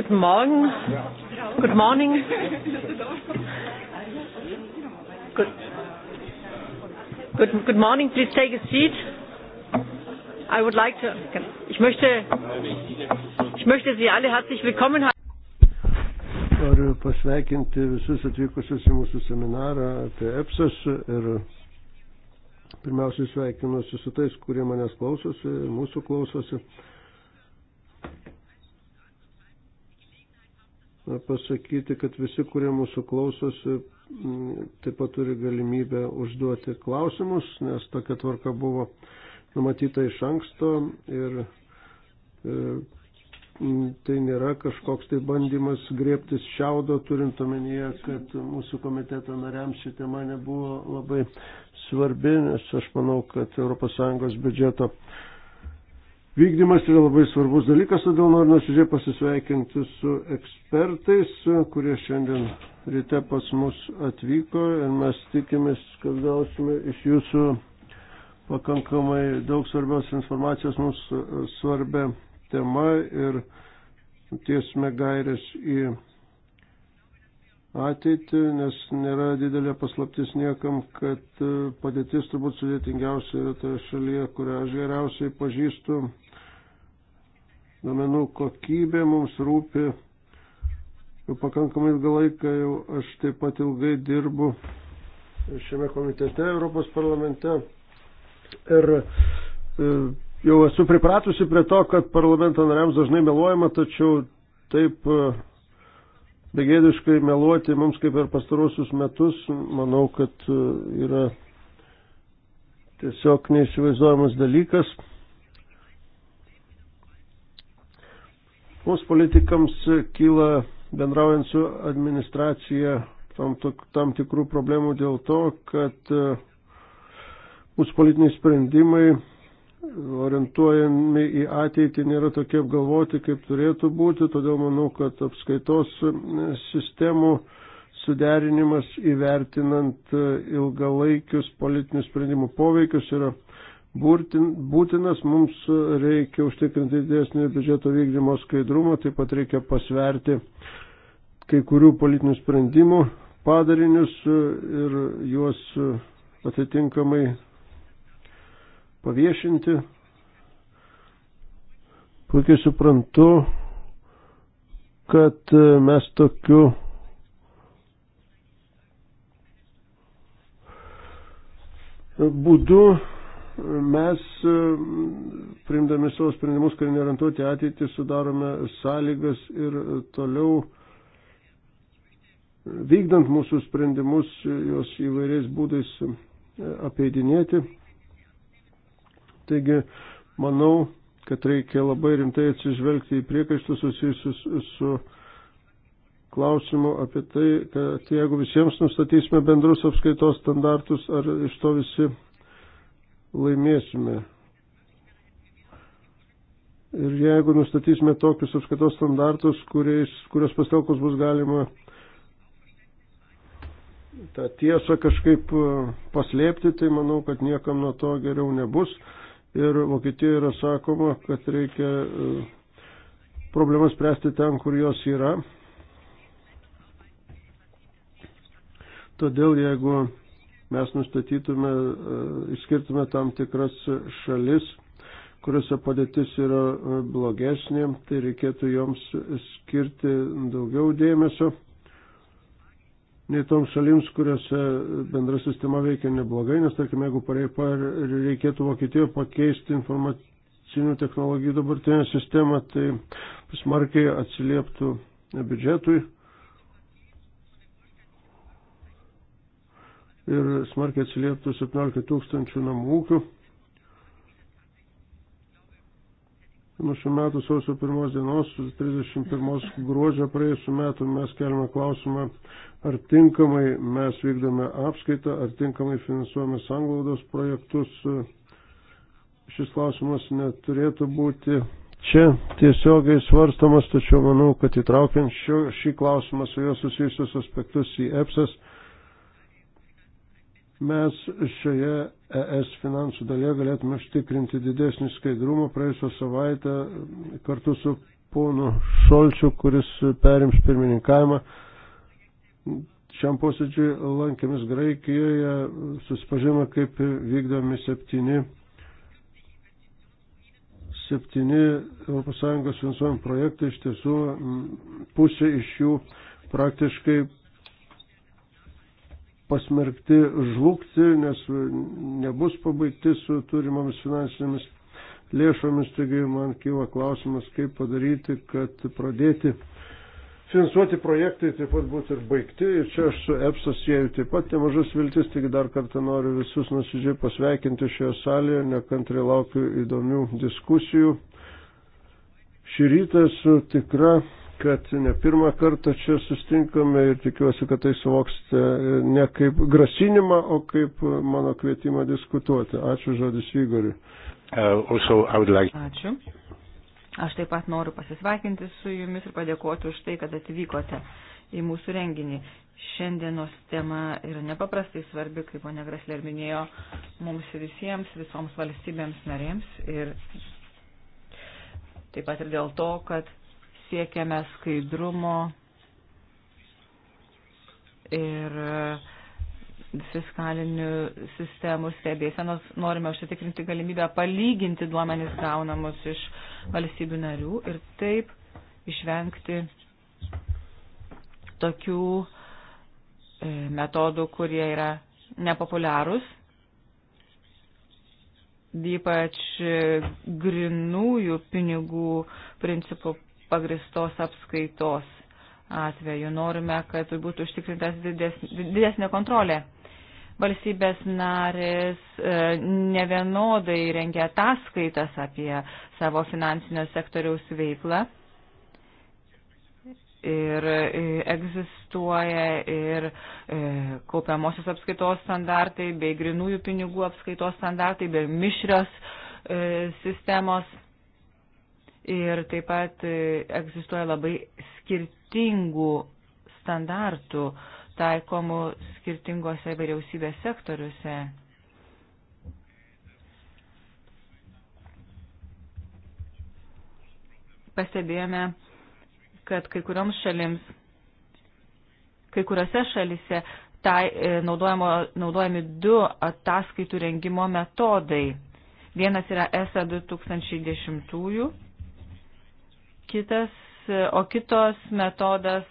Guten Morgen. Good morning. Good, good, good morning. Please take a seat. I would like to. Ich möchte, ich möchte Sie alle herzlich willkommen heißen. Noriu pasveikinti visus atvykusius į mūsų seminarą apie EPSAS ir pirmiausiai sveikinuosi su tais, kurie manęs klausosi, mūsų klausosi. Uh, pasakyti, kad visi, kurie mūsų klausosi, taip pat turi galimybę užduoti klausimus, nes tokia tvarka buvo numatyta iš anksto ir e, tai nėra kažkoks tai bandymas griebtis šiaudo, turint omenyje, kad mūsų komiteto nariams ši tema nebuvo labai svarbi, nes aš manau, kad ES biudžeto vykdymas yra labai svarbus dalykas, todėl noriu nuoširdžiai pasisveikinti su ekspertais, kurie šiandien ryte pas mus atvyko ir mes tikimės, kad gausime iš jūsų pakankamai daug svarbios informacijos mūsų svarbia tema ir tiesme gairės į ateitį, nes nėra didelė paslaptis niekam, kad padėtis turbūt sudėtingiausia yra toje šalyje, kurią aš geriausiai pažįstu duomenų kokybė mums rūpi. Jau pakankamai ilgą laiką jau aš taip pat ilgai dirbu šiame komitete Europos parlamente. Ir e, jau esu pripratusi prie to, kad parlamento nariams dažnai meluojama, tačiau taip e, begėdiškai meluoti mums kaip ir pastarosius metus, manau, kad e, yra tiesiog neįsivaizduojamas dalykas. Mums politikams kyla bendraujant su administracija tam, tam tikrų problemų dėl to, kad e, mūsų politiniai sprendimai orientuojami į ateitį nėra tokie apgalvoti, kaip turėtų būti, todėl manau, kad apskaitos sistemų suderinimas įvertinant e, ilgalaikius politinių sprendimų poveikius yra būtinas, mums reikia užtikrinti didesnį biudžeto vykdymo skaidrumą, taip pat reikia pasverti kai kurių politinių sprendimų padarinius ir juos atitinkamai paviešinti. Puikiai suprantu, kad mes tokiu būdu Mes, e, priimdami savo sprendimus, kurie nerantuoti ateitį, sudarome sąlygas ir toliau vykdant mūsų sprendimus, juos įvairiais būdais e, apeidinėti. Taigi, manau, kad reikia labai rimtai atsižvelgti į priekaištus susijusius su klausimu apie tai, kad jeigu visiems nustatysime bendrus apskaitos standartus, ar iš to visi laimėsime. Ir jeigu nustatysime tokius apskaitos standartus, kuriais, kurios pastelkus bus galima tą tiesą kažkaip e, paslėpti, tai manau, kad niekam nuo to geriau nebus. Ir Vokietijoje yra sakoma, kad reikia e, problemas spręsti ten, kur jos yra. Todėl jeigu mes nustatytume, e, išskirtume tam tikras šalis, kuriuose padėtis yra e, blogesnė, tai reikėtų joms skirti daugiau dėmesio nei toms šalims, kuriuose bendra sistema veikia neblogai, nes tarkime, jeigu pareipa reikėtų Vokietijoje pakeisti informacinių technologijų dabartinę sistemą, tai smarkiai atsilieptų biudžetui ir smarkiai atsilieptų 17 tūkstančių namų ūkių. Nuo šių metų sausio pirmos dienos, 31 gruodžio praėjusiu metu mes keliame klausimą, ar tinkamai mes vykdome apskaitą, ar tinkamai finansuojame sanglaudos projektus. Šis klausimas neturėtų būti čia tiesiogiai svarstamas, tačiau manau, kad įtraukiant šio, šį klausimą su juos susijusius aspektus į EPSAS mes šioje ES finansų dalyje galėtume užtikrinti didesnį skaidrumą. Praėjusią savaitę kartu su ponu Šolčiu, kuris perims pirmininkavimą, šiam posėdžiui lankėmis Graikijoje, susipažinome, kaip vykdomi septyni septyni ES finansuojami projektai, iš tiesų pusė iš jų praktiškai pasmerkti žlugti, nes nebus pabaigti su turimomis finansinėmis lėšomis. Taigi man kyla klausimas, kaip padaryti, kad pradėti finansuoti projektai taip pat būtų ir baigti. Ir čia aš su EPSA sieju taip pat nemažas viltis, tik dar kartą noriu visus nusidžiai pasveikinti šioje salėje, nekantri laukiu įdomių diskusijų. Šį rytą esu tikra, kad ne pirmą kartą čia sustinkame ir tikiuosi, kad tai suvoksite ne kaip grasinimą, o kaip mano kvietimą diskutuoti. Ačiū žodis Igoriui. Uh, like... Ačiū. Aš taip pat noriu pasisveikinti su jumis ir padėkoti už tai, kad atvykote į mūsų renginį. Šiandienos tema yra nepaprastai svarbi, kaip ponia Grasler minėjo, mums visiems, visoms valstybėms narėms ir taip pat ir dėl to, kad siekiame skaidrumo ir fiskalinių sistemų stebėsenos norime užsitikrinti galimybę palyginti duomenis gaunamus iš valstybių narių ir taip išvengti tokių e, metodų, kurie yra nepopuliarūs, ypač e, grinųjų pinigų principų pagristos apskaitos atveju. Norime, kad tai būtų užtikrintas didesnė kontrolė. Valstybės narės e, nevienodai rengia ataskaitas apie savo finansinio sektoriaus veiklą ir e, egzistuoja ir e, kaupiamosios apskaitos standartai, bei grinųjų pinigų apskaitos standartai, bei mišrios e, sistemos Ir taip pat e, egzistuoja labai skirtingų standartų taikomų skirtingose vyriausybės sektoriuose. Pastebėjome, kad kai kurioms šalims, kai kuriuose šalise tai, e, naudojami du ataskaitų rengimo metodai. Vienas yra ESA 2010 Kitas, o kitos metodas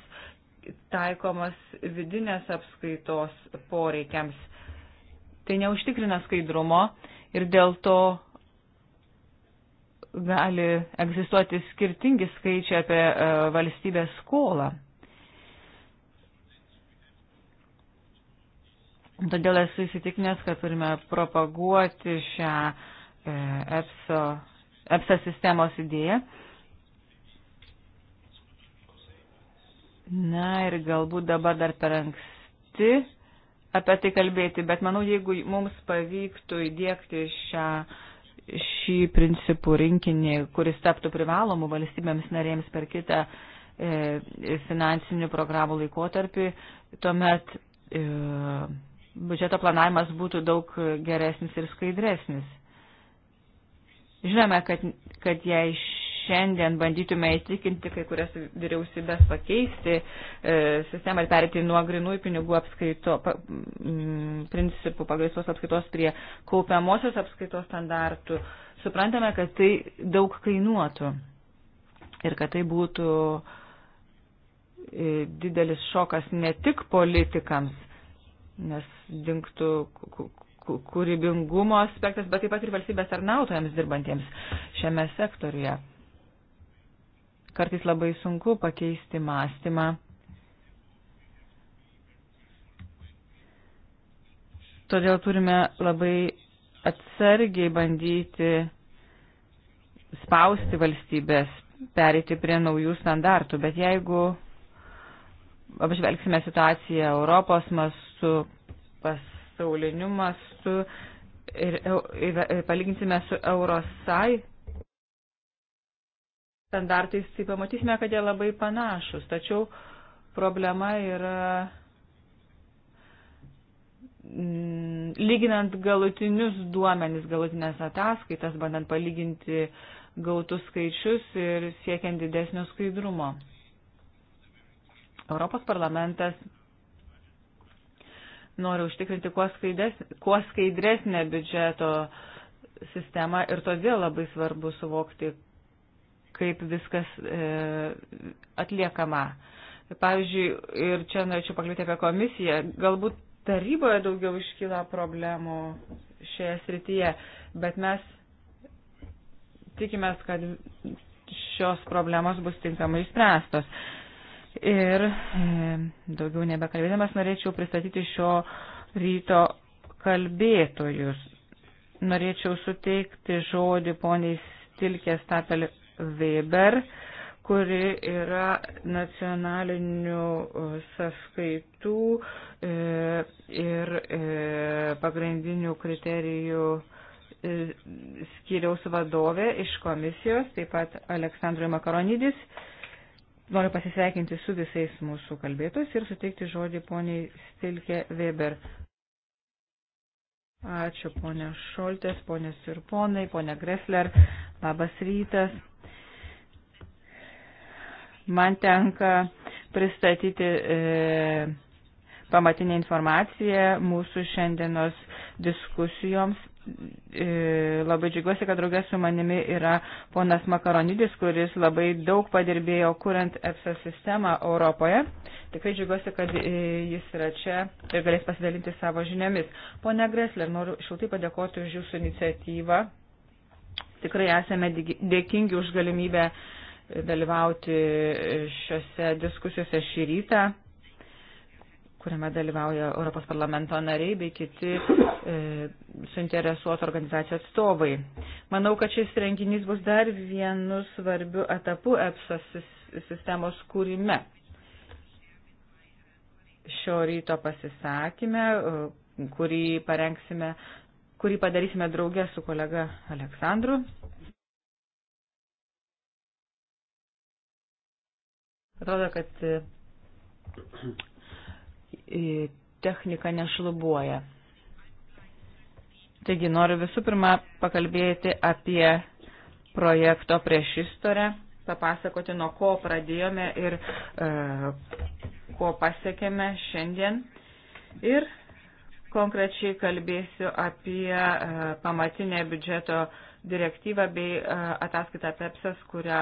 taikomas vidinės apskaitos poreikiams. Tai neužtikrina skaidrumo ir dėl to gali egzistuoti skirtingi skaičiai apie e, valstybės skolą. Todėl esu įsitikinęs, kad turime propaguoti šią e, EPSO, EPSA sistemos idėją Na ir galbūt dabar dar per anksti apie tai kalbėti, bet manau, jeigu mums pavyktų įdėkti šią, šį principų rinkinį, kuris taptų privalomų valstybėms narėms per kitą e, finansinių programų laikotarpį, tuomet e, biudžeto planavimas būtų daug geresnis ir skaidresnis. Žinome, kad, kad jei šiandien bandytume įtikinti kai kurias vyriausybės pakeisti e, sistemą ir perėti nuo grinųjų pinigų apskaito, pa, m, mm, principų pagaisos apskaitos prie kaupiamosios apskaitos standartų, suprantame, kad tai daug kainuotų ir kad tai būtų e, didelis šokas ne tik politikams, nes dinktų kūrybingumo aspektas, bet taip pat ir valstybės tarnautojams dirbantiems šiame sektoriuje. Kartais labai sunku pakeisti mąstymą. Todėl turime labai atsargiai bandyti spausti valstybės, perėti prie naujų standartų. Bet jeigu apžvelgsime situaciją Europos mastu, pasauliniu mastu ir, ir, ir palyginsime su Eurosai standartais, tai pamatysime, kad jie labai panašus. Tačiau problema yra mm, lyginant galutinius duomenis, galutinės ataskaitas, bandant palyginti gautus skaičius ir siekiant didesnio skaidrumo. Europos parlamentas nori užtikrinti kuo, skaides, kuo skaidresnę biudžeto sistemą ir todėl labai svarbu suvokti, kaip viskas e, atliekama. Pavyzdžiui, ir čia norėčiau pakalbėti apie komisiją, galbūt taryboje daugiau iškyla problemų šioje srityje, bet mes tikimės, kad šios problemos bus tinkamai išspręstos. Ir e, daugiau nebekalbėdamas norėčiau pristatyti šio ryto kalbėtojus. Norėčiau suteikti žodį poniai Stilkės Tapel Weber, kuri yra nacionalinių e, sąskaitų e, ir e, pagrindinių kriterijų skiriaus vadovė iš komisijos, taip pat Aleksandrui Makaronidis. Noriu pasisveikinti su visais mūsų kalbėtus ir suteikti žodį poniai Stilke Weber. Ačiū ponia Šoltės, ponės ir ponai, ponia Gresler, labas rytas. Man tenka pristatyti e, pamatinę informaciją mūsų šiandienos diskusijoms. E, labai džiugiuosi, kad draugės su manimi yra ponas Makaronidis, kuris labai daug padirbėjo kuriant EFSA sistemą Europoje. Tikrai džiugiuosi, kad e, jis yra čia ir galės pasidalinti savo žiniomis. Pone Gresler, noriu šiltai padėkoti už jūsų iniciatyvą. Tikrai esame dėkingi už galimybę e, dalyvauti šiuose diskusijose šį rytą, kuriame dalyvauja Europos parlamento nariai bei kiti e, suinteresuotų organizacijų atstovai. Manau, kad šis renginys bus dar vienu svarbiu etapu EPSA sistemos kūrime. Šio ryto pasisakime, kurį parengsime kurį padarysime draugę su kolega Aleksandru. Atrodo, kad e, technika nešlubuoja. Taigi noriu visų pirma pakalbėti apie projekto prieš istorę, papasakoti, nuo ko pradėjome ir e, ko pasiekėme šiandien. Ir konkrečiai kalbėsiu apie e, pamatinę biudžeto direktyvą bei e, ataskaitą PEPSAS, kurią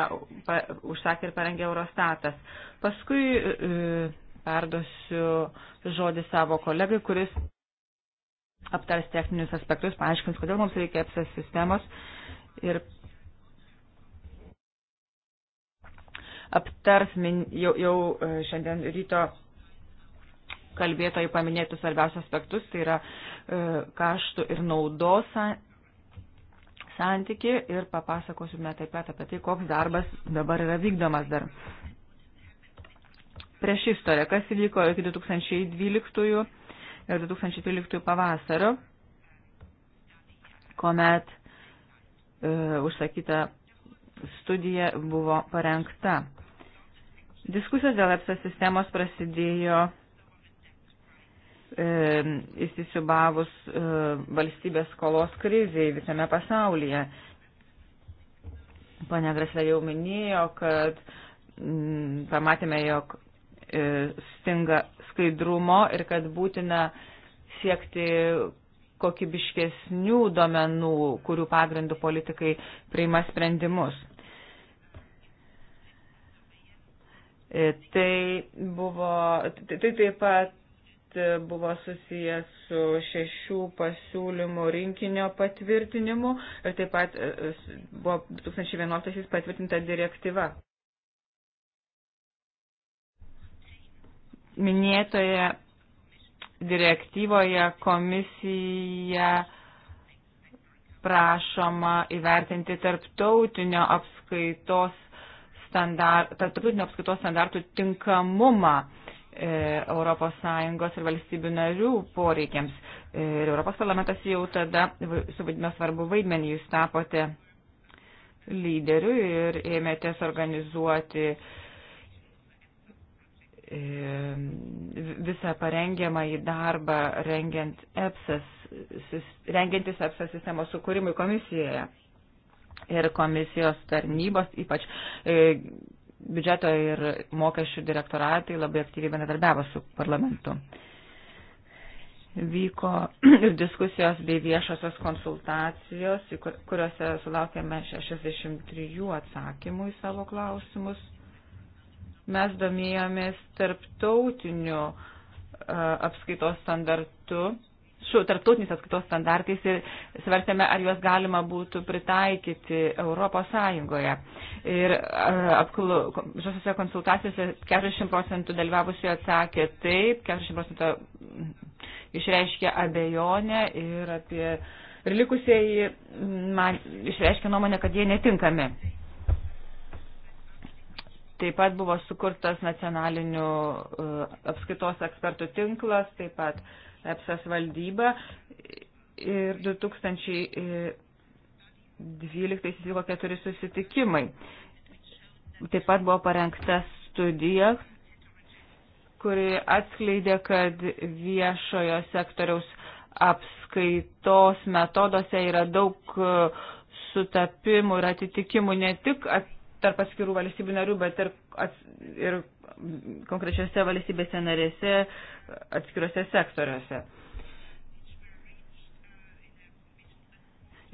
užsakė ir parengė Eurostatas. Paskui e, perduosiu žodį savo kolegai, kuris aptars techninius aspektus, paaiškins, kodėl mums reikia EPSAS sistemos ir aptars jau, jau e, šiandien ryto kalbėtojai paminėtų svarbiausius aspektus, tai yra kaštų ir naudos santyki ir papasakosime taip pat apie tai, koks darbas dabar yra vykdomas dar. Prieš istoriją, kas įvyko iki 2012 ir 2013 pavasario, kuomet e, užsakyta studija buvo parengta. Diskusijos dėl EPSA sistemos prasidėjo E, įsisubavus e, valstybės skolos kriziai visame pasaulyje. Pane Greslė jau minėjo, kad pamatėme, jog e, stinga skaidrumo ir kad būtina siekti kokybiškesnių domenų, kurių pagrindų politikai priima sprendimus. Tai buvo, tai, tai taip pat buvo susijęs su šešių pasiūlymų rinkinio patvirtinimu ir taip pat e, e, buvo 2011 patvirtinta direktyva. Minėtoje direktyvoje komisija prašoma įvertinti tarptautinio apskaitos standart, tarptautinio apskaitos standartų tinkamumą ES ir valstybių narių poreikiams. E, ir Europos parlamentas jau tada suvaidino svarbu vaidmenį, jūs tapote lyderiu ir ėmėtės organizuoti e, visą parengiamą į darbą rengiant EPSAS, rengiantis EPSAS sistemos sukūrimui komisijoje. Ir komisijos tarnybos, ypač e, biudžeto ir mokesčių direktoratai labai aktyviai bendradarbiavo su parlamentu. Vyko ir diskusijos bei viešosios konsultacijos, kuriuose sulaukėme 63 atsakymų į savo klausimus. Mes domėjomės tarptautiniu apskaitos standartu su tarptautiniais atskaitos standartais ir svarstėme, ar juos galima būtų pritaikyti Europos Sąjungoje. Ir žosiuose konsultacijose 40 procentų dalyvavusių atsakė taip, 40 procentų išreiškė abejonę ir apie ir likusieji man išreiškė nuomonę, kad jie netinkami. Taip pat buvo sukurtas nacionalinių e, apskaitos ekspertų tinklas, taip pat uh, EPSAS valdyba ir 2012 vyko keturi susitikimai. Taip pat buvo parengta studija, kuri atskleidė, kad viešojo sektoriaus apskaitos metodose yra daug uh, sutapimų ir atitikimų ne tik tarp atskirų valstybių narių, bet ir, ir konkrečiose valstybėse narėse atskiruose sektoriuose.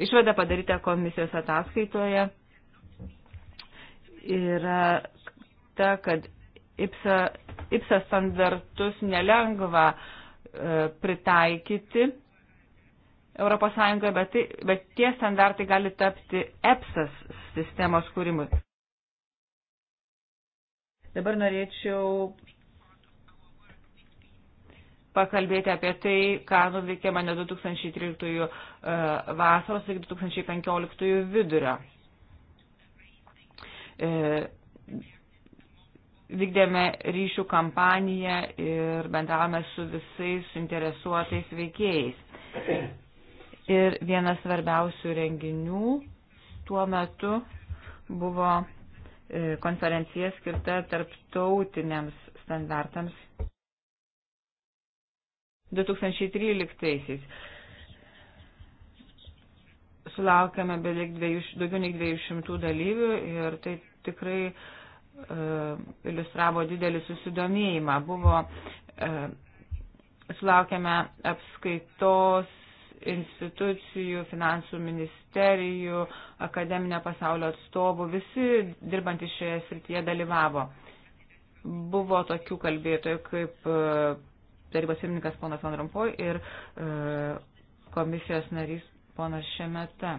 Išvada padaryta komisijos ataskaitoje yra ta, kad IPSA, IPSA standartus nelengva e, pritaikyti ES, bet, tai, bet tie standartai gali tapti EPSAS sistemos kūrimui. Dabar norėčiau pakalbėti apie tai, ką nuveikė mane 2013 e, vasaros iki 2015 vidurio. E, vykdėme ryšių kampaniją ir bendravome su visais suinteresuotais veikėjais. Ir vienas svarbiausių renginių tuo metu buvo E, konferencija skirta tarptautiniams standartams 2013-aisiais. Sulaukėme beveik daugiau nei 200 dalyvių ir tai tikrai e, iliustravo didelį susidomėjimą. Buvo, e, sulaukėme apskaitos institucijų, finansų ministerių ministerijų, akademinio pasaulio atstovų, visi dirbantys šioje srityje dalyvavo. Buvo tokių kalbėtojų kaip e, tarybos pirmininkas ponas Van Rompoj ir e, komisijos narys ponas Šemeta.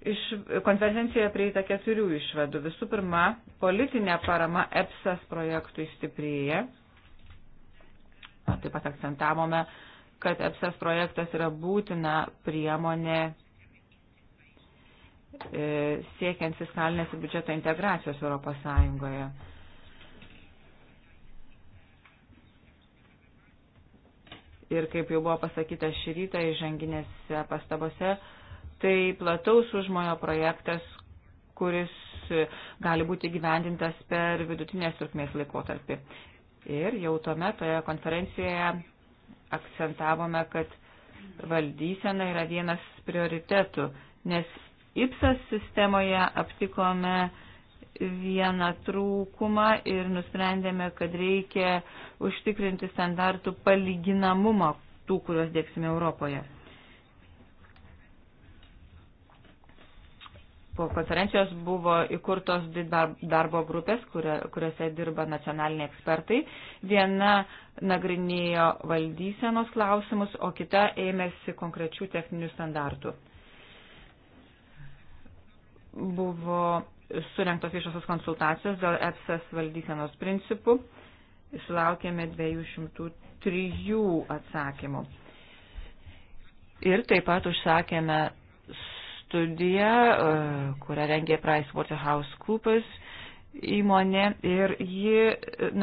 Iš konferencijoje prieita keturių išvadų. Visų pirma, politinė parama EPSAS projektui stiprėja. Taip pat akcentavome, kad EPSAS projektas yra būtina priemonė E, siekiant fiskalinės ir biudžeto integracijos Europos Sąjungoje. Ir kaip jau buvo pasakyta šį rytą įžanginėse pastabose, tai plataus užmojo projektas, kuris gali būti gyvendintas per vidutinės trukmės laikotarpį. Ir jau tuomet toje konferencijoje akcentavome, kad valdysena yra vienas prioritetų, nes IPSAS sistemoje aptikome vieną trūkumą ir nusprendėme, kad reikia užtikrinti standartų palyginamumą tų, kuriuos dėksime Europoje. Po konferencijos buvo įkurtos dvi darbo grupės, kuriuose dirba nacionaliniai ekspertai. Viena nagrinėjo valdysenos klausimus, o kita ėmėsi konkrečių techninių standartų. Buvo surinktos viešosios konsultacijos dėl EPSAS valdysenos principų. Sulaukėme 203 atsakymų. Ir taip pat užsakėme studiją, e, kurią rengė PricewaterhouseCoopers įmonė ir ji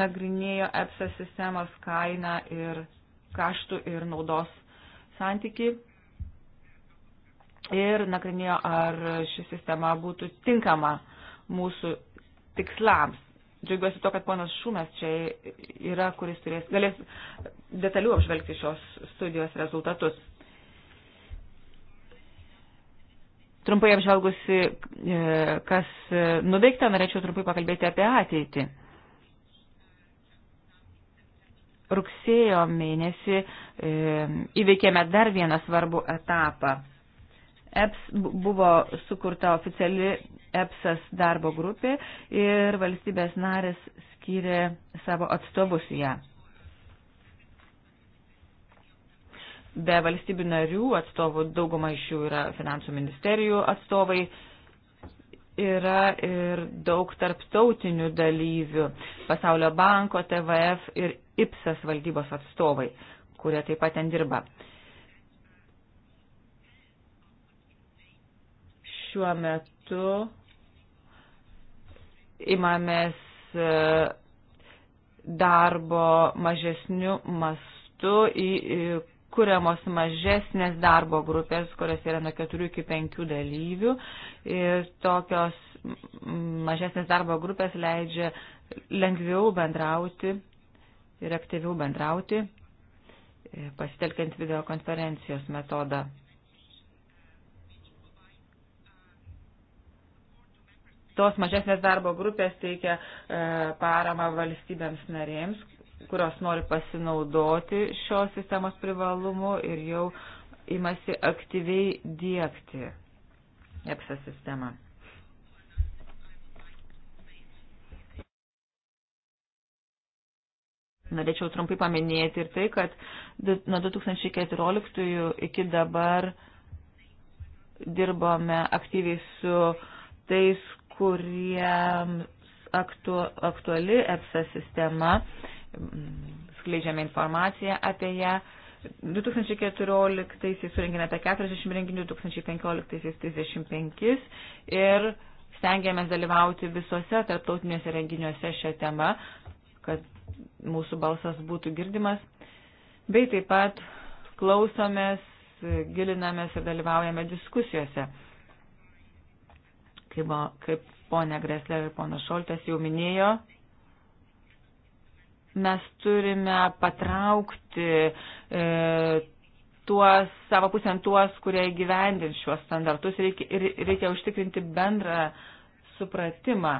nagrinėjo EPSA sistemos kainą ir kaštų ir naudos santyki ir nagrinėjo, ar ši sistema būtų tinkama mūsų tikslams. Džiaugiuosi to, kad ponas Šumas čia yra, kuris turės, galės detaliu apžvelgti šios studijos rezultatus. Trumpai apžvelgusi, e, kas nuveikta, norėčiau trumpai pakalbėti apie ateitį. Rugsėjo mėnesį e, įveikėme dar vieną svarbų etapą EPS buvo sukurta oficiali EPSAS darbo grupė ir valstybės narės skyrė savo atstovus ją. Be valstybių narių atstovų dauguma iš jų yra finansų ministerijų atstovai yra ir daug tarptautinių dalyvių - Pasaulio banko, TVF ir IPSAS valdybos atstovai, kurie taip pat ten dirba. šiuo metu imamės e, darbo mažesnių mastų į kuriamos mažesnės darbo grupės, kurios yra nuo 4 iki 5 dalyvių. Ir tokios mažesnės darbo grupės leidžia lengviau bendrauti ir aktyviau bendrauti, e, pasitelkiant videokonferencijos metodą. tos mažesnės darbo grupės teikia e, paramą valstybėms narėms, kurios nori pasinaudoti šios sistemos privalumu ir jau imasi aktyviai dėkti EPSA sistemą. Norėčiau trumpai paminėti ir tai, kad nuo 2014 iki dabar dirbome aktyviai su tais, kurie aktu, aktuali EPSA sistema, skleidžiame informaciją apie ją. 2014-aisiais surinkime apie 40 renginių, 2015-aisiais 35 ir stengiamės dalyvauti visose tarptautiniuose renginiuose šią temą, kad mūsų balsas būtų girdimas. Bei taip pat klausomės, gilinamės ir dalyvaujame diskusijose. Kaip, kaip ponia Gresler ir ponas Šoltas jau minėjo, mes turime patraukti e, tuos, savo pusėn tuos, kurie gyvendins šiuos standartus ir reikia, ir reikia užtikrinti bendrą supratimą.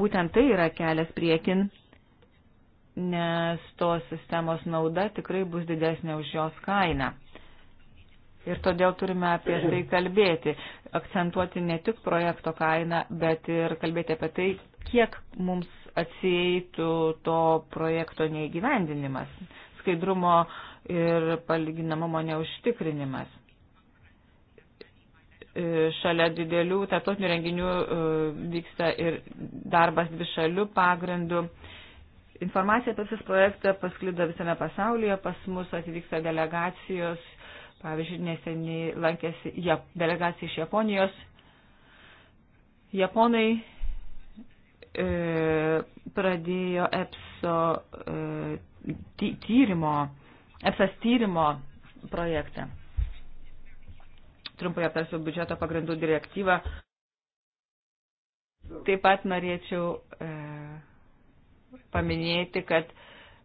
Būtent tai yra kelias priekin, nes tos sistemos nauda tikrai bus didesnė už jos kainą. Ir todėl turime apie tai kalbėti, akcentuoti ne tik projekto kainą, bet ir kalbėti apie tai, kiek mums atsieitų to projekto neįgyvendinimas, skaidrumo ir palyginamumo neužtikrinimas. E, šalia didelių tarptautinių renginių e, vyksta ir darbas dvišalių pagrindų. Informacija apie šis projektą pasklido visame pasaulyje, pas mus atvyksta delegacijos Pavyzdžiui, neseniai lankėsi ja, delegacija iš Japonijos. Japonai e, pradėjo EPSO e, ty, tyrimo, EPSAS tyrimo projektą. Trumpai aptarsiu biudžeto pagrindų direktyvą. Taip pat norėčiau e, paminėti, kad e,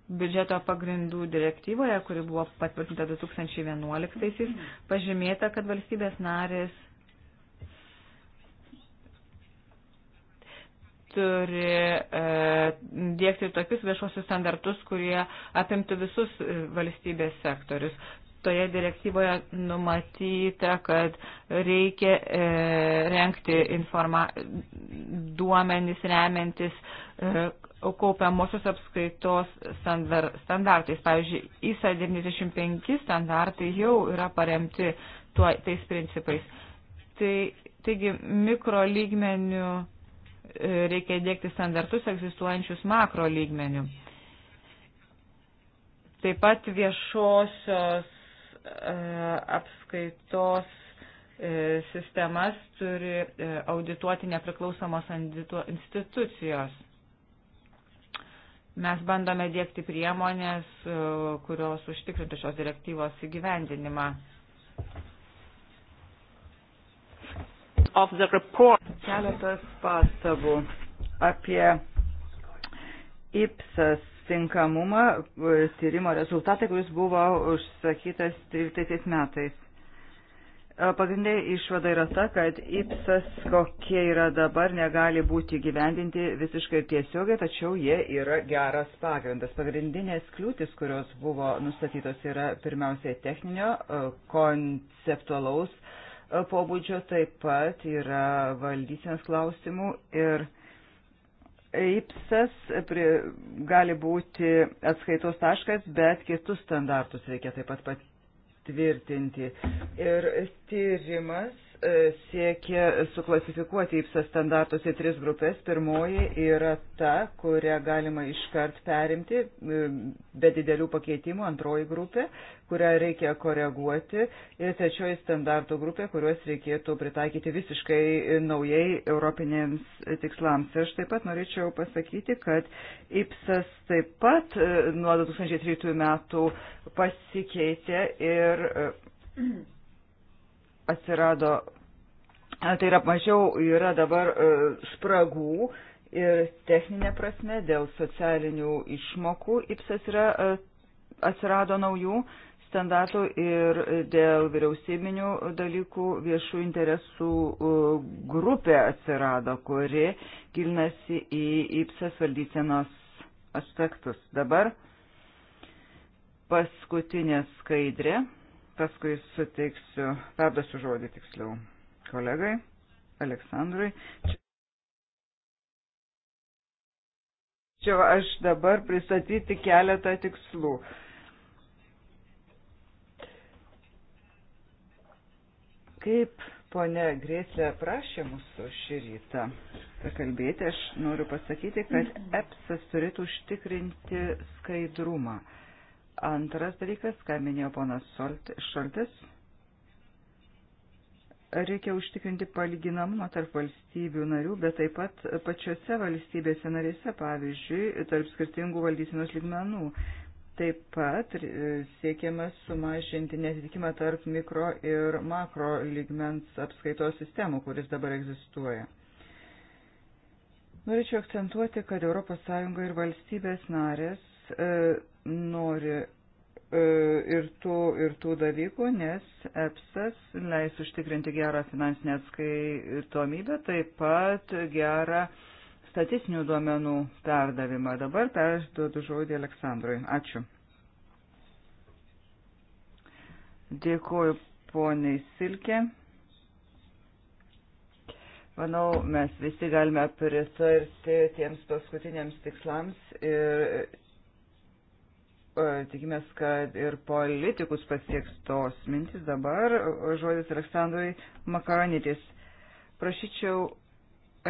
biudžeto pagrindų direktyvoje, kuri buvo patvirtinta 2011-aisiais, pažymėta, kad valstybės narės turi e, dėkti tokius viešosius standartus, kurie apimtų visus e, valstybės sektorius. Toje direktyvoje numatyta, kad reikia e, renkti informa duomenis remiantis e, kaupiamosios apskaitos standartais. Pavyzdžiui, ISA 95 standartai jau yra paremti tuo, tais principais. Tai, taigi, mikro lygmenių e, reikia dėkti standartus egzistuojančius makro lygmenių. Taip pat viešosios e, apskaitos e, sistemas turi e, audituoti nepriklausomos institucijos. Mes bandome dėkti priemonės, e, kurios užtikrintų šios direktyvos įgyvendinimą. Keletas pastabų apie IPSAS tinkamumą, e, tyrimo rezultatai, kuris buvo užsakytas 13 metais. Pagrindė išvada yra ta, kad IPSAS, kokie yra dabar, negali būti gyvendinti visiškai tiesiogiai, tačiau jie yra geras pagrindas. Pagrindinės kliūtis, kurios buvo nustatytos, yra pirmiausiai techninio, konceptualaus pobūdžio, taip pat yra valdysenos klausimų ir IPSAS gali būti atskaitos taškas, bet kitus standartus reikia taip pat pat patvirtinti. Ir tyrimas E, siekia suklasifikuoti IPSA standartus į tris grupės. Pirmoji yra ta, kurią galima iškart perimti e, be didelių pakeitimų. Antroji grupė, kurią reikia koreguoti. Ir trečioji standartų grupė, kuriuos reikėtų pritaikyti visiškai naujai europinėms tikslams. Ir aš taip pat norėčiau pasakyti, kad IPSAS taip pat e, nuo 2003 metų pasikeitė ir atsirado, tai yra mažiau yra dabar e, spragų ir techninė prasme dėl socialinių išmokų IPSAS yra, e, atsirado naujų standartų ir dėl vyriausybinių dalykų viešų interesų e, grupė atsirado, kuri gilinasi į IPSAS valdysenos aspektus. Dabar paskutinė skaidrė paskui suteiksiu, perdosiu žodį tiksliau kolegai Aleksandrui. Čia aš dabar pristatyti keletą tikslų. Kaip ponė Grėslė prašė mūsų šį rytą kalbėti, aš noriu pasakyti, kad EPSAS turėtų užtikrinti skaidrumą. Mm Antras dalykas, ką minėjo ponas Šoltis, reikia užtikrinti palyginamumą tarp valstybių narių, bet taip pat pačiose valstybėse narėse, pavyzdžiui, tarp skirtingų valdysenos lygmenų. Taip pat siekiama sumažinti netitikimą tarp mikro ir makro lygmens apskaitos sistemų, kuris dabar egzistuoja. Norėčiau akcentuoti, kad ES ir valstybės narės E, nori e, ir tų, ir tų dalykų, nes EPSAS leis užtikrinti gerą finansinę atskaitomybę, taip pat gerą statistinių duomenų perdavimą. Dabar perduodu žodį Aleksandrui. Ačiū. Dėkuoju poniai Silkė. Manau, mes visi galime pritarti tiems paskutiniams tikslams ir E, tikimės, kad ir politikus pasieks tos mintis. Dabar žodis Aleksandrui Makaronitis. Prašyčiau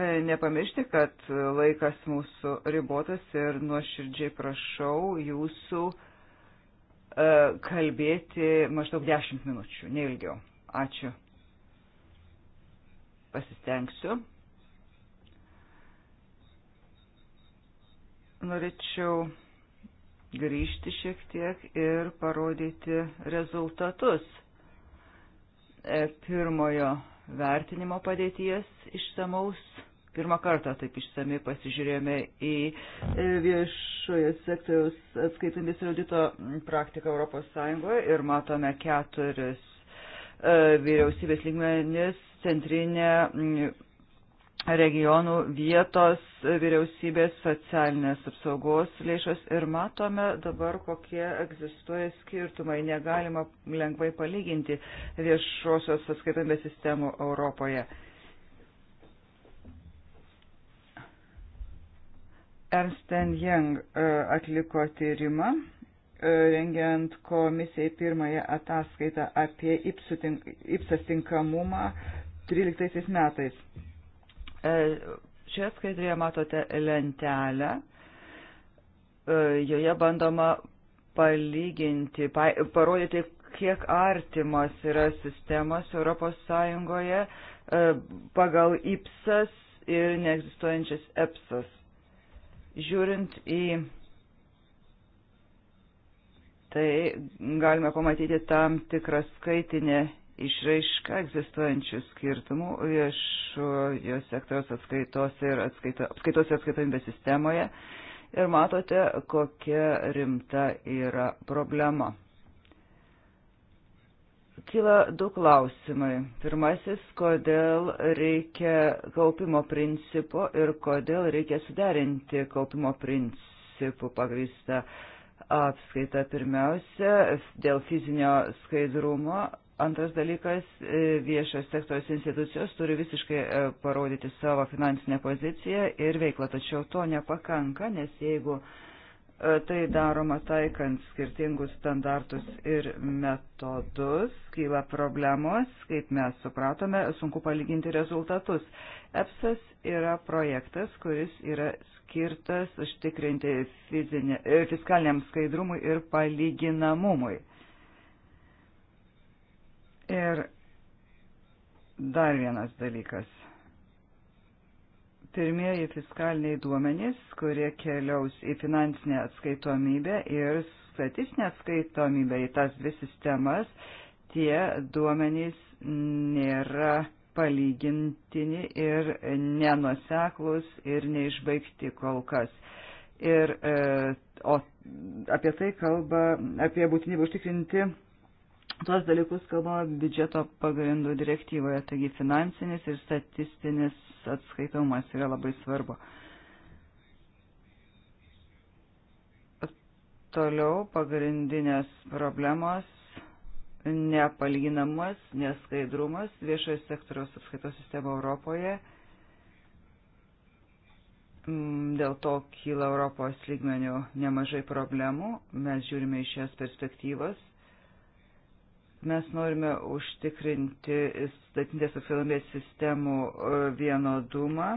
e, nepamiršti, kad laikas mūsų ribotas ir nuoširdžiai prašau jūsų e, kalbėti maždaug 10 minučių, neilgiau. Ačiū. Pasistengsiu. Norėčiau grįžti šiek tiek ir parodyti rezultatus e, pirmojo vertinimo padėties išsamaus. Pirmą kartą taip išsamei pasižiūrėjome į e, viešojo sektoriaus atskaitomis audito praktiką ES ir matome keturis e, vyriausybės lygmenis, centrinę, regionų vietos vyriausybės socialinės apsaugos lėšos ir matome dabar, kokie egzistuoja skirtumai. Negalima lengvai palyginti viešosios atskaitomės sistemų Europoje. Ernst Young e, atliko tyrimą, e, rengiant komisijai pirmąją ataskaitą apie IPSAS tinkamumą 13 metais. E, šioje skaidrėje matote lentelę, e, joje bandoma palyginti, pa, parodyti, kiek artimos yra sistemos ES e, pagal IPSAS ir neegzistuojančias EPSAS. Žiūrint į tai, galime pamatyti tam tikrą skaitinę išraiška egzistuojančių skirtumų viešojo sektoriaus atskaitos ir atskaito, apskaitos ir atskaitomybės sistemoje ir matote, kokia rimta yra problema. Kyla du klausimai. Pirmasis, kodėl reikia kaupimo principo ir kodėl reikia suderinti kaupimo principų pagrįstą apskaitą pirmiausia dėl fizinio skaidrumo Antras dalykas e, - viešas sektoriaus institucijos turi visiškai e, parodyti savo finansinę poziciją ir veiklą, tačiau to nepakanka, nes jeigu e, tai daroma taikant skirtingus standartus ir metodus, kyla problemos, kaip mes supratome, sunku palyginti rezultatus. EPSAS yra projektas, kuris yra skirtas užtikrinti fizinė, fiskaliniam skaidrumui ir palyginamumui Ir dar vienas dalykas. Pirmieji fiskaliniai duomenys, kurie keliaus į finansinę atskaitomybę ir statistinę atskaitomybę į tas dvi sistemas, tie duomenys nėra palygintini ir nenuseklus ir neišbaigti kol kas. Ir, e, o apie tai kalba, apie būtinybę užtikrinti Tuos dalykus kalbama biudžeto pagrindų direktyvoje, taigi finansinis ir statistinis atskaitomas yra labai svarbu. Toliau pagrindinės problemos - nepalyginamas, neskaidrumas viešojo sektoriaus apskaitos sistema Europoje. Mm, dėl to kyla Europos lygmenių nemažai problemų. Mes žiūrime iš šias perspektyvas Mes norime užtikrinti statinės apsilombės sistemų e, vienodumą.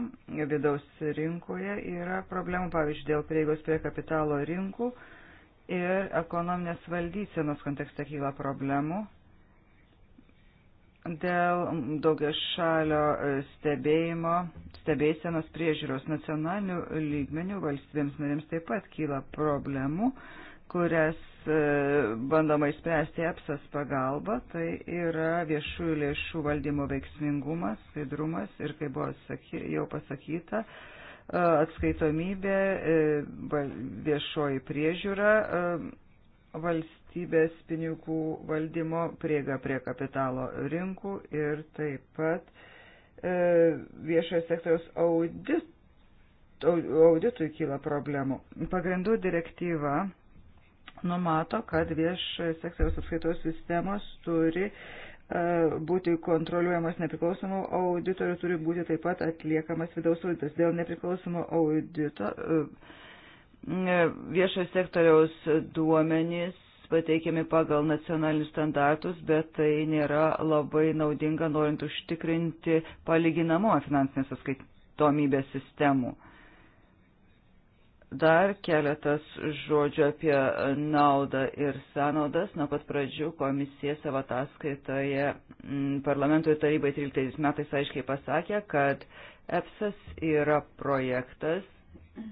Vidaus rinkoje yra problemų, pavyzdžiui, dėl prieigos prie kapitalo rinkų ir ekonominės valdysenos kontekste kyla problemų dėl daugia šalio e, stebėjimo, stebėsenos priežiūros nacionalinių lygmenių valstybėms narėms taip pat kyla problemų. Uh, kurias e, bandoma įspręsti EPSAS pagalba, tai yra viešųjų lėšų valdymo veiksmingumas, skaidrumas ir, kaip buvo saky, jau pasakyta, e, atskaitomybė, e, viešoji priežiūra, valstybės pinigų valdymo prieiga prie kapitalo rinkų ir taip pat viešojo sektoriaus audit, auditui kyla problemų. Pagrindų direktyva numato, kad vieš sektoriaus apskaitos sistemos turi e, būti kontroliuojamas nepriklausomų auditorių, turi būti taip pat atliekamas vidaus auditas. Dėl nepriklausomų audito e, viešo sektoriaus duomenys pateikiami pagal nacionalinius standartus, bet tai nėra labai naudinga norint užtikrinti palyginamo finansinės atskaitomybės sistemų. Dar keletas žodžių apie naudą ir sąnaudas. Nuo pat pradžių komisija savo ataskaitoje mm, parlamento ir tarybai 13 metais aiškiai pasakė, kad EPSAS yra projektas, e,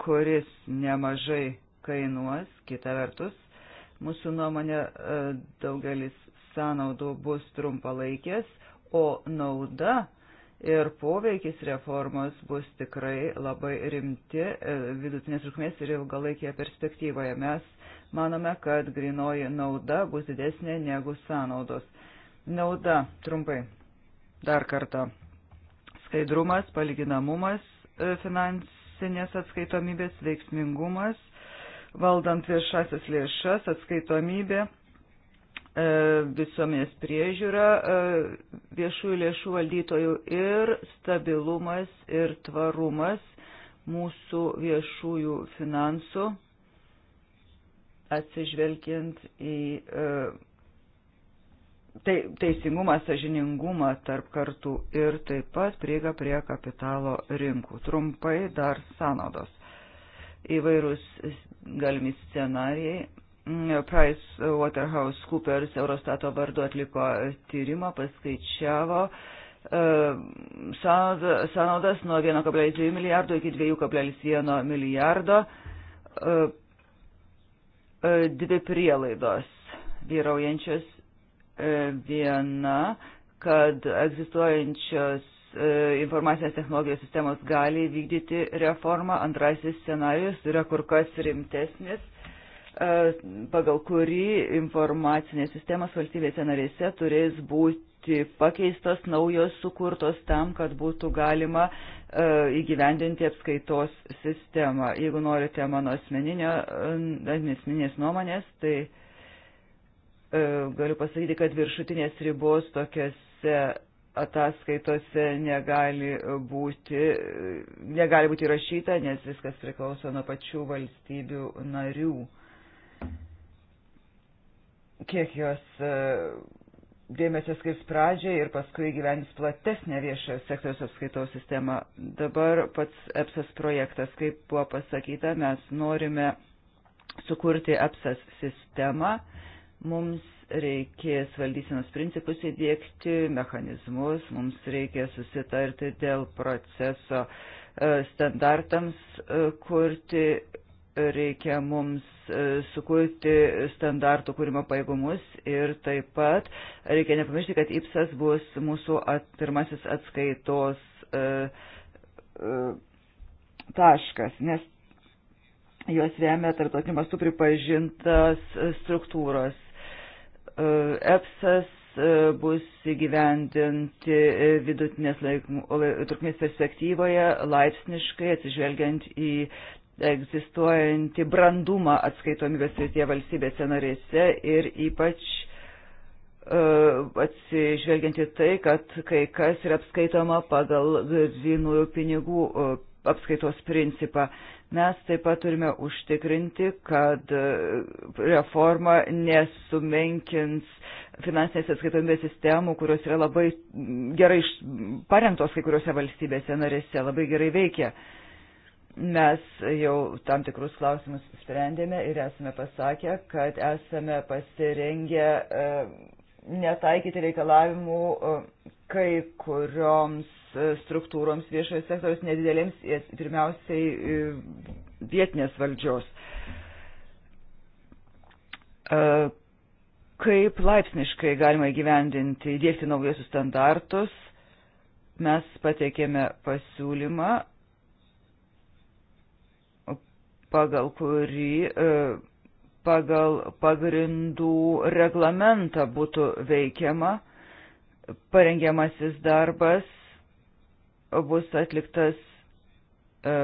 kuris nemažai kainuos, kita vertus, mūsų nuomonė e, daugelis sąnaudų bus trumpalaikės, o nauda ir poveikis reformos bus tikrai labai rimti e, vidutinės trukmės ir ilgalaikėje perspektyvoje. Mes manome, kad grinoji nauda bus didesnė negu sąnaudos. Nauda, trumpai, dar kartą. Skaidrumas, palyginamumas, e, finansinės atskaitomybės, veiksmingumas, valdant viešasis lėšas, atskaitomybė E, visuomenės priežiūra e, viešųjų lėšų valdytojų ir stabilumas ir tvarumas mūsų viešųjų finansų atsižvelgiant į e, tai, teisingumą, sažiningumą tarp kartų ir taip pat prieiga prie kapitalo rinkų. Trumpai dar sąnaudos. Įvairūs galimi scenarijai PricewaterhouseCoopers Eurostato vardu atliko tyrimą, paskaičiavo e, sąnaudas nuo 1,2 milijardo iki 2,1 milijardo. Dvi prielaidos vyraujančios. E, viena, kad egzistuojančios e, informacinės technologijos sistemos gali vykdyti reformą. Antrasis scenarius yra kur kas rimtesnis E, pagal kurį informacinės sistemas valstybėse narėse turės būti pakeistos, naujos sukurtos tam, kad būtų galima e, įgyvendinti apskaitos sistemą. Jeigu norite mano asmeninio, e, asmeninės nuomonės, tai galiu pasakyti, kad viršutinės ribos tokiose ataskaitose negali būti, negali būti rašyta, nes viskas priklauso nuo pačių valstybių narių kiek jos e, dėmesio skirs pradžiai ir paskui gyvens platesnę viešojo sektoriaus apskaitos sistemą. Dabar pats EPSAS projektas, kaip buvo pasakyta, mes norime sukurti EPSAS sistemą. Mums reikės valdysenos principus įdėkti, mechanizmus, mums reikia susitarti dėl proceso e, standartams e, kurti reikia mums e, sukurti standartų kūrimo pajėgumus ir taip pat reikia nepamiršti, kad IPSAS bus mūsų at, pirmasis atskaitos e, e, taškas, nes juos remia tarptautiniu mastu pripažintas struktūros. E, EPSAS e, bus įgyvendinti vidutinės trukmės perspektyvoje laipsniškai atsižvelgiant į egzistuojantį brandumą atskaitomybės srityje valstybėse narėse ir ypač uh, atsižvelgiant į tai, kad kai kas yra apskaitoma pagal grinųjų pinigų uh, apskaitos principą. Mes taip pat turime užtikrinti, kad uh, reforma nesumenkins finansinės atskaitomybės sistemų, kurios yra labai gerai paremtos kai kuriuose valstybėse narėse, labai gerai veikia. Uh, Mes jau tam tikrus klausimus sprendėme ir esame pasakę, kad esame pasirengę e, netaikyti reikalavimų e, kai kurioms e, struktūroms viešojo sektoriaus nedidelėms, pirmiausiai vietinės valdžios. Kaip laipsniškai galima įgyvendinti, įdėkti naujosius standartus, mes pateikėme pasiūlymą pagal kurį e, pagal pagrindų reglamentą būtų veikiama, parengiamasis darbas bus atliktas e,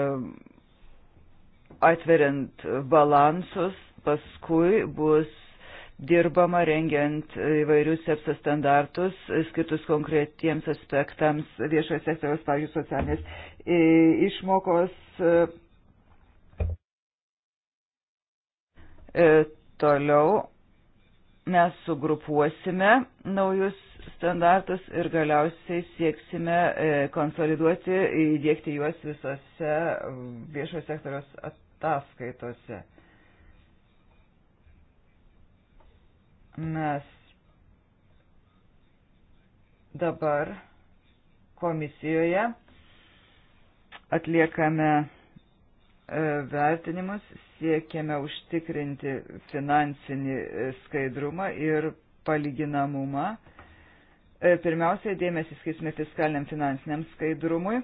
atveriant balansus, paskui bus dirbama rengiant įvairius EPSA standartus, skirtus konkretiems aspektams viešojo sektoriaus, pavyzdžiui, socialinės e, išmokos E, toliau mes sugrupuosime naujus standartus ir galiausiai sieksime e, konsoliduoti, įdėkti juos visose viešo sektoriaus ataskaitose. Mes dabar komisijoje atliekame E, vertinimus, siekiame užtikrinti finansinį e, skaidrumą ir palyginamumą. E, pirmiausia, dėmesį skirsime fiskaliniam finansiniam skaidrumui,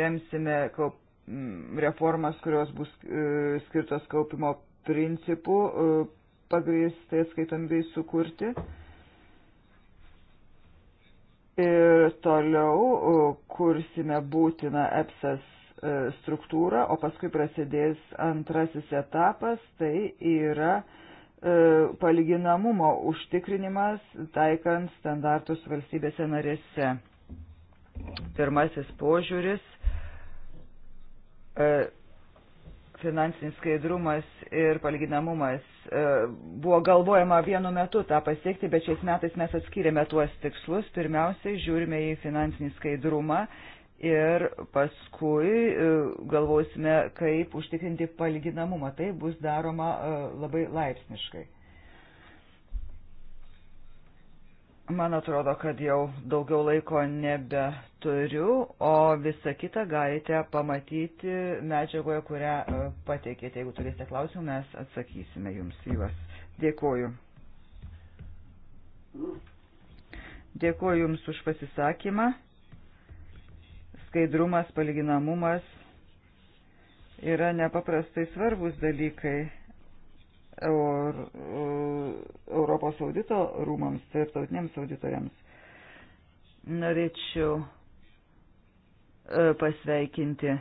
remsime reformas, kurios bus skirtos kaupimo principų pagrįstai atskaitomybei sukurti. Ir toliau kursime būtiną EPSAS E, struktūrą, o paskui prasidės antrasis etapas, tai yra e, palyginamumo užtikrinimas taikant standartus valstybėse narėse. Pirmasis požiūris e, finansinis skaidrumas ir palyginamumas. Buvo galvojama vienu metu tą pasiekti, bet šiais metais mes atskyrėme tuos tikslus. Pirmiausiai žiūrime į finansinį skaidrumą ir paskui e, galvosime, kaip užtikrinti palyginamumą. Tai bus daroma e, labai laipsniškai. Man atrodo, kad jau daugiau laiko nebeturiu, o visą kitą galite pamatyti medžiagoje, kurią e, pateikėte. Jeigu turėsite klausimų, mes atsakysime jums juos. Dėkuoju. Dėkuoju Jums už pasisakymą. Skaidrumas, palyginamumas yra nepaprastai svarbus dalykai Eur, Europos audito rūmams ir tautiniams auditoriams. Norėčiau e, pasveikinti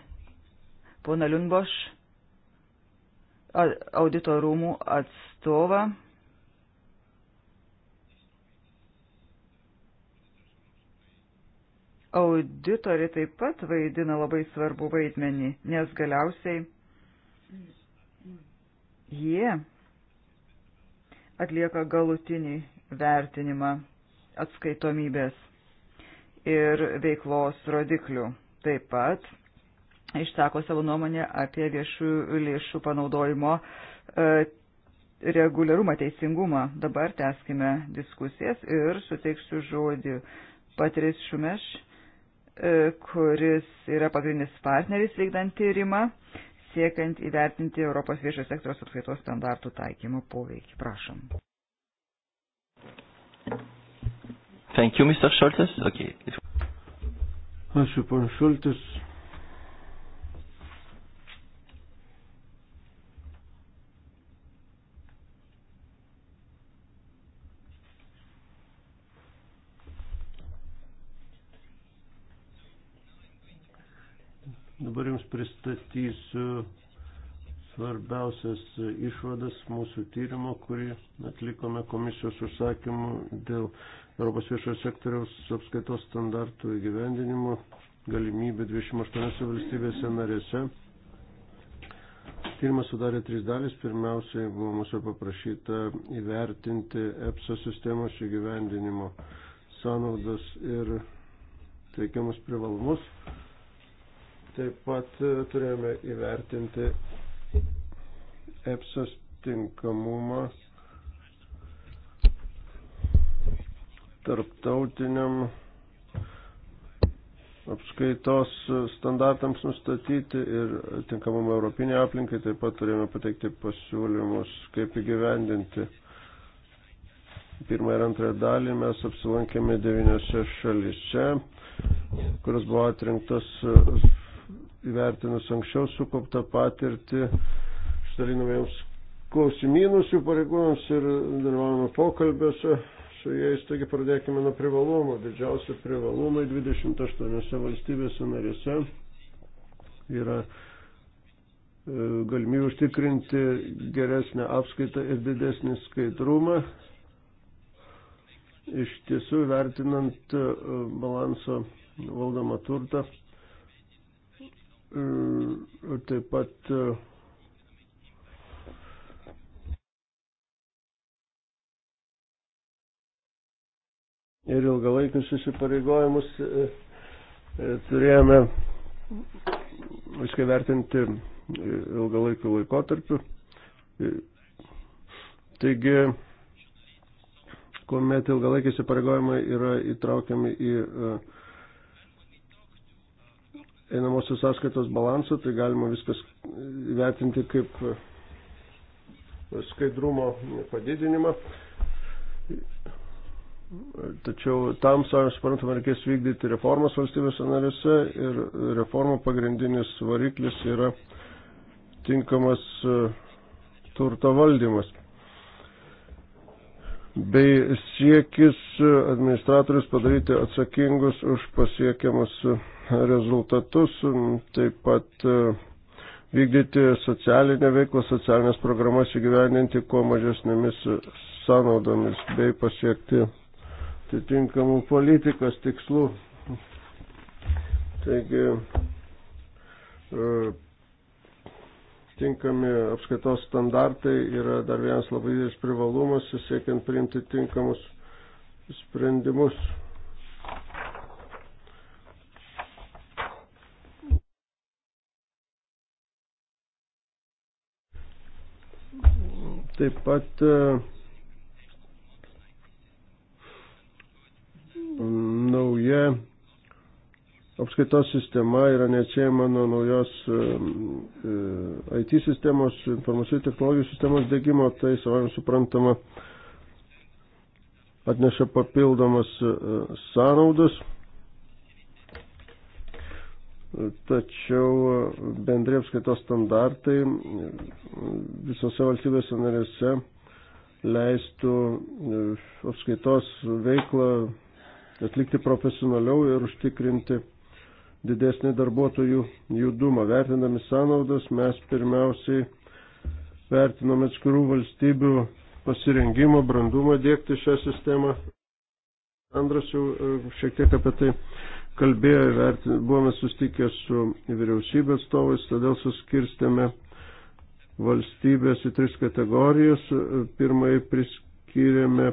poną Liunboš, audito rūmų atstovą. Auditoriai taip pat vaidina labai svarbu vaidmenį, nes galiausiai jie atlieka galutinį vertinimą atskaitomybės ir veiklos rodiklių. Taip pat išsako savo nuomonę apie viešų lėšų panaudojimo e, reguliarumą, teisingumą. Dabar teskime diskusijas ir suteiksiu žodį Patris Šumeš E, kuris yra pagrindinis partneris vykdant tyrimą, siekiant įvertinti Europos viešo sektoriaus apskaitos standartų taikymo poveikį. Prašom. Thank you, Mr. Šultis. Okay. Ačiū, pan Šultis. Dabar Jums pristatysiu svarbiausias išvadas mūsų tyrimo, kurį atlikome komisijos užsakymu dėl Europos viešojo sektoriaus apskaitos standartų įgyvendinimo galimybė 28 valstybėse narėse. Tyrimas sudarė trys dalis. Pirmiausiai buvo mūsų paprašyta įvertinti EPSO sistemos įgyvendinimo sąnaudas ir teikiamus privalumus. Taip pat e, turėjome įvertinti EPSOS tinkamumą tarptautiniam apskaitos standartams nustatyti ir tinkamumą europinė aplinkai. Taip pat turėjome pateikti pasiūlymus, kaip įgyvendinti pirmą ir antrą dalį. Mes apsilankėme devyniose šalise, kurios buvo atrinktos įvertinus anksčiau sukauptą patirtį, išdalinome jums klausimynus jų pareigūnams ir dalyvavome pokalbėse su jais. Taigi pradėkime nuo privalumų. Didžiausi privalumai 28 valstybėse narėse yra e, galimybė užtikrinti geresnę apskaitą ir didesnį skaidrumą. Iš tiesų, vertinant e, balanso valdomą turtą, Mm, taip pat e, ir ilgalaikius įsipareigojimus e, e, turėjome viską vertinti ilgalaikiu laikotarpiu. Taigi, kuomet ilgalaikiai įsipareigojimai yra įtraukiami į uh, einamosios sąskaitos balansą, tai galima viskas vertinti kaip e, skaidrumo padidinimą. Tačiau tam, savai suprantama, reikės vykdyti reformas valstybės narėse ir reformų pagrindinis variklis yra tinkamas e, turto valdymas bei siekis administratorius padaryti atsakingus už pasiekiamus rezultatus, taip pat e, vykdyti socialinę veiklą, socialinės programas įgyveninti kuo mažesnėmis sąnaudomis bei pasiekti atitinkamų politikos tikslų. Taigi, e, tinkami apskaitos standartai yra dar vienas labai didelis privalumas, siekiant priimti tinkamus sprendimus. Taip pat e, nauja apskaitos sistema yra neatsiejama nuo naujos e, e, IT sistemos, informacijų technologijų sistemos dėgymo, tai savai suprantama atneša papildomas sąnaudas tačiau bendri apskaitos standartai visose valstybėse narėse leistų e, apskaitos veiklą atlikti profesionaliau ir užtikrinti didesnį darbuotojų judumą. Vertinami sąnaudas mes pirmiausiai vertiname atskirų valstybių pasirengimo, brandumą dėkti šią sistemą. Andras jau e, šiek tiek apie tai kalbėjo ir vertin, buvome sustikę su vyriausybės atstovais, todėl suskirstėme valstybės į tris kategorijas. Pirmai priskyrėme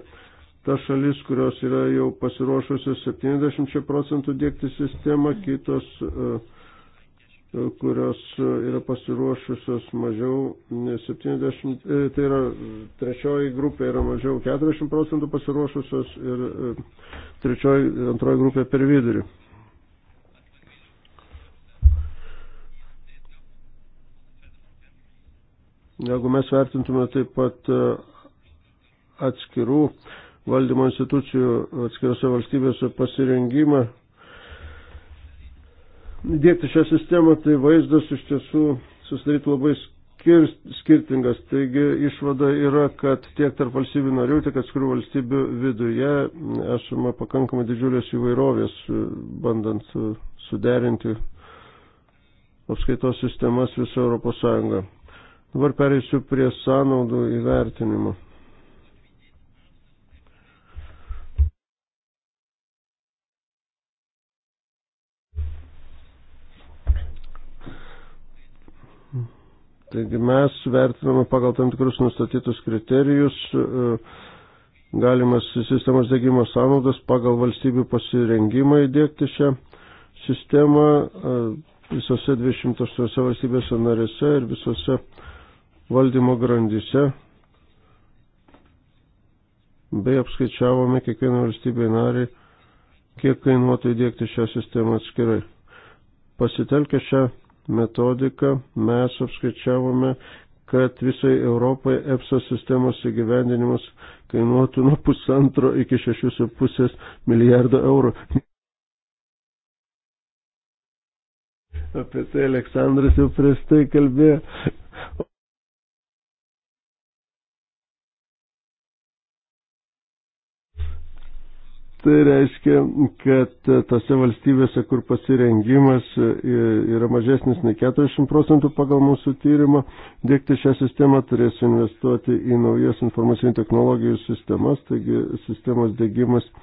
tas šalis, kurios yra jau pasiruošusios 70 procentų dėkti sistemą, kitos, e, kurios yra pasiruošusios mažiau 70, e, tai yra trečioji grupė yra mažiau 40 procentų pasiruošusios ir e, trečioji, antroji grupė per vidurį. Jeigu mes vertintume taip pat e, atskirų valdymo institucijų atskirose valstybėse pasirengimą dėkti šią sistemą, tai vaizdas iš tiesų susidarytų labai skir skirtingas. Taigi išvada yra, kad tiek tarp valstybių narių, tiek atskirų valstybių viduje esame pakankamai didžiulės įvairovės, e, bandant e, suderinti apskaitos sistemas visą Europos Sąjungą. Dabar pereisiu prie sąnaudų įvertinimo. Taigi mes vertiname pagal tam tikrus nustatytus kriterijus e, galimas sistemos dėgymo sąnaudas pagal valstybių pasirengimą įdėkti šią sistemą e, visose 208 valstybėse narėse ir visose valdymo grandise bei apskaičiavome kiekvieną valstybę narį, kiek kainuotų įdėkti šią sistemą atskirai. Pasitelkę šią metodiką mes apskaičiavome, kad visai Europai EPSO sistemos įgyvendinimas kainuotų nuo pusantro iki šešius ir pusės milijardo eurų. Apie tai Aleksandras jau prieš tai kalbėjo. Tai reiškia, kad tose valstybėse, kur pasirengimas yra mažesnis nei 40 procentų pagal mūsų tyrimą, dėkti šią sistemą turės investuoti į naujas informacinių technologijų sistemas, taigi sistemos dėgymas e,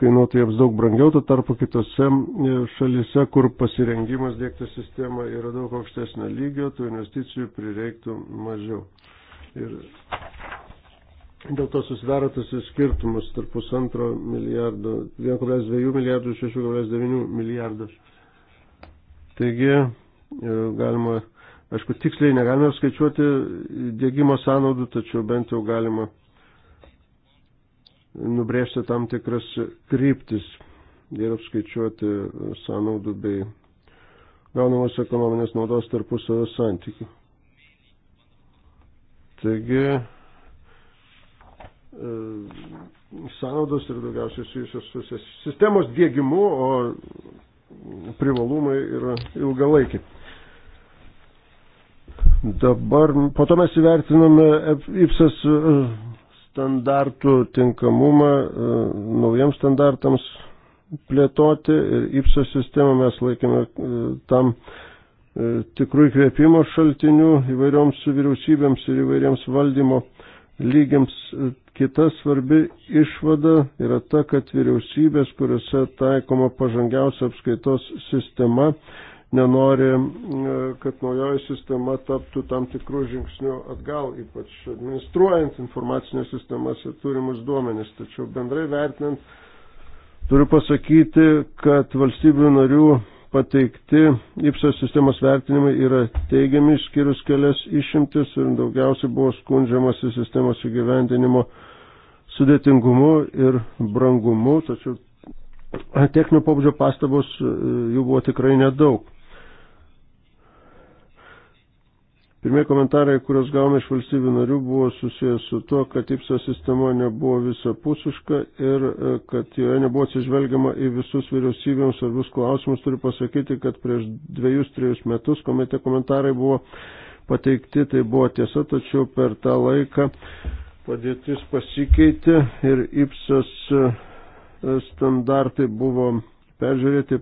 kainuotų jiems daug brangiau, tuo tarpu kitose e, šalise, kur pasirengimas dėkti sistemą yra daug aukštesnio lygio, tų investicijų prireiktų mažiau. Ir Dėl to susidaro tas skirtumas tarp pusantro milijardo, 1,2 milijardų, 6,9 milijardas. Taigi, e, galima, aišku, tiksliai negalime apskaičiuoti dėgymo sąnaudų, tačiau bent jau galima nubrėžti tam tikras kryptis ir apskaičiuoti sąnaudų bei gaunamos ekonominės naudos tarpusavio santykių. Taigi, E, sąnaudos ir daugiausiai susijusios su sistemos dėgymu, o privalumai yra ilgalaikiai. Dabar po to mes įvertiname IPSAS e, standartų tinkamumą e, naujiems standartams plėtoti ir IPSAS sistemą mes laikėme tam tikrų įkvėpimo šaltinių įvairioms vyriausybėms ir įvairiems valdymo lygiams. E, kita svarbi išvada yra ta, kad vyriausybės, kuriuose taikoma pažangiausia apskaitos sistema, nenori, e, kad naujoji sistema taptų tam tikrų žingsnių atgal, ypač administruojant informacinės sistemas ir turimus duomenis. Tačiau bendrai vertinant, turiu pasakyti, kad valstybių narių pateikti IPSA sistemos vertinimai yra teigiami, išskyrus kelias išimtis ir daugiausiai buvo skundžiamasi sistemos įgyvendinimo sudėtingumu ir brangumu, tačiau techninio pobūdžio pastabos e, jų buvo tikrai nedaug. Pirmie komentarai, kuriuos gavome iš valstybių narių, buvo susijęs su tuo, kad IPSA sistema nebuvo visapusiška ir e, kad joje nebuvo atsižvelgiama į visus vyriausybėms svarbius klausimus. Turiu pasakyti, kad prieš dviejus, trejus metus, kuomet tie komentarai buvo pateikti, tai buvo tiesa, tačiau per tą laiką padėtis pasikeitė ir IPSAS e, standartai buvo peržiūrėti,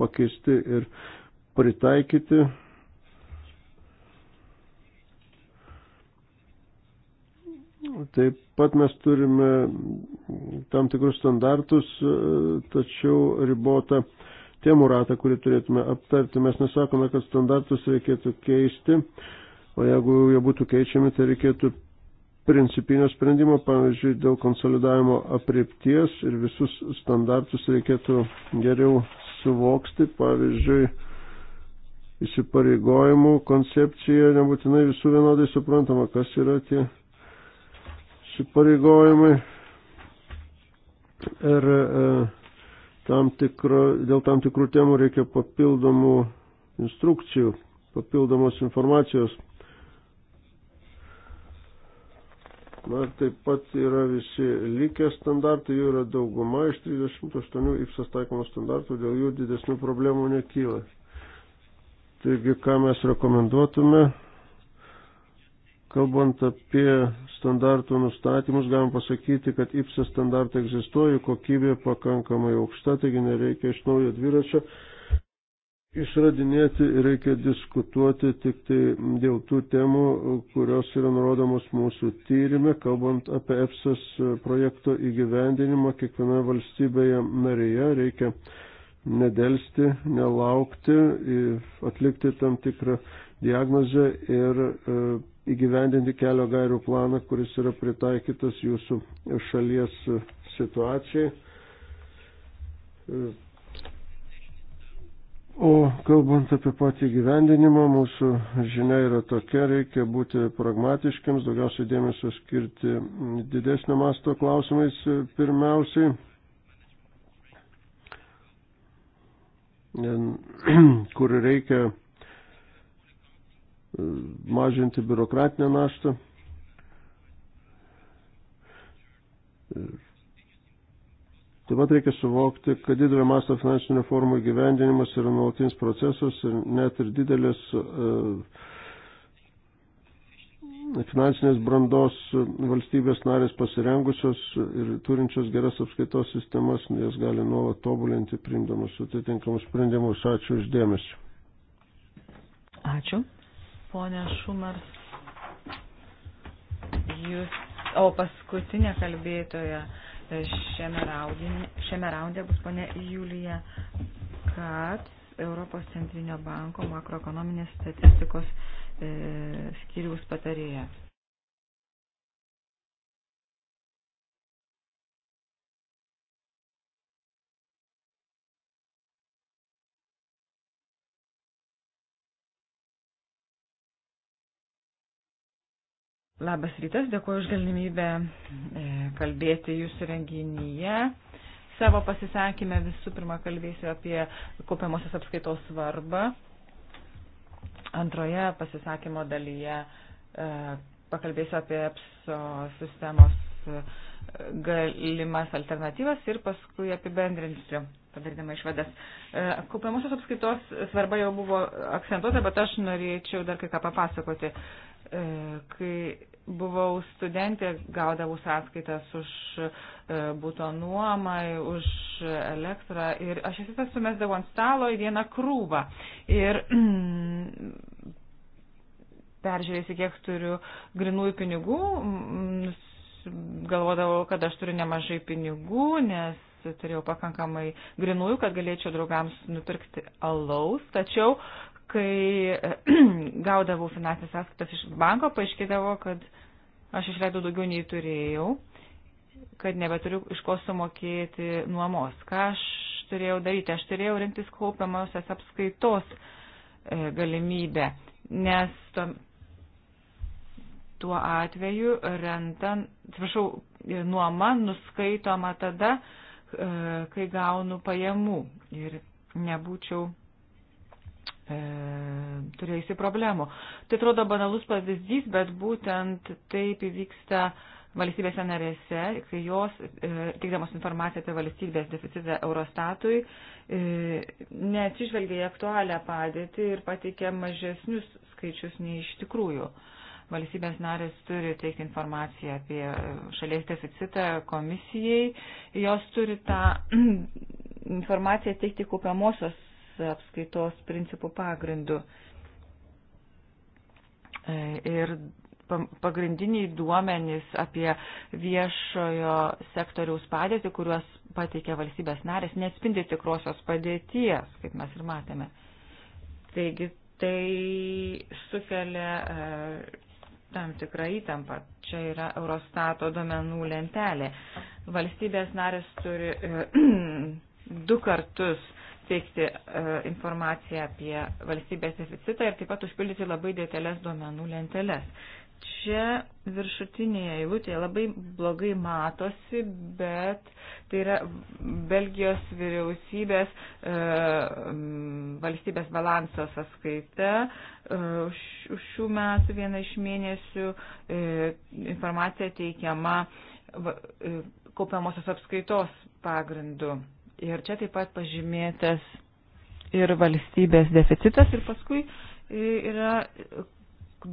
pakeisti ir pritaikyti Taip pat mes turime tam tikrus standartus, e, tačiau ribotą temų ratą, kurį turėtume aptarti. Mes nesakome, kad standartus reikėtų keisti, o jeigu jie būtų keičiami, tai reikėtų principinio sprendimo, pavyzdžiui, dėl konsolidavimo apriepties ir visus standartus reikėtų geriau suvokti, pavyzdžiui, įsipareigojimų koncepcija nebūtinai visų vienodai suprantama, kas yra tie įsipareigojimai ir e, tam tikro, dėl tam tikrų temų reikia papildomų instrukcijų, papildomos informacijos. Na ir taip pat yra visi likę standartai, jų yra dauguma iš 38 IPSAS taikomų standartų, dėl jų didesnių problemų nekyla. Taigi, ką mes rekomenduotume, Kalbant apie standartų nustatymus, galim pasakyti, kad IPSA standartai egzistuoja, kokybė pakankamai aukšta, taigi nereikia iš naujo dviračio išradinėti, reikia diskutuoti tik tai dėl tų temų, kurios yra nurodomos mūsų tyrimė, kalbant apie EPSAS projekto įgyvendinimą kiekvienoje valstybėje narėje, reikia nedelsti, nelaukti, atlikti tam tikrą diagnozę ir e, įgyvendinti kelio gairių planą, kuris yra pritaikytas jūsų šalies situacijai. O kalbant apie patį gyvendinimą, mūsų žinia yra tokia, reikia būti pragmatiškiams, daugiausiai dėmesio skirti didesnio masto klausimais pirmiausiai. kur reikia mažinti biurokratinę naštą. Taip pat reikia suvokti, kad didelio masto finansinių formų gyvendinimas yra nuolatinis procesas ir net ir didelės e, finansinės brandos valstybės narės pasirengusios ir turinčios geras apskaitos sistemas, jas gali nuolat tobulinti, priimdamas atitinkamus sprendimus. Ačiū uždėmesi. Ačiū ponė Šumars. Jūs, o paskutinė kalbėtoja šiame, raudinė, šiame raunde bus ponė Julija Kats, Europos centrinio banko makroekonominės statistikos e, skyriaus patarėja. Labas rytas, dėkuoju už galimybę e, kalbėti jūsų renginyje. Savo pasisakymę visų pirma kalbėsiu apie kaupiamosios apskaitos svarbą. Antroje pasisakymo dalyje e, pakalbėsiu apie EPSO sistemos e, galimas alternatyvas ir paskui apibendrinsiu, padarydama išvadas. Kaupiamosios apskaitos svarba jau buvo akcentuota, bet aš norėčiau dar kai ką papasakoti. E, kai buvau studentė, gaudavau sąskaitas už e, būto nuomą, už elektrą ir aš visą sumesdavau ant stalo į vieną krūvą. Ir peržiūrėjusi, kiek turiu grinųjų pinigų, galvodavau, kad aš turiu nemažai pinigų, nes turėjau pakankamai grinųjų, kad galėčiau draugams nupirkti alaus, tačiau kai gaudavau finansinės sąskaitas iš banko, paaiškėdavo, kad aš išleidau daugiau nei turėjau, kad nebeturiu iš ko sumokėti nuomos. Ką aš turėjau daryti? Aš turėjau rinktis kaupiamosios apskaitos e, galimybę, nes tuo, tuo atveju renta, atsiprašau, e, nuoma nuskaitoma tada, e, kai gaunu pajamų ir nebūčiau e, turėjusi problemų. Tai atrodo banalus pavyzdys, bet būtent taip įvyksta valstybėse narėse, kai jos, e, teikdamos informaciją apie valstybės deficitą Eurostatui, e, neatsižvelgia į aktualią padėtį ir pateikia mažesnius skaičius nei iš tikrųjų. Valstybės narės turi teikti informaciją apie šalies deficitą komisijai, jos turi tą informaciją teikti kaupiamosios apskaitos principų pagrindu. E, ir pagrindiniai duomenys apie viešojo sektoriaus padėtį, kuriuos pateikė valstybės narės, neatspindi tikrosios padėties, kaip mes ir matėme. Taigi tai sukelia e, tam tikrą įtampą. Čia yra Eurostato domenų lentelė. Valstybės narės turi e, du kartus teikti e, informaciją apie valstybės deficitą ir taip pat užpildyti labai detalės duomenų lenteles. Čia viršutinėje eilutėje labai blogai matosi, bet tai yra Belgijos vyriausybės e, valstybės balanso sąskaita. E, už šių metų vieną iš mėnesių e, informacija teikiama e, kaupiamosios apskaitos pagrindu. Ir čia taip pat pažymėtas ir valstybės deficitas ir paskui e, yra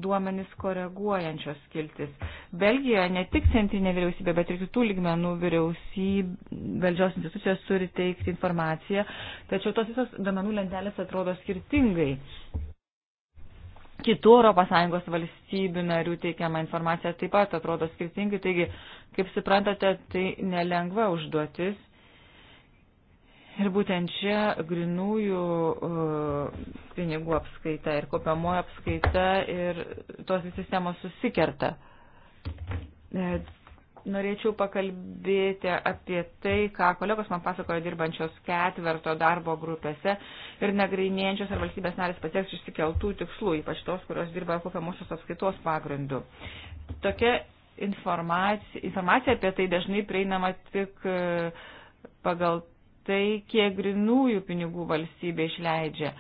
duomenis koreguojančios skiltis. Belgijoje ne tik centrinė vyriausybė, bet ir kitų lygmenų vyriausybė, valdžios institucijos turi teikti informaciją, tačiau tos visos duomenų lentelės atrodo skirtingai. Kitų ES valstybių narių teikiama informacija taip pat atrodo skirtingai, taigi, kaip suprantate, tai nelengva užduotis Ir būtent čia grinųjų uh, pinigų apskaita ir kopiamoji apskaita ir tos sistemos susikerta. Uh, norėčiau pakalbėti apie tai, ką kolegos man pasakojo dirbančios ketverto darbo grupėse ir nagrinėjančios ar valstybės narės pasieks išsikeltų tikslų, ypač tos, kurios dirba kopiamosios apskaitos pagrindu. Tokia informacija, informacija apie tai dažnai prieinama tik e, pagal tai, kiek grinųjų pinigų valstybė išleidžia.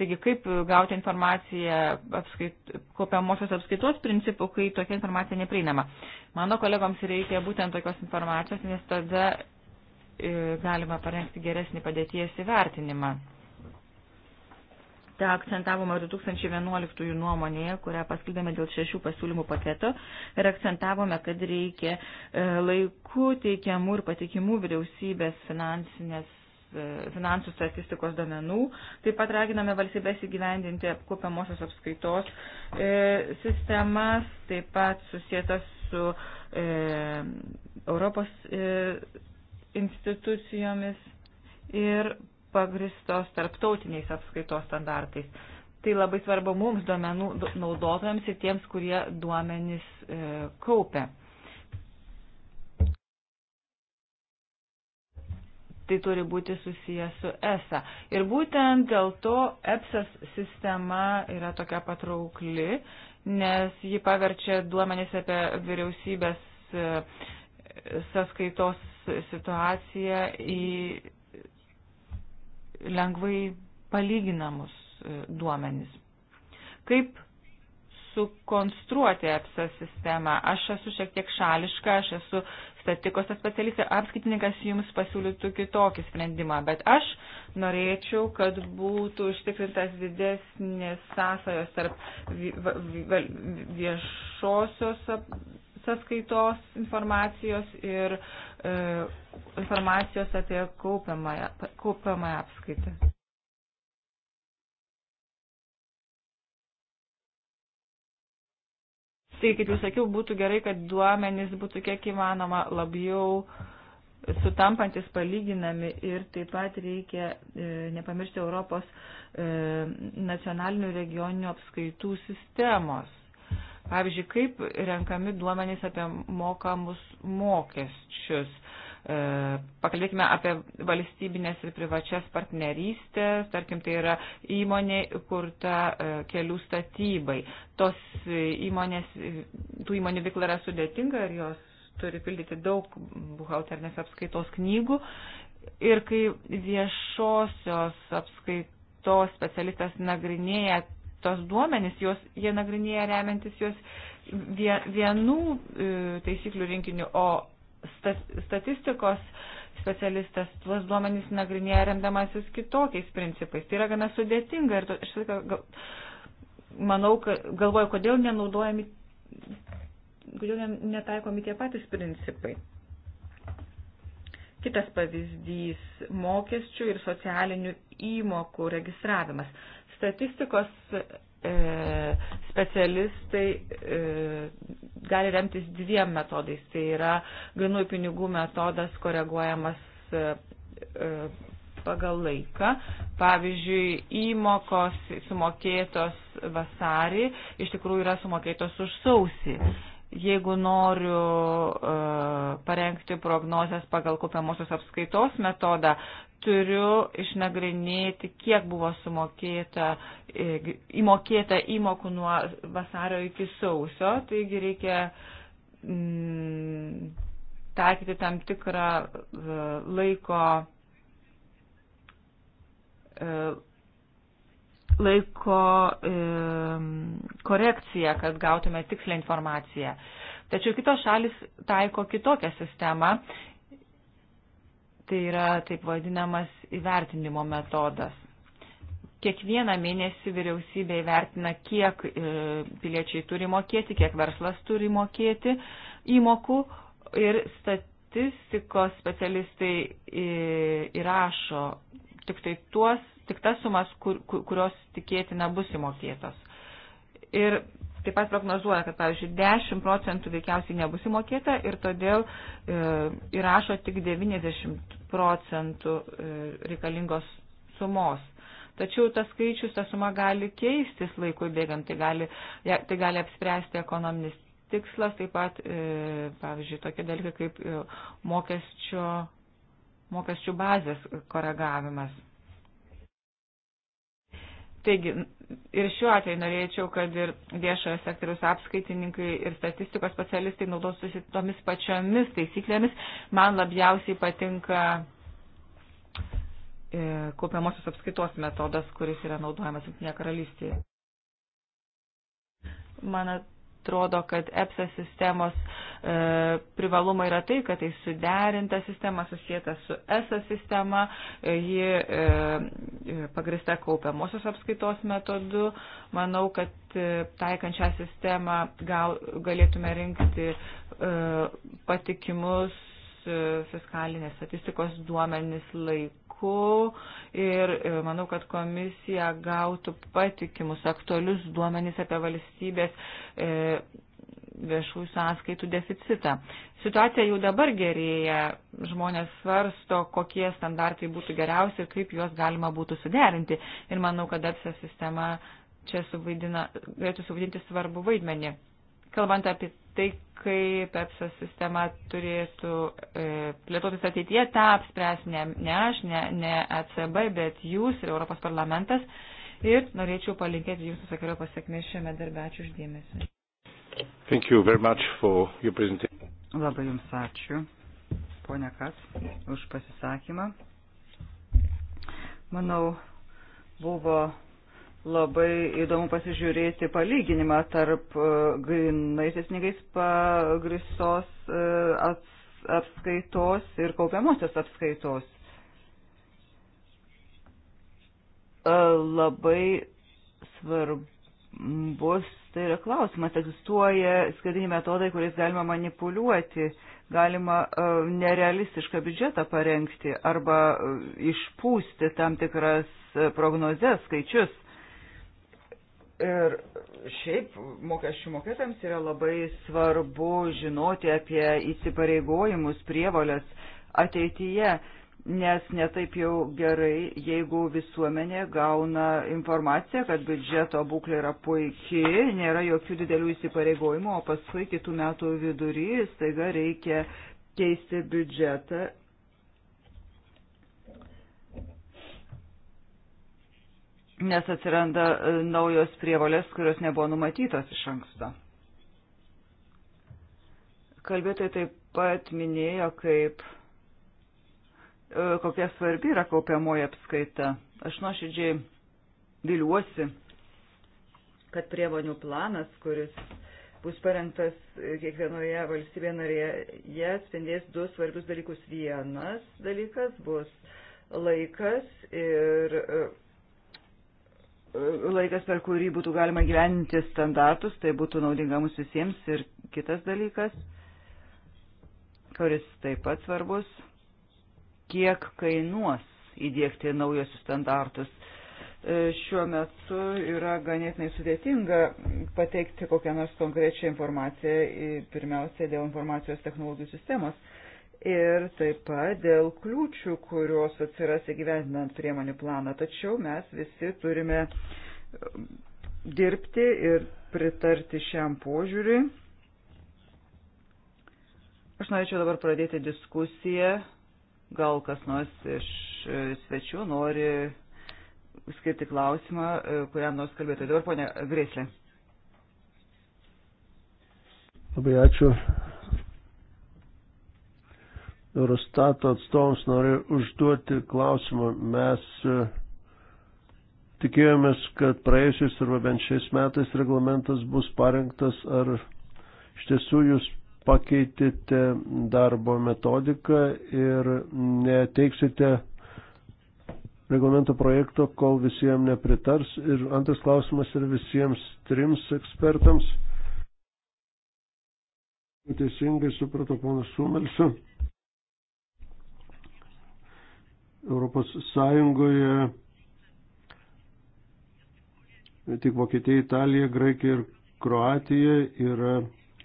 Taigi, kaip gauti informaciją apskait, kopiamosios apskaitos principų, kai tokia informacija neprieinama. Mano kolegoms reikia būtent tokios informacijos, nes tada e, galima parengti geresnį padėties įvertinimą. Ta akcentavome 2011 nuomonėje, kurią paskelbėme dėl šešių pasiūlymų paketo ir akcentavome, kad reikia e, laiku teikiamų ir patikimų vyriausybės finansinės e, finansų statistikos domenų. Taip pat raginame valstybės įgyvendinti apkopiamosios apskaitos e, sistemas, taip pat susijęs su e, Europos e, institucijomis ir pagristos tarptautiniais apskaitos standartais. Tai labai svarbu mums duomenų naudotojams ir tiems, kurie duomenys e, kaupia. Tai turi būti susijęs su ESA. Ir būtent dėl to EPSAS sistema yra tokia patraukli, nes ji paverčia duomenys apie vyriausybės e, sąskaitos situaciją į lengvai palyginamus e, duomenis. Kaip sukonstruoti EPSA sistemą? Aš esu šiek tiek šališka, aš esu statikos specialistė, apskaitininkas jums pasiūlytų kitokį sprendimą, bet aš norėčiau, kad būtų užtikrintas didesnis sąsajos tarp viešosios sąskaitos informacijos ir e, informacijos apie kaupiamąją, kaupiamąją apskaitą. Tai, kaip jau sakiau, būtų gerai, kad duomenys būtų kiek įmanoma labiau sutampantis palyginami ir taip pat reikia e, nepamiršti Europos e, nacionalinių regioninių apskaitų sistemos. Pavyzdžiui, kaip renkami duomenys apie mokamus mokesčius. E, pakalbėkime apie valstybinės ir privačias partnerystės, tarkim, tai yra įmonė kurta e, kelių statybai. Tos įmonės, tų įmonių veikla yra sudėtinga ir jos turi pildyti daug buhalternės apskaitos knygų. Ir kai viešosios apskaitos specialistas nagrinėja tos duomenys, jos, jie nagrinėja remiantis jos vienų e, taisyklių rinkinių, o statistikos specialistas tuos duomenys nagrinėja remdamasis kitokiais principais. Tai yra gana sudėtinga ir to, aš visą manau, galvoju, kodėl nenaudojami, kodėl netaikomi tie patys principai. Kitas pavyzdys - mokesčių ir socialinių įmokų registravimas. Statistikos e, specialistai e, gali remtis dviem metodais. Tai yra grinųjų pinigų metodas koreguojamas e, pagal laiką. Pavyzdžiui, įmokos sumokėtos vasarį iš tikrųjų yra sumokėtos už sausį jeigu noriu uh, parengti prognozes pagal kaupiamosios apskaitos metodą, turiu išnagrinėti, kiek buvo sumokėta, e, įmokėta įmokų nuo vasario iki sausio, taigi reikia mm, taikyti tam tikrą uh, laiko uh, laiko e, korekciją, kad gautume tikslę informaciją. Tačiau kitos šalis taiko kitokią sistemą. Tai yra taip vadinamas įvertinimo metodas. Kiekvieną mėnesį vyriausybė įvertina, kiek e, piliečiai turi mokėti, kiek verslas turi mokėti įmokų ir statistikos specialistai e, įrašo tik tai tuos tik tas sumas, kur, kur, kurios tikėtina bus įmokėtos. Ir taip pat prognozuoja, kad, pavyzdžiui, 10 procentų veikiausiai nebus įmokėta ir todėl e, įrašo tik 90 procentų e, reikalingos sumos. Tačiau tas skaičius, ta suma gali keistis laikui bėgant, tai gali, ja, tai gali apspręsti ekonominis tikslas, taip pat, e, pavyzdžiui, tokie dalykai kaip e, mokesčio, mokesčių bazės koregavimas. Taigi ir šiuo atveju norėčiau, kad ir viešojo sektoriaus apskaitininkai ir statistikos specialistai naudotųsi tomis pačiomis taisyklėmis. Man labiausiai patinka e, kaupiamosios apskaitos metodas, kuris yra naudojamas Junktinėje karalystėje. Man atrodo, kad EPSA sistemos e, privalumai yra tai, kad tai suderinta sistema susijęta su ESA sistema, e, ji e, e pagrista kaupiamosios apskaitos metodu. Manau, kad e, taikant šią sistemą gal, galėtume rinkti e, patikimus e, fiskalinės statistikos duomenis laiku laiku ir e, manau, kad komisija gautų patikimus aktualius duomenys apie valstybės e, viešųjų sąskaitų deficitą. Situacija jau dabar gerėja, žmonės svarsto, kokie standartai būtų geriausi ir kaip juos galima būtų suderinti. Ir manau, kad EPSA sistema čia suvaidina, galėtų suvaidinti svarbu vaidmenį kalbant apie tai, kaip EPSO sistema turėtų e, plėtotis ateityje, tą apspręs ne, ne aš, ne, ne ECB, bet jūs ir Europos parlamentas. Ir norėčiau palinkėti jums visokiojo pasiekmės šiame darbe. Ačiū uždėmesi. Thank you very much for your presentation. Labai jums ačiū, ponia Kas, už pasisakymą. Manau, buvo Labai įdomu pasižiūrėti palyginimą tarp e, grinaisiais pinigais pagristos e, apskaitos ir kaupiamosios apskaitos. E, labai svarbus tai yra klausimas. Egzistuoja skirtingi metodai, kuriais galima manipuliuoti, galima nerealistišką biudžetą parengti arba išpūsti tam tikras prognozes, skaičius. Ir šiaip mokesčių mokėtams yra labai svarbu žinoti apie įsipareigojimus, prievalės ateityje, nes netaip jau gerai, jeigu visuomenė gauna informaciją, kad biudžeto būklė yra puikiai, nėra jokių didelių įsipareigojimų, o paskui kitų metų vidurys, taiga reikia keisti biudžetą nes atsiranda e, naujos prievolės, kurios nebuvo numatytos iš anksto. Kalbėtojai taip pat minėjo, kaip e, kokia svarbi yra kaupiamoji apskaita. Aš nuoširdžiai viliuosi, kad priemonių planas, kuris bus parengtas kiekvienoje valstybėje narėje, jie atspindės du svarbius dalykus. Vienas dalykas bus laikas ir e, laikas, per kurį būtų galima gyveninti standartus, tai būtų naudinga mums visiems. Ir kitas dalykas, kuris taip pat svarbus, kiek kainuos įdėkti naujosius standartus. E, šiuo metu yra ganėtinai sudėtinga pateikti kokią nors konkrečią informaciją, pirmiausia dėl informacijos technologijų sistemos ir taip pat dėl kliūčių, kurios atsiras įgyvendinant priemonių planą. Tačiau mes visi turime um, dirbti ir pritarti šiam požiūriui. Aš norėčiau dabar pradėti diskusiją. Gal kas nors iš e, svečių nori skirti klausimą, e, kuriam nors kalbėtų. Dabar, ponia Grėslė. Labai ačiū. Eurostato atstovams noriu užduoti klausimą. Mes e, tikėjomės, kad praėjusiais arba bent šiais metais reglamentas bus parengtas, ar iš tiesų jūs pakeitėte darbo metodiką ir neteiksite reglamento projekto, kol visiems nepritars. Ir antras klausimas yra visiems trims ekspertams. Teisingai supratau, ponas Sumelsiu. Europos Sąjungoje tik Vokietija, Italija, Graikija ir Kroatija yra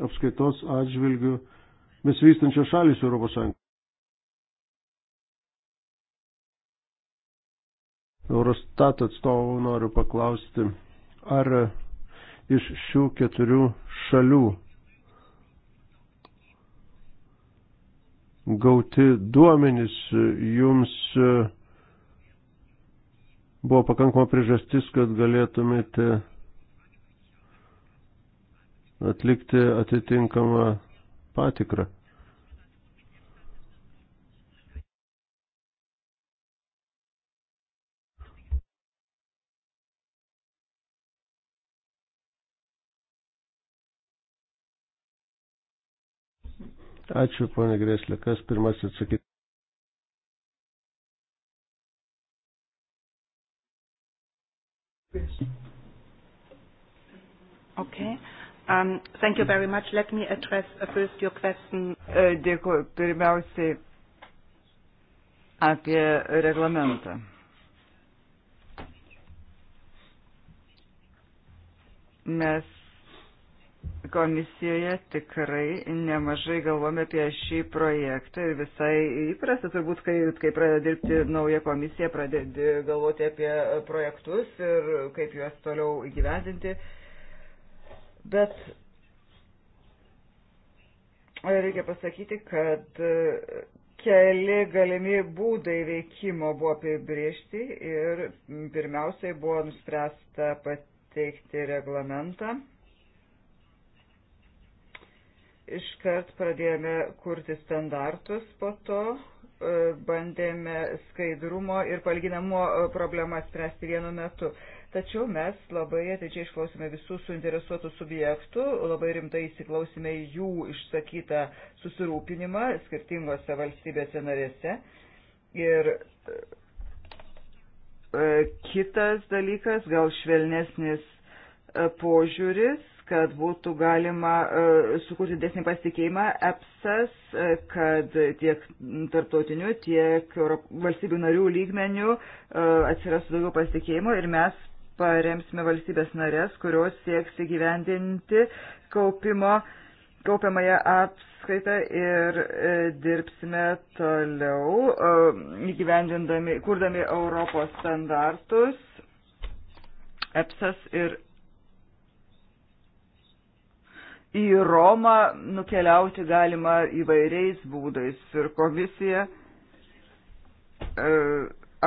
apskaitos atžvilgių besivystančios šalis Europos Sąjungoje. Eurostat atstovų noriu paklausti, ar iš šių keturių šalių gauti duomenys jums e, buvo pakankama priežastis, kad galėtumėte atlikti atitinkamą patikrą. Ačiū, ponė Greslė. Kas pirmasis atsakyti? Okay. Um, thank you very much. Let me address uh, first your question. E, dėkuoju. Pirmiausiai apie reglamentą. Mes komisijoje tikrai nemažai galvome apie šį projektą ir visai įprasta turbūt, kai, kai pradeda dirbti nauja komisija, pradedi galvoti apie projektus ir kaip juos toliau įgyvendinti. Bet reikia pasakyti, kad keli galimi būdai veikimo buvo apibriežti ir pirmiausiai buvo nuspręsta pateikti reglamentą Iškart pradėjome kurti standartus po to, e, bandėme skaidrumo ir palginamo e, problemą spręsti vienu metu. Tačiau mes labai atidžiai išklausime visų suinteresuotų subjektų, labai rimtai įsiklausime jų išsakytą susirūpinimą skirtingose valstybėse narėse. Ir e, kitas dalykas, gal švelnesnis e, požiūris kad būtų galima e, sukurti desnį pasitikėjimą EPSAS, e, kad tiek tarptautiniu, tiek valstybių narių lygmenių e, atsirastų daugiau pasitikėjimo ir mes paremsime valstybės narės, kurios sieks įgyvendinti kaupimo, kaupiamąją apskaitą ir e, dirbsime toliau, e, įgyvendindami, kurdami Europos standartus. EPSAS ir į Romą nukeliauti galima įvairiais būdais ir komisija e,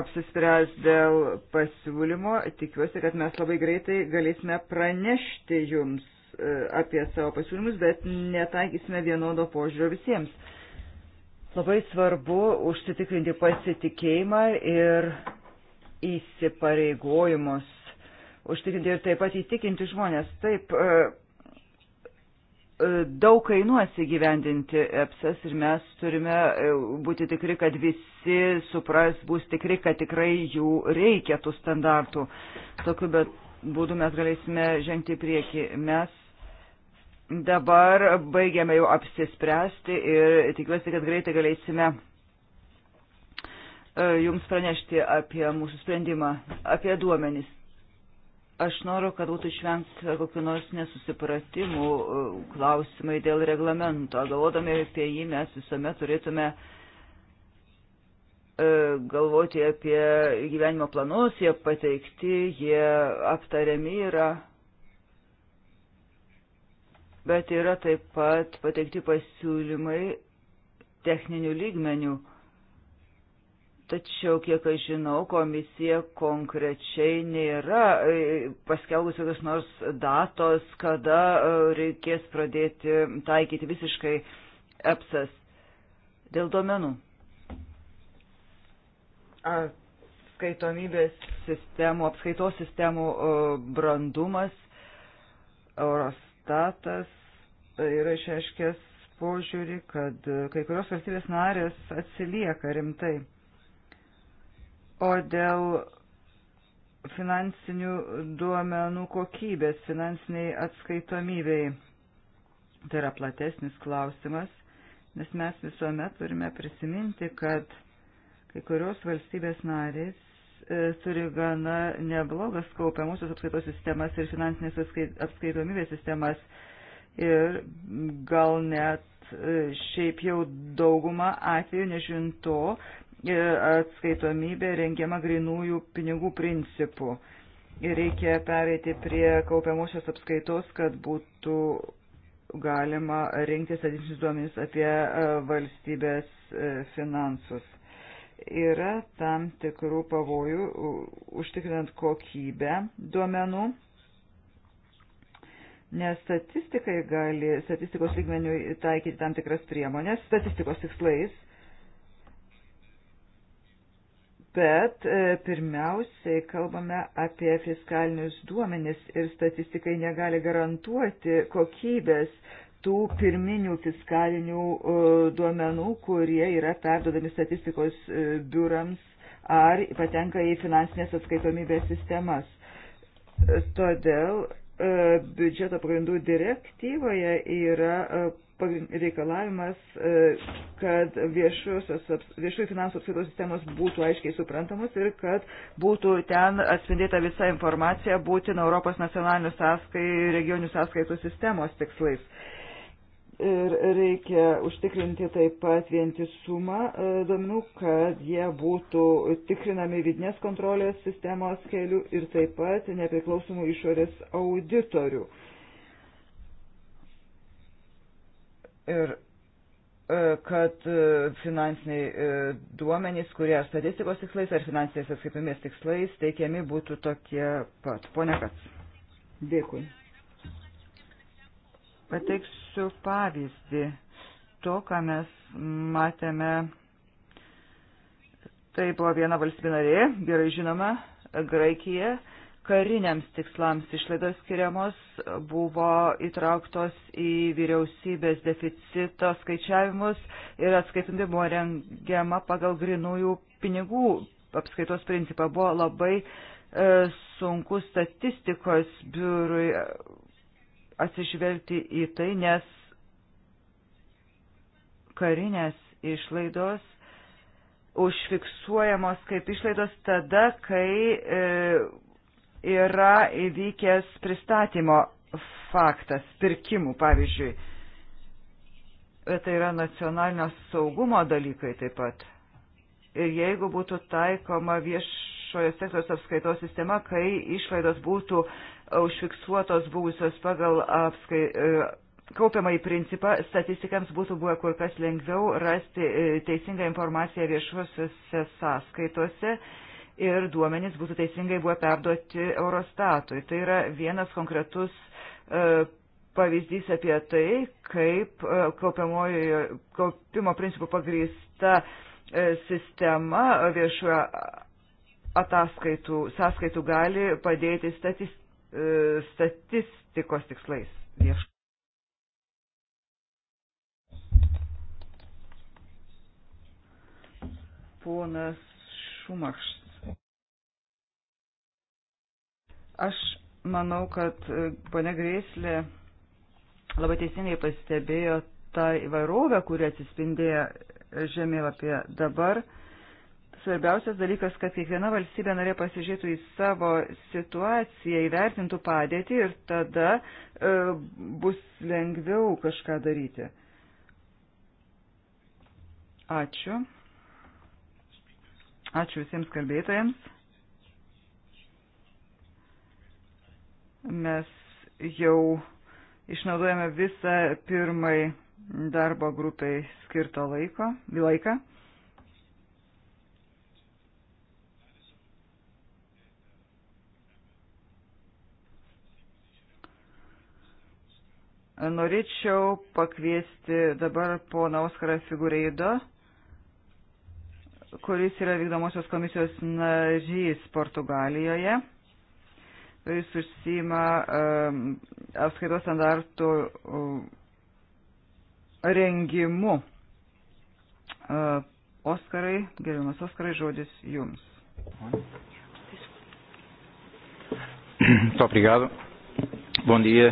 apsispręs dėl pasiūlymo. Tikiuosi, kad mes labai greitai galėsime pranešti jums e, apie savo pasiūlymus, bet netaikysime vienodo požiūrio visiems. Labai svarbu užsitikrinti pasitikėjimą ir įsipareigojimus, užtikrinti ir taip pat įtikinti žmonės. Taip, e, E, daug kainuos įgyvendinti EPSAS ir mes turime e, būti tikri, kad visi supras, bus tikri, kad tikrai jų reikia tų standartų. Tokiu būdu mes galėsime žengti į priekį. Mes dabar baigiame jau apsispręsti ir tikiuosi, kad greitai galėsime e, jums pranešti apie mūsų sprendimą, apie duomenys. Aš noriu, kad būtų išvengta kokiu nors nesusipratimų e, klausimai dėl reglamento. Galvodami apie jį mes visuomet turėtume e, galvoti apie gyvenimo planus, jie pateikti, jie aptariami yra. Bet yra taip pat pateikti pasiūlymai techninių lygmenių Tačiau, kiek aš žinau, komisija konkrečiai nėra e, paskelbusi kokios nors datos, kada e, reikės pradėti taikyti visiškai EPSAS dėl duomenų. Skaitomybės sistemų, apskaitos sistemų e, brandumas, Eurostatas yra išaiškęs požiūrį, kad kai kurios valstybės narės atsilieka rimtai. O dėl finansinių duomenų kokybės, finansiniai atskaitomybei, tai yra platesnis klausimas, nes mes visuomet turime prisiminti, kad kai kurios valstybės narės e, turi gana neblogas kaupiamusios apskaitos sistemas ir finansinės atskaitomybės sistemas ir gal net e, šiaip jau dauguma atveju, nežinto, E, atskaitomybė rengiama grinųjų pinigų principų. Ir reikia pereiti prie kaupiamosios apskaitos, kad būtų galima rinkti statistinius duomenys apie e, valstybės e, finansus. Yra tam tikrų pavojų užtikrinant kokybę duomenų, nes statistikai gali statistikos lygmenių taikyti tam tikras priemonės statistikos tikslais Bet e, pirmiausiai kalbame apie fiskalinius duomenis ir statistikai negali garantuoti kokybės tų pirminių fiskalinių e, duomenų, kurie yra perdodami statistikos e, biurams ar patenka į finansinės atskaitomybės sistemas. Todėl biudžeto pagrindų direktyvoje yra reikalavimas, e, kad viešųjų finansų apskaitos sistemos būtų aiškiai suprantamos ir kad būtų ten atspindėta visa informacija būtina Europos nacionalinių sąskai, regionių sąskaitų sistemos tikslais. Ir reikia užtikrinti taip pat vientisumą e, duomenų, kad jie būtų tikrinami vidinės kontrolės sistemos keliu ir taip pat nepriklausomų išorės auditorių. ir e, kad e, finansiniai e, duomenys, kurie ar statistikos tikslais, ar finansinės atskaipimės tikslais teikiami būtų tokie pat. Pone Kats. Dėkui. Pateiksiu pavyzdį to, ką mes matėme. Tai buvo viena valstybė narė, gerai žinoma, Graikija kariniams tikslams išlaidos skiriamos buvo įtrauktos į vyriausybės deficito skaičiavimus ir atskaitinti buvo rengiama pagal grinųjų pinigų apskaitos principą. Buvo labai e, sunku statistikos biurui e, atsižvelgti į tai, nes karinės išlaidos užfiksuojamos kaip išlaidos tada, kai e, yra įvykęs pristatymo faktas, pirkimų pavyzdžiui. Tai yra nacionalinio saugumo dalykai taip pat. Ir jeigu būtų taikoma viešojo sektoriaus apskaitos sistema, kai išlaidos būtų užfiksuotos buvusios pagal apskai, e, kaupiamą į principą, statistikams būtų buvę kur kas lengviau rasti e, teisingą informaciją viešuosiuose sąskaitose ir duomenys būtų teisingai buvo perduoti Eurostatui. Tai yra vienas konkretus e, pavyzdys apie tai, kaip e, kaupimo principų pagrįsta e, sistema viešojo ataskaitų, sąskaitų gali padėti statis, statistikos tikslais. Vieš. Ponas Šumakšs Aš manau, kad pane Greislė labai teisingai pastebėjo tą įvairovę, kuri atsispindėjo e, žemėlapyje dabar. Svarbiausias dalykas, kad kiekviena valstybė norė pasižiūrėtų į savo situaciją, įvertintų padėtį ir tada e, bus lengviau kažką daryti. Ačiū. Ačiū visiems kalbėtojams. Mes jau išnaudojame visą pirmai darbo grupiai skirto laiko, laiką. Norėčiau pakviesti dabar poną Oskarą Figureido, kuris yra vykdomosios komisijos narys Portugalijoje jis užsima apskaitos standartų rengimu. E, Oskarai, gerbiamas Oskarai, žodis jums. Muito obrigado. Bom dia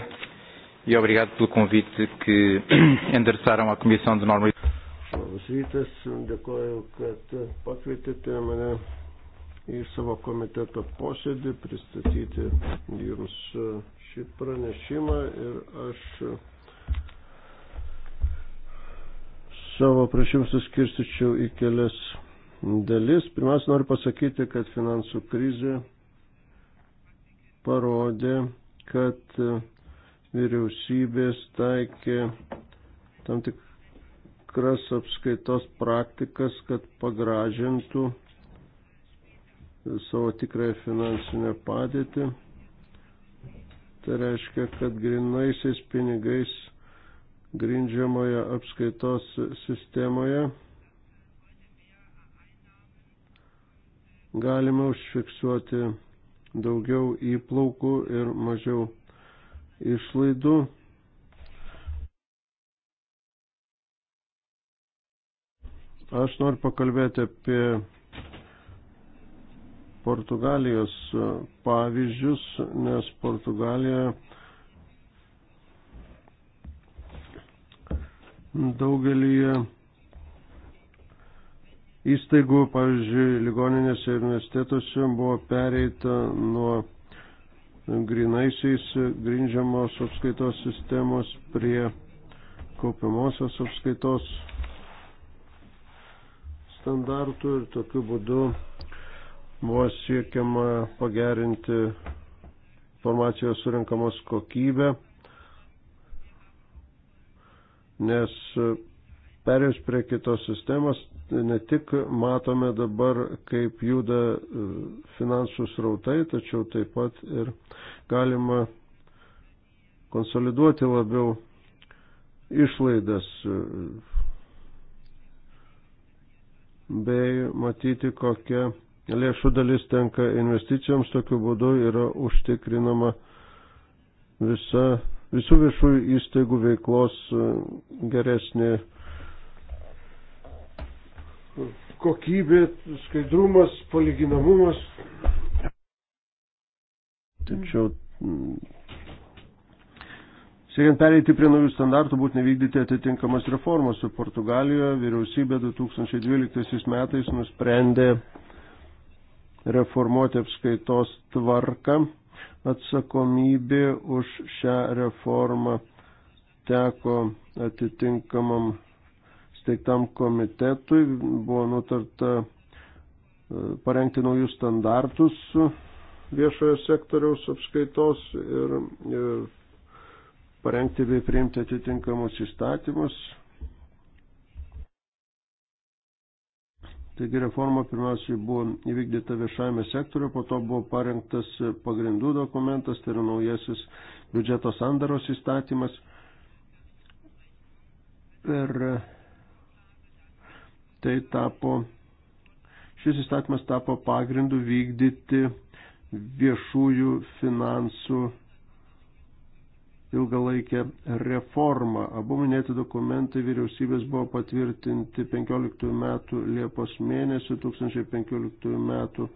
e obrigado pelo convite que endereçaram à Comissão de Normalização. Labas rytas, dėkoju, kad pakvietėte mane į savo komiteto posėdį, pristatyti jums šį pranešimą ir aš savo prašymus suskirstyčiau į kelias dalis. Pirmiausia, noriu pasakyti, kad finansų krizė parodė, kad vyriausybės taikė tam tikras apskaitos praktikas, kad pagražintų savo tikrąją finansinę padėtį. Tai reiškia, kad grinaisiais pinigais grindžiamoje apskaitos sistemoje galime užfiksuoti daugiau įplaukų ir mažiau išlaidų. Aš noriu pakalbėti apie Portugalijos e, pavyzdžius, nes Portugalija daugelį įstaigų, pavyzdžiui, ligoninėse ir universitetuose buvo pereita nuo grinaisiais grindžiamos apskaitos sistemos prie kaupiamosios apskaitos standartų ir tokiu būdu buvo siekiama pagerinti informacijos surinkamos kokybę, nes perėjus prie kitos sistemos ne tik matome dabar, kaip juda e, finansų srautai, tačiau taip pat ir galima konsoliduoti labiau išlaidas e, bei matyti, kokia lėšų dalis tenka investicijoms, tokiu būdu yra užtikrinama visa, visų viešųjų įstaigų veiklos e, geresnė kokybė, skaidrumas, palyginamumas. Tačiau mm, Siekiant pereiti prie naujų standartų, būtina vykdyti atitinkamas reformas. Portugalijoje vyriausybė 2012 metais nusprendė reformuoti apskaitos tvarką. Atsakomybė už šią reformą teko atitinkamam steigtam komitetui. Buvo nutarta e, parengti naujus standartus viešojo sektoriaus apskaitos ir parengti bei priimti atitinkamus įstatymus Taigi reforma pirmiausiai buvo įvykdyta viešajame sektoriu, po to buvo parengtas pagrindų dokumentas, tai yra naujasis biudžeto sandaros įstatymas. Ir tai tapo, šis įstatymas tapo pagrindu vykdyti viešųjų finansų ilgalaikę reformą. Abu minėti dokumentai vyriausybės buvo patvirtinti 15 metų Liepos mėnesį, 2015 metų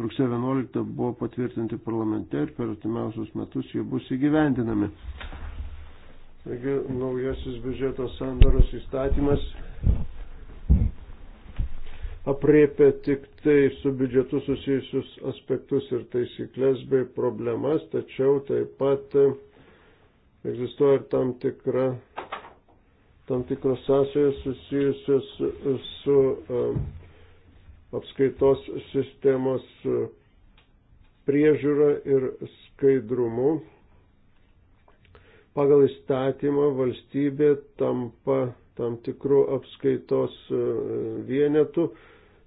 rugsėjo 11 buvo patvirtinti parlamente ir per artimiausius metus jie bus įgyvendinami. Taigi naujasis biudžeto sandaros įstatymas apriepia tik tai su biudžetu susijusius aspektus ir taisyklės bei problemas, tačiau taip pat egzistuoja ir tam tikra tam tikros sąsajos susijusios su, su um, apskaitos sistemos uh, priežiūra ir skaidrumu. Pagal įstatymą valstybė tampa tam tikrų apskaitos uh, vienetų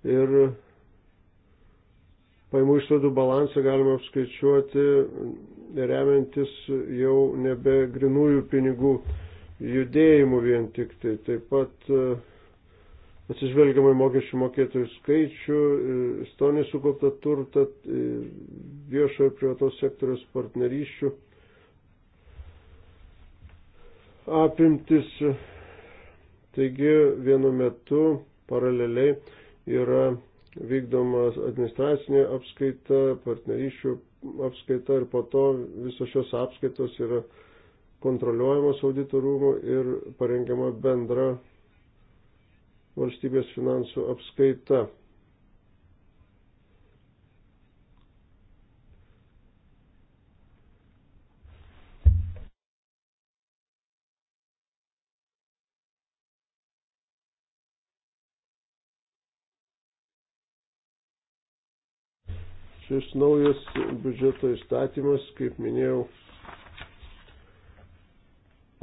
ir paimų išlaidų balansą galima apskaičiuoti remiantis jau nebe grinųjų pinigų judėjimu vien tik tai. Taip pat e, atsižvelgiamai mokesčių mokėtojų skaičių, e, Estonijos sukauptą turtą, e, viešo ir privataus sektoriaus partnerysčių apimtis. Taigi vienu metu paraleliai yra vykdoma administracinė apskaita, partnerysčių apskaita ir po to visos šios apskaitos yra kontroliuojamos auditorumų ir parengiama bendra valstybės finansų apskaita. Šis naujas biudžeto įstatymas, kaip minėjau,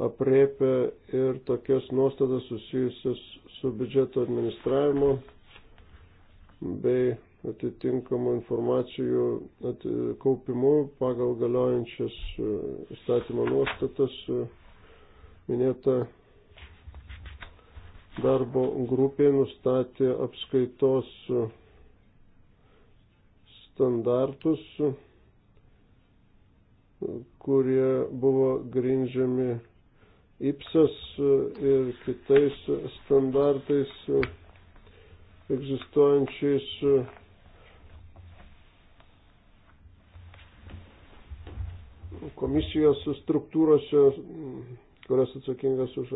apriepia ir tokias nuostatas susijusias su biudžeto administravimo bei atitinkamų informacijų at, kaupimu pagal galiojančias e, įstatymo nuostatas e, minėta darbo grupė nustatė apskaitos e, standartus, kurie buvo grindžiami IPSAS ir kitais standartais egzistuojančiais komisijos struktūrose, kurios atsakingas už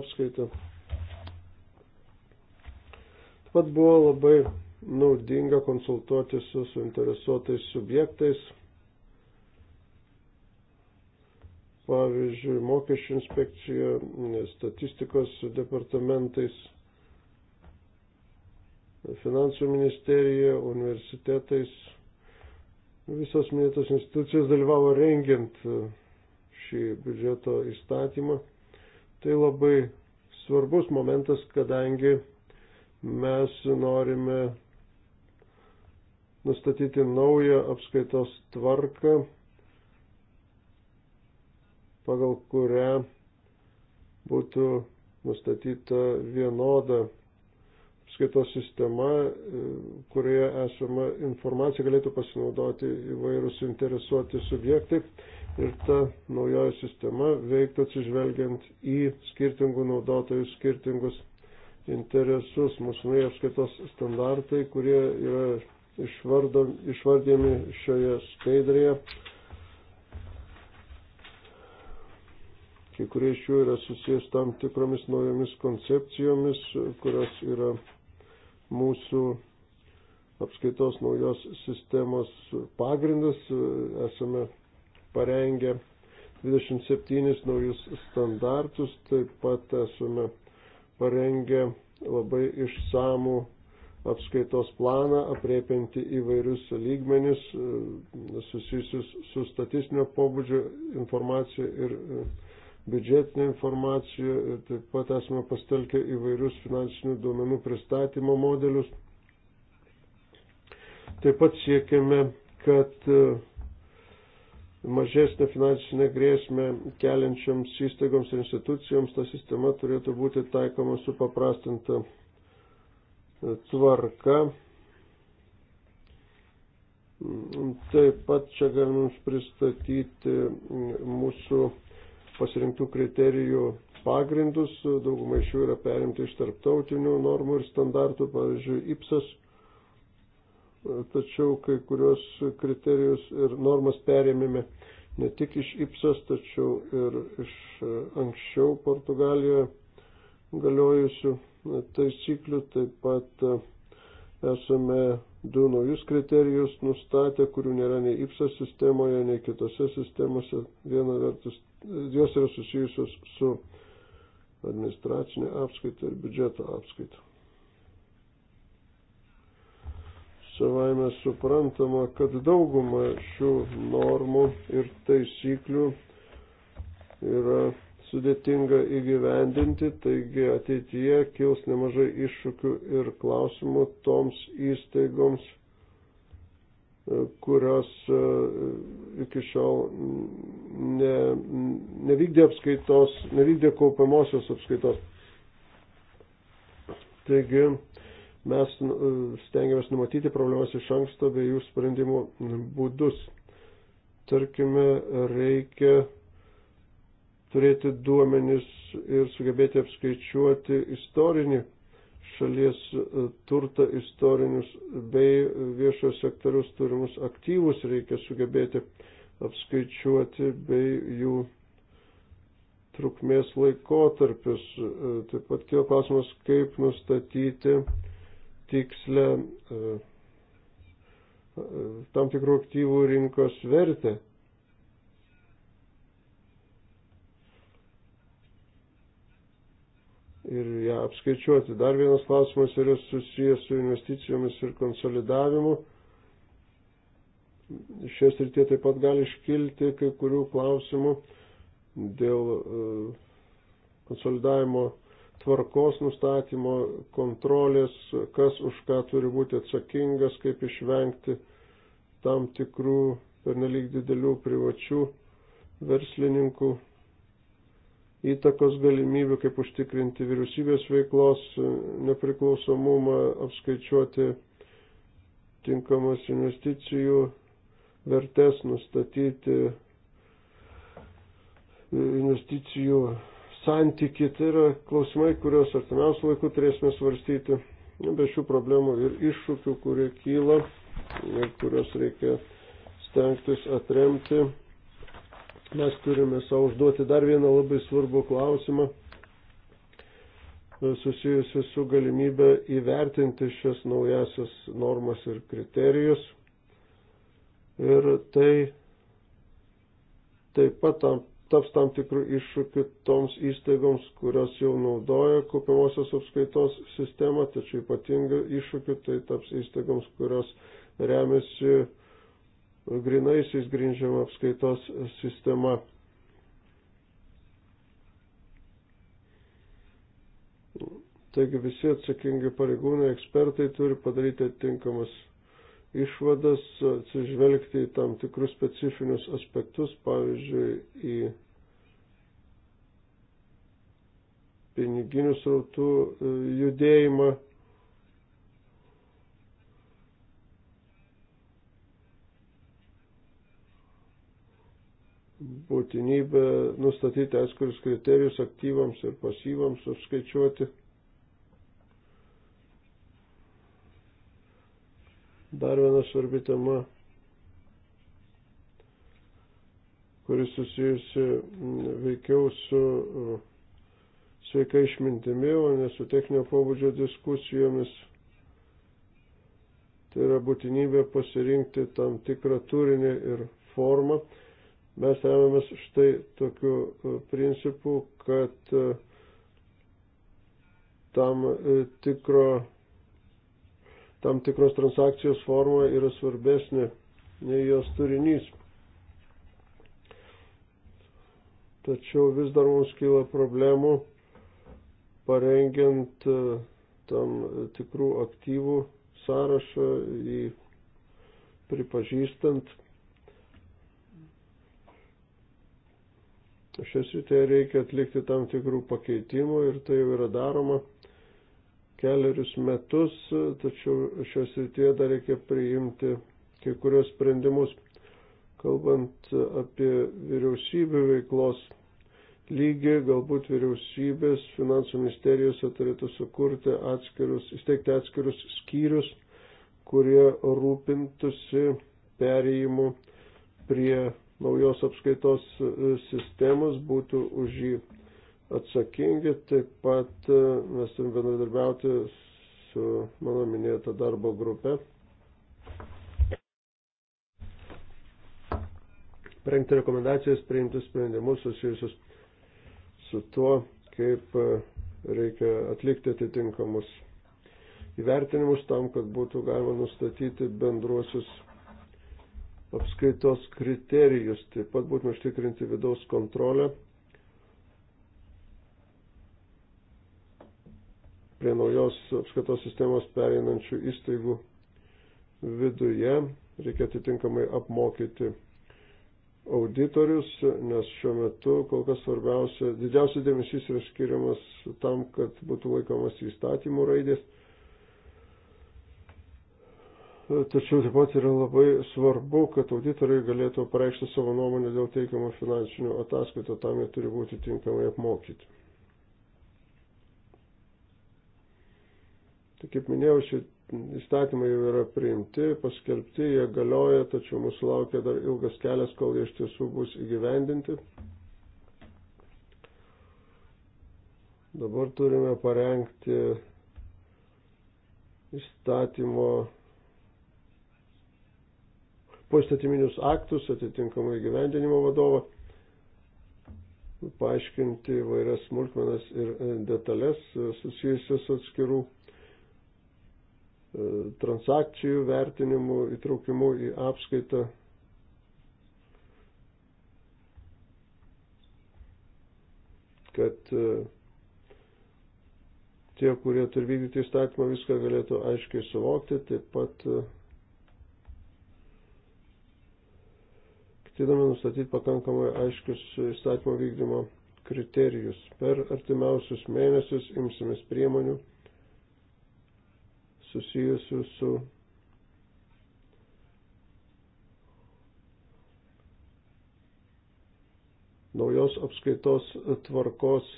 apskaitą. Taip pat buvo labai naudinga konsultuoti su suinteresuotais subjektais, pavyzdžiui, mokesčių inspekcija, statistikos departamentais, finansų ministerija, universitetais. Visos minėtos institucijos dalyvavo rengiant šį biudžeto įstatymą. Tai labai svarbus momentas, kadangi mes norime nustatyti naują apskaitos tvarką, pagal kurią būtų nustatyta vienoda apskaitos sistema, kurioje esama informacija galėtų pasinaudoti įvairūs interesuoti subjektai ir ta naujoji sistema veiktų atsižvelgiant į skirtingų naudotojų skirtingus interesus. Mūsų nauja apskaitos standartai, kurie yra išvardėmi šioje skaidrėje. Kai kurie iš jų yra susijęs tam tikromis naujomis koncepcijomis, kurios yra mūsų apskaitos naujos sistemos pagrindas. Esame parengę 27 naujus standartus, taip pat esame parengę labai išsamų apskaitos planą, apriepinti įvairius lygmenis e, susijusius su statistinio pobūdžio informacija ir e, biudžetinė informacija. Taip pat esame pastelkę įvairius finansinių duomenų pristatymo modelius. Taip pat siekiame, kad e, mažesnę finansinę grėsmę keliančiams įstaigoms ir institucijoms ta sistema turėtų būti taikoma supaprastinta tvarka. Taip pat čia galime jums pristatyti mūsų pasirinktų kriterijų pagrindus. Dauguma iš jų yra perimti iš tarptautinių normų ir standartų, pavyzdžiui, IPSAS. Tačiau kai kurios kriterijus ir normas perėmėme ne tik iš IPSAS, tačiau ir iš anksčiau Portugalijoje galiojusių taisyklių, taip pat e, esame du naujus kriterijus nustatę, kurių nėra nei IPSA sistemoje, nei kitose sistemose. Viena vertus, jos yra susijusios su administracinė apskaita ir biudžeto apskaita. Savaime suprantama, kad dauguma šių normų ir taisyklių yra sudėtinga įgyvendinti, taigi ateityje kils nemažai iššūkių ir klausimų toms įstaigoms, e, kurios e, iki šiol ne, nevykdė apskaitos, nevykdė kaupiamosios apskaitos. Taigi mes nu, stengiamės numatyti problemas iš anksto bei jų sprendimų būdus. Tarkime, reikia turėti duomenis ir sugebėti apskaičiuoti istorinį šalies e, turtą, istorinius bei viešojo sektorius turimus aktyvus reikia sugebėti apskaičiuoti bei jų trukmės laikotarpius. E, taip pat kilo klausimas, kaip nustatyti tikslę e, tam tikrų aktyvų rinkos vertę ir ją apskaičiuoti. Dar vienas klausimas yra susijęs su investicijomis ir konsolidavimu. Šios rytie taip pat gali iškilti kai kurių klausimų dėl e, konsolidavimo tvarkos nustatymo, kontrolės, kas už ką turi būti atsakingas, kaip išvengti tam tikrų pernelyg didelių privačių verslininkų įtakos galimybių, kaip užtikrinti vyriausybės veiklos e, nepriklausomumą, apskaičiuoti tinkamas investicijų vertės, nustatyti e, investicijų santyki. Tai yra klausimai, kuriuos artimiausių laikų turėsime svarstyti be šių problemų ir iššūkių, kurie kyla ir kuriuos reikia stengtis atremti mes turime savo užduoti dar vieną labai svarbų klausimą e, susijusi su galimybė įvertinti šias naujasias normas ir kriterijus. Ir tai taip pat tam, taps tam tikrų iššūkių toms įstaigoms, kurios jau naudoja kaupiamosios apskaitos sistemą, tačiau ypatinga iššūkių tai taps įstaigoms, kurios remiasi grinaisiais grindžiama apskaitos sistema. Taigi visi atsakingi pareigūnai, ekspertai turi padaryti atitinkamas išvadas, atsižvelgti į tam tikrus specifinius aspektus, pavyzdžiui, į piniginių srautų e, judėjimą būtinybę nustatyti atskirius kriterijus aktyvams ir pasyvams apskaičiuoti. Dar viena svarbi tema, kuris susijusi veikiau su uh, sveika išmintimi, o ne su techninio pobūdžio diskusijomis. Tai yra būtinybė pasirinkti tam tikrą turinį ir formą Mes remiamės štai tokiu e, principu, kad e, tam, e, tikro, tam tikros transakcijos forma yra svarbesnė nei jos turinys. Tačiau vis dar mums kyla problemų parengiant tam tikrų aktyvų sąrašą, jį pripažįstant Šios rytėje reikia atlikti tam tikrų pakeitimų ir tai jau yra daroma keliarius metus, tačiau šios rytėje dar reikia priimti kai kurios sprendimus. Kalbant apie vyriausybių veiklos lygį, galbūt vyriausybės, finansų ministerijose turėtų sukurti atskirus, įsteigti atskirus skyrius, kurie rūpintusi perėjimu prie naujos apskaitos e, sistemos būtų už jį atsakingi. Taip pat e, mes turime bendradarbiauti su mano minėta darbo grupė. Prengti rekomendacijas, priimti sprendimus susijusius su tuo, kaip e, reikia atlikti atitinkamus įvertinimus tam, kad būtų galima nustatyti bendruosius apskaitos kriterijus. Taip pat būtina užtikrinti vidaus kontrolę prie naujos apskaitos sistemos pereinančių įstaigų viduje. Reikia atitinkamai apmokyti auditorius, nes šiuo metu kol kas svarbiausia, didžiausias dėmesys yra skiriamas tam, kad būtų laikomas įstatymų raidės Tačiau taip pat yra labai svarbu, kad auditoriai galėtų pareikšti savo nuomonę dėl teikiamo finansinių ataskaitų, tam jie turi būti tinkamai apmokyti. Tai kaip minėjau, šie įstatymai jau yra priimti, paskelbti, jie galioja, tačiau mūsų laukia dar ilgas kelias, kol jie iš tiesų bus įgyvendinti. Dabar turime parengti įstatymo poistatyminius aktus, atitinkamai gyvendinimo vadovą, paaiškinti vairias smulkmenas ir e, detalės e, susijusias atskirų e, transakcijų vertinimu, įtraukimu į apskaitą. kad tie, kurie turi vykdyti įstatymą, viską galėtų aiškiai suvokti, taip pat siekdami nustatyti pakankamai aiškius įstatymo vykdymo kriterijus. Per artimiausius mėnesius imsimės priemonių susijusių su naujos apskaitos tvarkos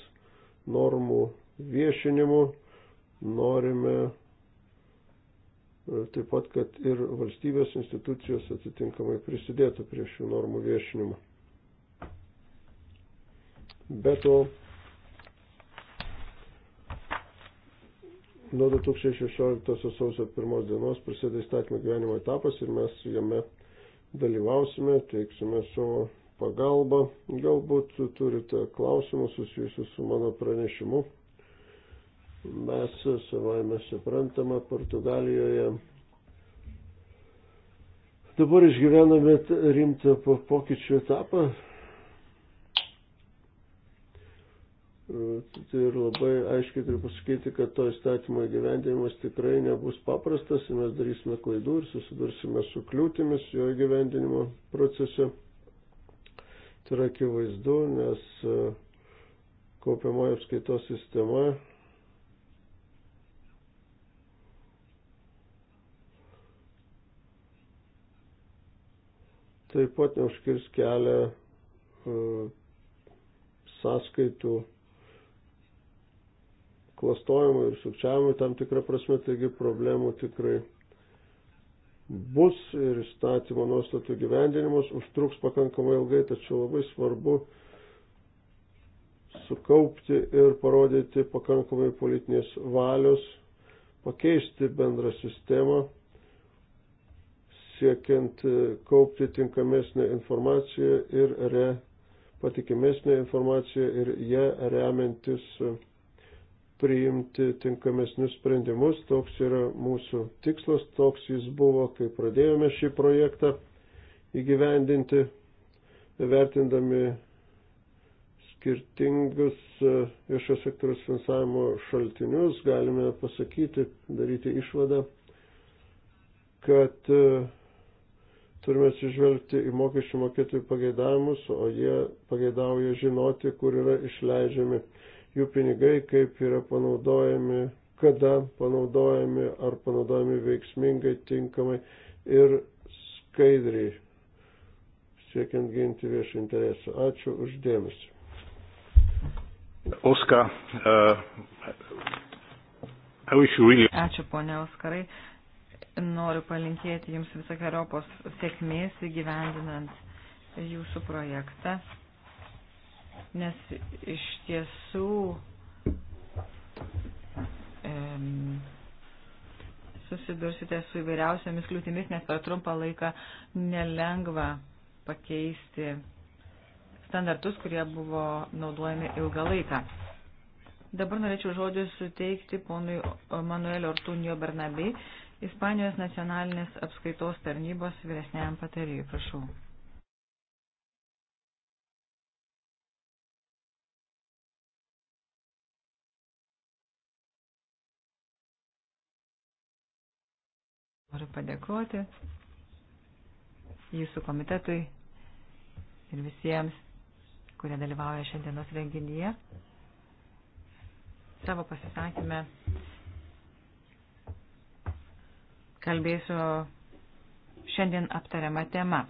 normų viešinimu norime E, taip pat, kad ir valstybės institucijos atitinkamai prisidėtų prie šių normų viešinimo. Be to, nuo 2016 sausio 1 dienos prasideda įstatymo gyvenimo etapas ir mes jame dalyvausime, teiksime savo pagalbą. Galbūt turite klausimų susijusių su mano pranešimu mes savojame suprantama Portugalijoje. Dabar išgyvename rimtą pokyčių etapą. Tai ir labai aiškiai turiu pasakyti, kad to įstatymo įgyvendinimas tikrai nebus paprastas ir mes darysime klaidų ir susidursime su kliūtimis jo įgyvendinimo procese. Tai yra akivaizdu, nes e, kaupiamoji apskaitos sistema taip pat neužkirs kelią e, sąskaitų klastojimui ir sukčiavimui tam tikrą prasme, taigi problemų tikrai bus ir įstatymo nuostatų gyvendinimas užtruks pakankamai ilgai, tačiau labai svarbu sukaupti ir parodyti pakankamai politinės valios, pakeisti bendrą sistemą siekiant e, kaupti tinkamesnę informaciją ir re, patikimesnę informaciją ir ją remiantis e, priimti tinkamesnius sprendimus. Toks yra mūsų tikslas, toks jis buvo, kai pradėjome šį projektą įgyvendinti, vertindami skirtingus e, viešo sektoriaus finansavimo šaltinius, galime pasakyti, daryti išvadą, kad turime atsižvelgti į mokesčių mokėtojų pageidavimus, o jie pageidauja žinoti, kur yra išleidžiami jų pinigai, kaip yra panaudojami, kada panaudojami, ar panaudojami veiksmingai, tinkamai ir skaidriai, siekiant ginti viešą interesą. Ačiū uždėmesi. Oskar, uh, I wish you really. Ačiū, ponia Oskarai noriu palinkėti Jums visokiojopos sėkmės įgyvendinant Jūsų projektą, nes iš tiesų em, susidursite su įvairiausiamis kliūtimis, nes per trumpą laiką nelengva pakeisti standartus, kurie buvo naudojami ilgą laiką. Dabar norėčiau žodį suteikti ponui Manuelio Ortunio Bernabei, Ispanijos nacionalinės apskaitos tarnybos vyresniajam patarėjui. Prašau. Noriu padėkoti jūsų komitetui ir visiems, kurie dalyvauja šiandienos renginyje. Savo pasisakymę kalbėsiu šiandien aptariamą temą.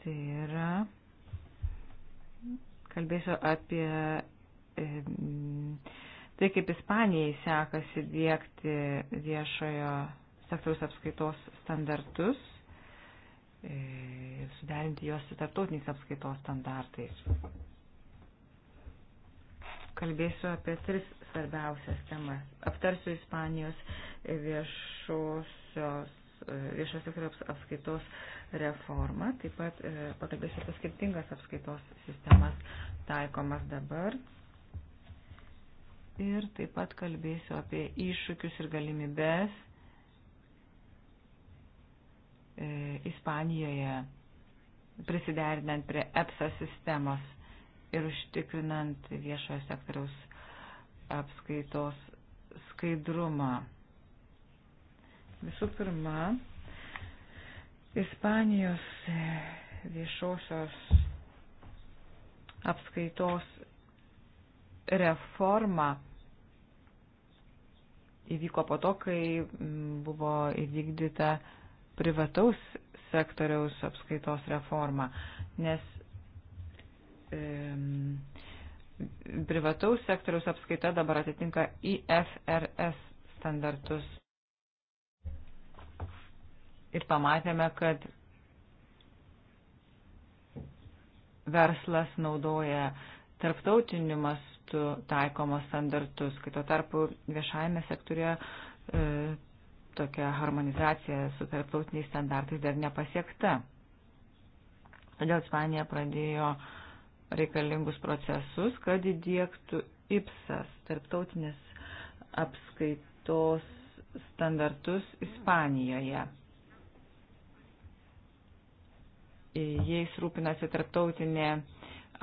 Tai yra, kalbėsiu apie tai, kaip Ispanijai sekasi dėkti viešojo sektoriaus apskaitos standartus, e, suderinti juos su tarptautiniais apskaitos standartais. Kalbėsiu apie tris svarbiausias temas. Aptarsiu Ispanijos viešos viešosios e, viešo sektoriaus apskaitos reforma. Taip pat e, pakalbėsiu apie skirtingas apskaitos sistemas taikomas dabar. Ir taip pat kalbėsiu apie iššūkius ir galimybės e, Ispanijoje prisiderinant prie EPSA sistemos ir užtikrinant viešojo sektoriaus apskaitos skaidrumą. Visų pirma, Ispanijos e, viešosios apskaitos reforma įvyko po to, kai buvo įvykdyta privataus sektoriaus apskaitos reforma, nes e, privataus sektoriaus apskaita dabar atitinka IFRS standartus ir pamatėme, kad verslas naudoja tarptautiniu mastu taikomos standartus, kai tuo tarpu viešajame sektorėje e, tokia harmonizacija su tarptautiniais standartais dar nepasiekta. Todėl Ispanija pradėjo reikalingus procesus, kad įdėktų IPSAS, tarptautinės apskaitos standartus Ispanijoje. jais rūpinasi tarptautinė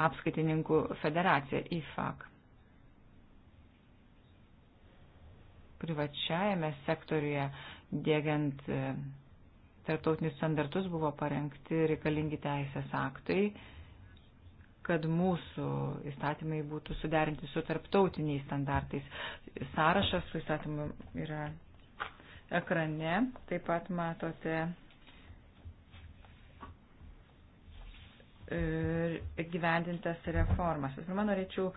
apskaitininkų federacija IFAC. Privačiajame sektoriuje dėgiant e, tarptautinius standartus buvo parengti reikalingi teisės aktai, kad mūsų įstatymai būtų suderinti su tarptautiniais standartais. Sąrašas su įstatymu yra ekrane, taip pat matote gyvendintas reformas. Visų pirma, norėčiau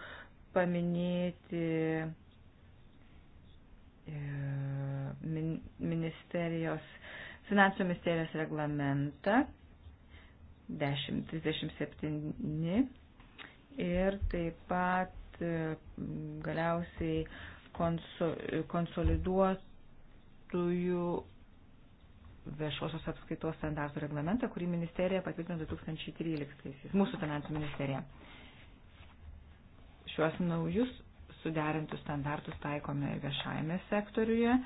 paminėti e, ministerijos, finansų ministerijos reglamentą 1037 ir taip pat e, galiausiai konsoliduotųjų viešosios apskaitos standartų reglamentą, kurį ministerija patvirtino 2013-aisiais, mūsų finansų ministerija. Šiuos naujus suderintus standartus taikome viešajame sektoriuje,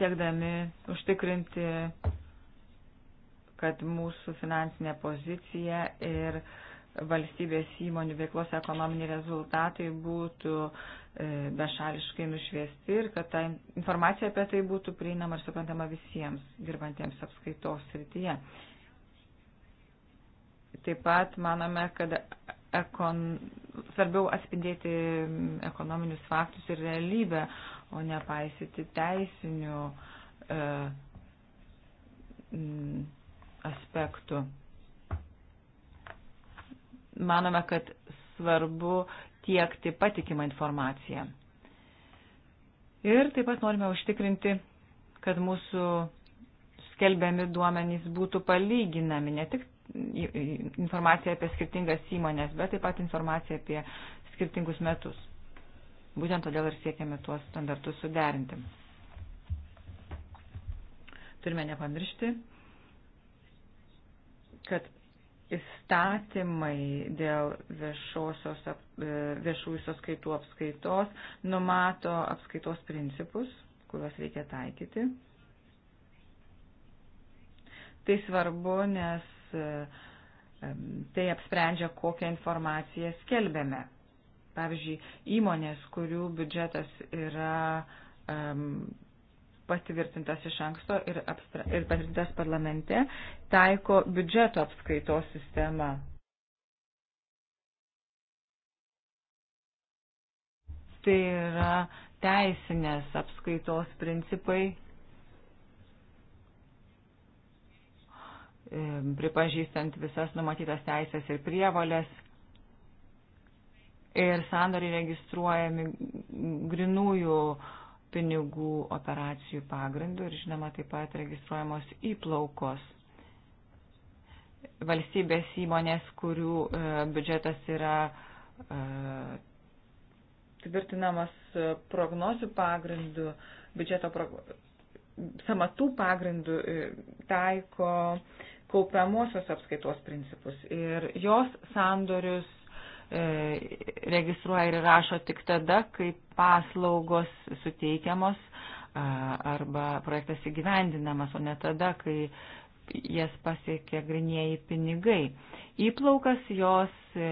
siekdami užtikrinti, kad mūsų finansinė pozicija ir uh, valstybės įmonių veiklos ekonominiai rezultatai būtų e, bešališkai nušviesti ir kad ta informacija apie tai būtų prieinama ir suprantama visiems dirbantiems apskaitos srityje. Taip pat manome, kad ekon, svarbiau atspindėti ekonominius faktus ir realybę, o ne paisyti teisinių e, aspektų manome, kad svarbu tiekti patikimą informaciją. Ir taip pat norime užtikrinti, kad mūsų skelbiami duomenys būtų palyginami, ne tik informacija apie skirtingas įmonės, bet taip pat informacija apie skirtingus metus. Būtent todėl ir siekiame tuos standartus suderinti. Turime nepamiršti, kad įstatymai dėl viešosios, e, viešųjų sąskaitų apskaitos numato apskaitos principus, kuriuos reikia taikyti. Tai svarbu, nes e, e, tai apsprendžia, kokią informaciją skelbėme. Pavyzdžiui, įmonės, kurių biudžetas yra um, patvirtintas iš anksto ir, apstra, ir patvirtintas parlamente, taiko biudžeto apskaitos sistemą. Tai yra teisinės apskaitos principai e, pripažįstant visas numatytas teisės ir prievalės. Ir sandoriai registruojami grinųjų uh, pinigų operacijų pagrindų ir žinoma taip pat registruojamos įplaukos. Valstybės įmonės, kurių e, biudžetas yra e, tvirtinamas e, prognozių pagrindų, biudžeto prog... samatų pagrindų taiko kaupiamosios apskaitos principus ir jos sandorius E, registruoja ir rašo tik tada, kai paslaugos suteikiamos e, arba projektas įgyvendinamas, o ne tada, kai jas pasiekia grinieji pinigai. Įplaukas jos e,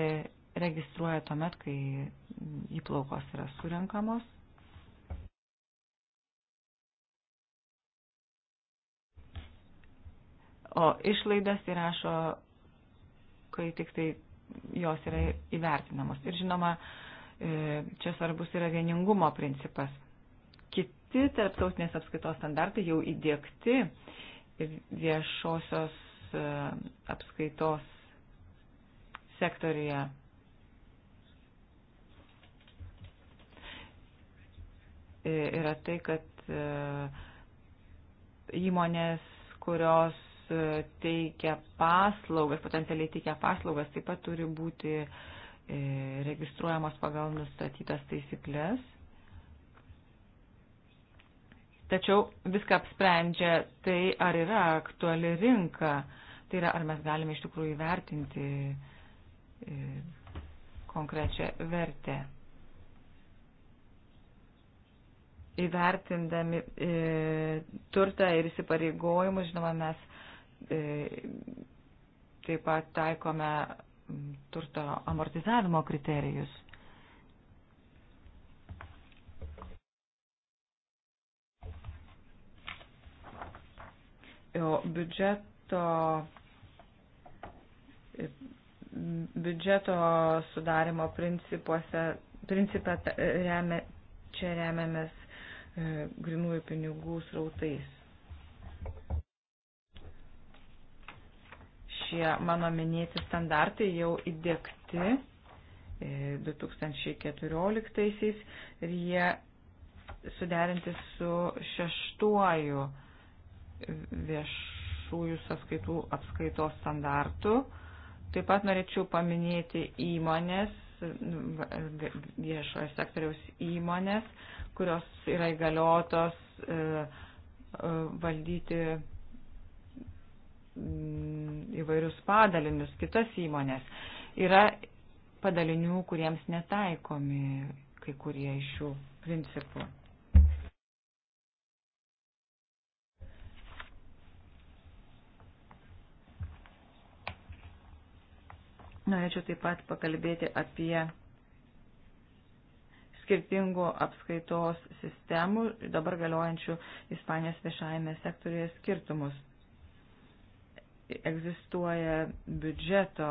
registruoja tuomet, kai įplaukos yra surinkamos. O išlaidas įrašo, kai tik tai jos yra įvertinamos. Ir žinoma, e, čia svarbus yra vieningumo principas. Kiti tarptautinės apskaitos standartai jau įdėkti viešosios e, apskaitos sektorija. E, yra tai, kad įmonės, kurios teikia paslaugas, potencialiai teikia paslaugas, taip pat turi būti e, registruojamos pagal nustatytas taisyklės. Tačiau viską apsprendžia tai, ar yra aktuali rinka, tai yra, ar mes galime iš tikrųjų vertinti e, konkrečią vertę. Įvertindami e, turtą ir įsipareigojimus, žinoma, mes E, taip pat taikome turto amortizavimo kriterijus. Jo, biudžeto, biudžeto sudarimo principuose, principę remia, čia remiamės e, grinųjų pinigų srautais. šie mano minėti standartai jau įdėkti 2014 e, ir jie suderinti su šeštuoju viešųjų sąskaitų apskaitos standartu. Taip pat norėčiau paminėti įmonės, viešojo sektoriaus įmonės, kurios yra įgaliotos e, e, valdyti Mm, įvairius padalinius, kitas įmonės. Yra padalinių, kuriems netaikomi kai kurie iš šių principų. Norėčiau taip pat pakalbėti apie skirtingų apskaitos sistemų, dabar galiojančių Ispanijos viešajame sektoriuje skirtumus egzistuoja biudžeto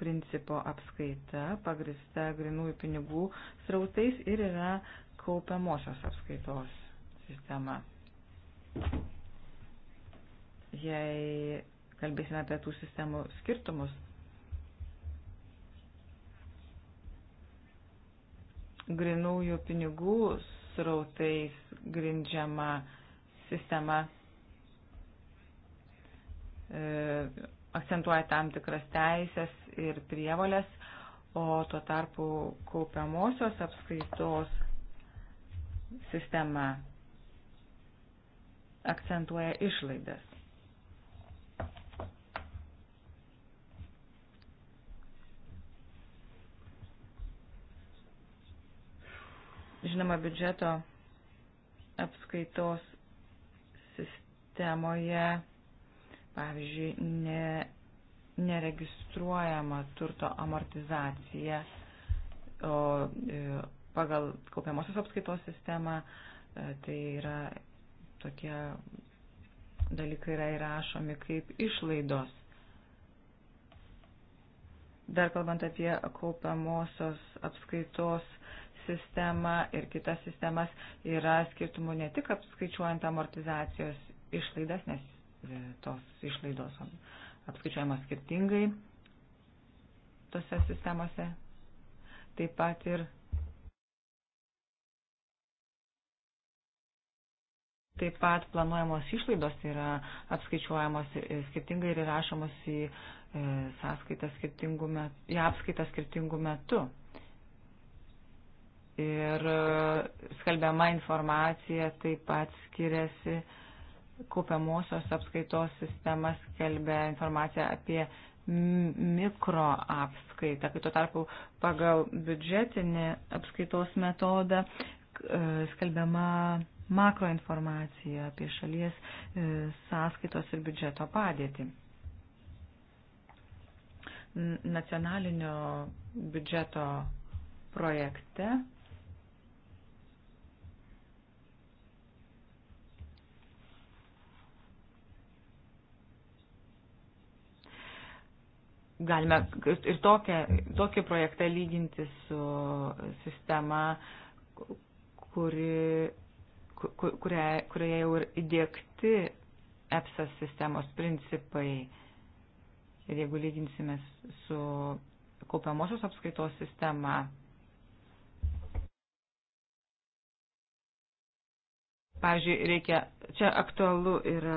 principo apskaita, pagrista grinųjų pinigų srautais ir yra kaupiamosios apskaitos sistema. Jei kalbėsime apie tų sistemų skirtumus, grinųjų pinigų srautais grindžiama sistema E, akcentuoja tam tikras teisės ir prievolės, o tuo tarpu kaupiamosios apskaitos sistema akcentuoja išlaidas. Žinoma, biudžeto apskaitos sistemoje pavyzdžiui, ne, neregistruojama turto amortizacija, o e, pagal kaupiamosios apskaitos sistemą e, tai yra tokie dalykai yra įrašomi kaip išlaidos. Dar kalbant apie kaupiamosios apskaitos sistemą ir kitas sistemas, yra skirtumų ne tik apskaičiuojant amortizacijos išlaidas, nes E, tos išlaidos apskaičiuojamos skirtingai tose sistemose. Taip pat ir Taip pat planuojamos išlaidos yra apskaičiuojamos e, skirtingai ir įrašomos į e, sąskaitą skirtingų metų, į apskaitą skirtingų metų. Ir skalbiama informacija taip pat skiriasi kaupiamosios apskaitos sistemas skelbia informaciją apie mikro apskaitą, kai tuo tarpu pagal biudžetinį apskaitos metodą e, skelbiama makro informacija apie šalies e, sąskaitos ir biudžeto padėtį. Nacionalinio biudžeto projekte galime ir tokią, tokį projektą lyginti su sistema, kuri, kur, kurioje, kurioje jau ir įdėkti EPSA sistemos principai. Ir jeigu lyginsime su kaupiamosios apskaitos sistema, pavyzdžiui, reikia, čia aktualu yra,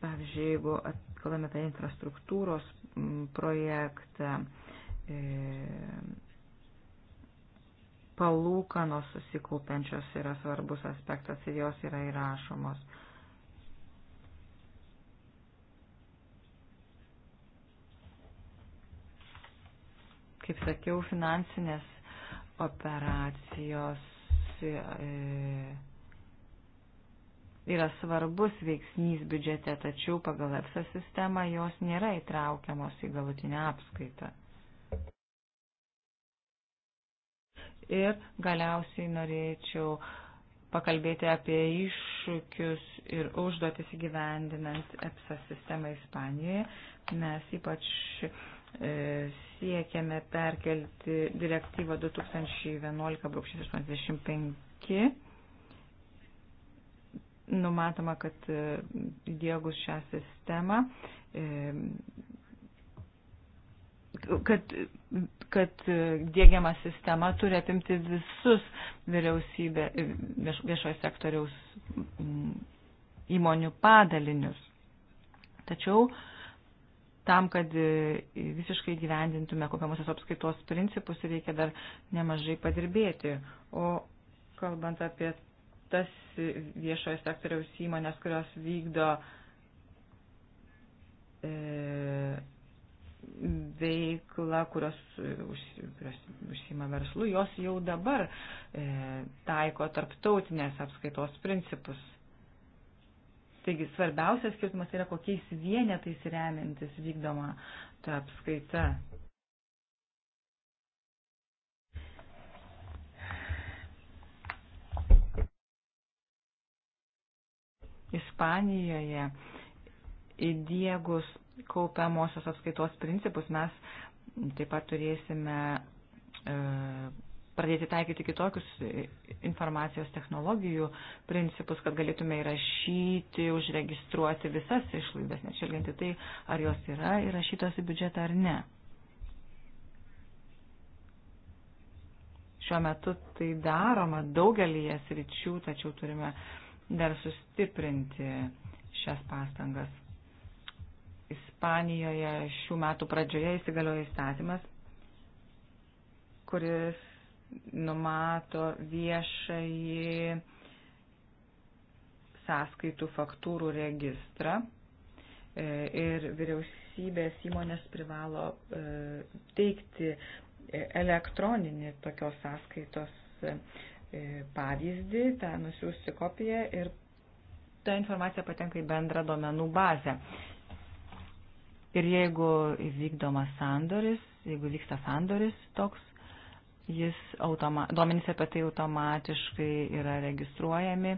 pavyzdžiui, jeigu at, kalbame apie infrastruktūros mm, projektą, e, palūkanos susikaupiančios yra svarbus aspektas ir jos yra įrašomos. Kaip sakiau, finansinės operacijos. E, yra svarbus veiksnys biudžete, tačiau pagal EFSA sistemą jos nėra įtraukiamos į galutinę apskaitą. Ir galiausiai norėčiau pakalbėti apie iššūkius ir užduotis įgyvendinant EPSA sistemą Ispanijoje. Mes ypač e, siekiame perkelti direktyvą 2011-85 Numatoma, kad e, įdėgus šią sistemą, e, kad, kad dėgiama sistema turi apimti visus vyriausybė, e, viešojo sektoriaus mm, įmonių padalinius. Tačiau tam, kad visiškai gyvendintume kokiamosios apskaitos principus, reikia dar nemažai padirbėti. O kalbant apie tas viešojo sektoriaus įmonės, kurios vykdo e, veiklą, kurios, e, už, kurios užsima verslu, jos jau dabar e, taiko tarptautinės apskaitos principus. Taigi svarbiausias skirtumas yra, kokiais vienetais remiantis vykdoma ta apskaita. Ispanijoje įdiegus kaupiamosios apskaitos principus mes taip pat turėsime e, pradėti taikyti kitokius informacijos technologijų principus, kad galėtume įrašyti, užregistruoti visas išlaidas, nešilinti tai, ar jos yra įrašytos į biudžetą ar ne. Šiuo metu tai daroma daugelį sričių, tačiau turime uh, dar sustiprinti šias pastangas. Ispanijoje šių metų pradžioje įsigaliojo įstatymas, kuris numato viešai sąskaitų faktūrų registrą e, ir vyriausybės įmonės privalo e, teikti e, elektroninį tokios sąskaitos E, pavyzdį, tą nusiųsti kopiją ir ta informacija patenka į bendrą domenų bazę. Ir jeigu vykdomas sandoris, jeigu vyksta sandoris toks, jis automa, duomenys apie tai automatiškai yra registruojami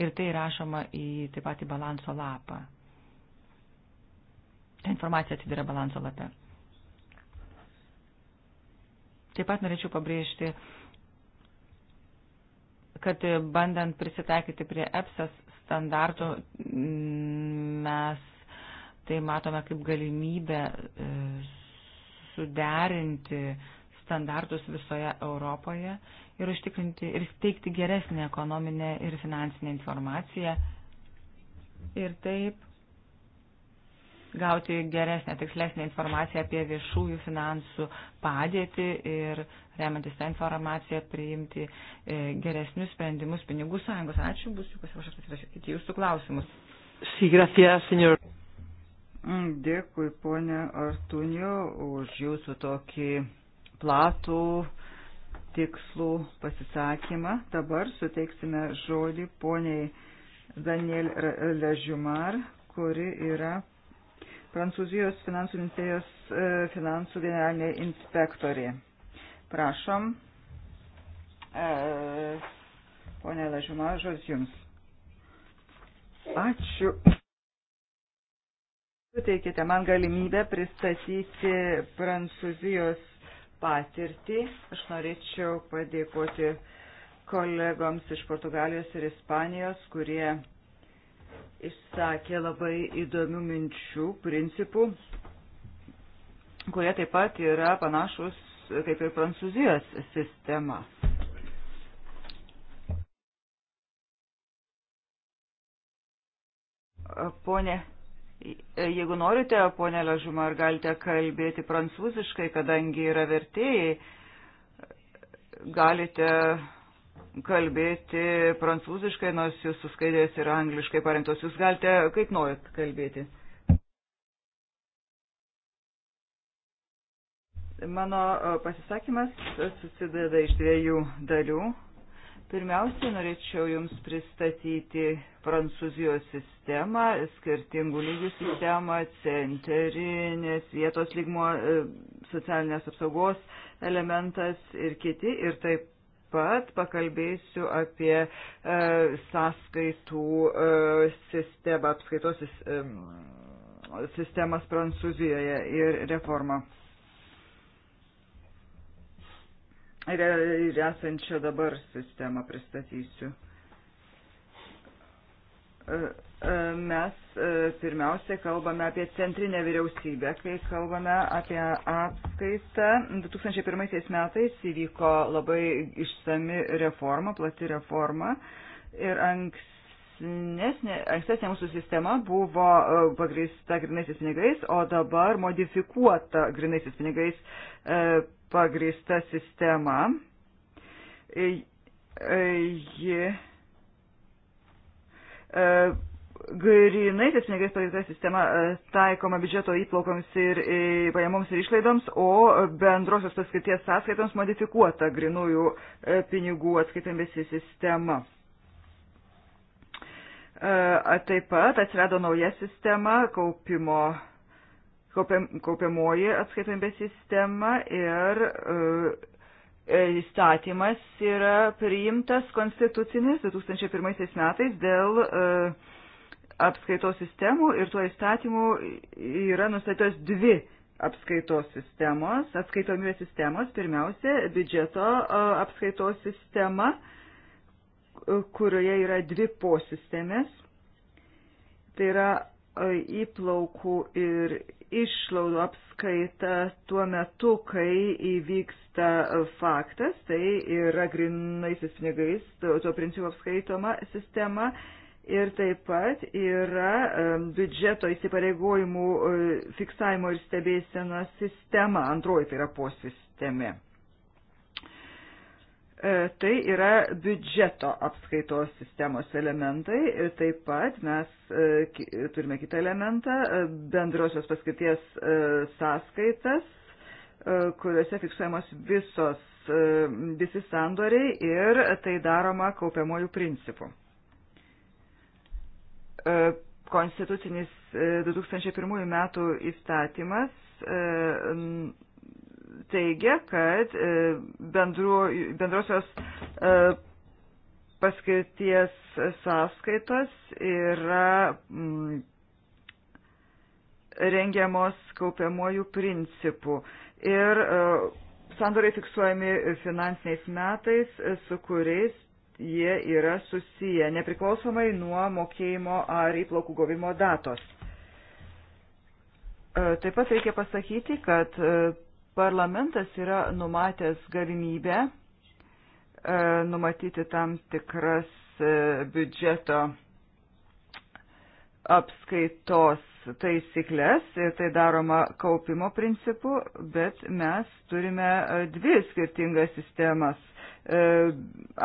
ir tai rašoma į taip pat į balanso lapą. Ta informacija atsidyra balanso lape. Taip pat norėčiau pabrėžti, kad bandant prisitaikyti prie EPSAS standartų mm, mes tai matome kaip galimybę e, suderinti standartus visoje Europoje ir užtikrinti ir teikti geresnę ekonominę ir finansinę informaciją ir taip gauti geresnę, tikslesnę informaciją apie viešųjų finansų padėtį ir remiantis tą informaciją, priimti e, geresnius sprendimus pinigų sąjungos. Ačiū, bus pasiruošęs atsakyti jūsų klausimus. Sí, gracias, señor. Mm, dėkui, ponė Artunio, už jūsų tokį platų tikslų pasisakymą. Dabar suteiksime žodį poniai Daniel Ležumar, kuri yra Prancūzijos finansų ministerijos e, finansų generalinė inspektorė. Prašom. E, pone Lažuma, žodis jums. Ačiū. Suteikite man galimybę pristatyti Prancūzijos patirtį. Aš norėčiau padėkoti kolegoms iš Portugalijos ir Ispanijos, kurie išsakė labai įdomių minčių, principų, kurie taip pat yra panašus kaip ir Prancūzijos sistema. Pone, jeigu norite, ponė Ležuma, ar galite kalbėti prancūziškai, kadangi yra vertėjai, galite kalbėti prancūziškai, nors jūsų skaidrės yra angliškai parengtos, jūs galite kaip norit kalbėti. Mano e, pasisakymas susideda iš dviejų dalių. Pirmiausiai norėčiau Jums pristatyti Prancūzijos sistemą, skirtingų lygių sistemą, centrinės vietos lygmo, e, socialinės apsaugos elementas ir kiti. Ir taip pat pakalbėsiu apie e, sąskaitų e, sistemą, apskaitos e, sistemas Prancūzijoje ir reformą. ir esančią dabar sistemą pristatysiu. E, e, mes e, pirmiausia kalbame apie centrinę vyriausybę, kai kalbame apie apskaitą. 2001 metais įvyko labai išsami reforma, plati reforma ir anks ankstesnė, ankstesnė mūsų sistema buvo pagrįsta grinaisiais pinigais, o dabar modifikuota grinaisiais pinigais pagrįsta sistema. E, e, ji e, grinai, tas pinigais pagrįsta sistema taikoma biudžeto įplaukoms ir pajamoms ir išlaidoms, o bendrosios paskirties sąskaitoms modifikuota grinųjų pinigų atskaitomėsi sistema. Taip pat atsirado nauja sistema kaupimo kaupiamoji atskaitomybės sistema ir e, įstatymas yra priimtas konstitucinis 2001 metais dėl e, apskaitos sistemų ir tuo įstatymu yra nustatytos dvi apskaitos sistemos, atskaitomybės sistemos, pirmiausia, biudžeto e, apskaitos sistema, kurioje yra dvi posistemės. Tai yra įplaukų ir išlaidų apskaita tuo metu, kai įvyksta faktas, tai yra grinaisiais pinigais, tuo principu apskaitoma sistema. Ir taip pat yra biudžeto įsipareigojimų e, fiksavimo ir stebėsenos sistema, antroji tai yra posistemė. E, tai yra biudžeto apskaitos sistemos elementai ir e, taip pat mes e, turime kitą elementą - bendrosios paskirties sąskaitas, kuriuose fiksuojamos visos, visi sandoriai ir tai daroma kaupiamojų principų. Konstitucinis 2001 metų įstatymas teigia, kad e, bendru, bendrosios e, paskirties sąskaitos yra rengiamos kaupiamojų principų. Ir e, sandoriai fiksuojami finansiniais metais, su kuriais jie yra susiję, nepriklausomai nuo mokėjimo ar įplaukų gavimo datos. Taip pat reikia pasakyti, kad Parlamentas yra numatęs galimybę e, numatyti tam tikras e, biudžeto apskaitos taisyklės, tai daroma kaupimo principu, bet mes turime e, dvi skirtingas sistemas e,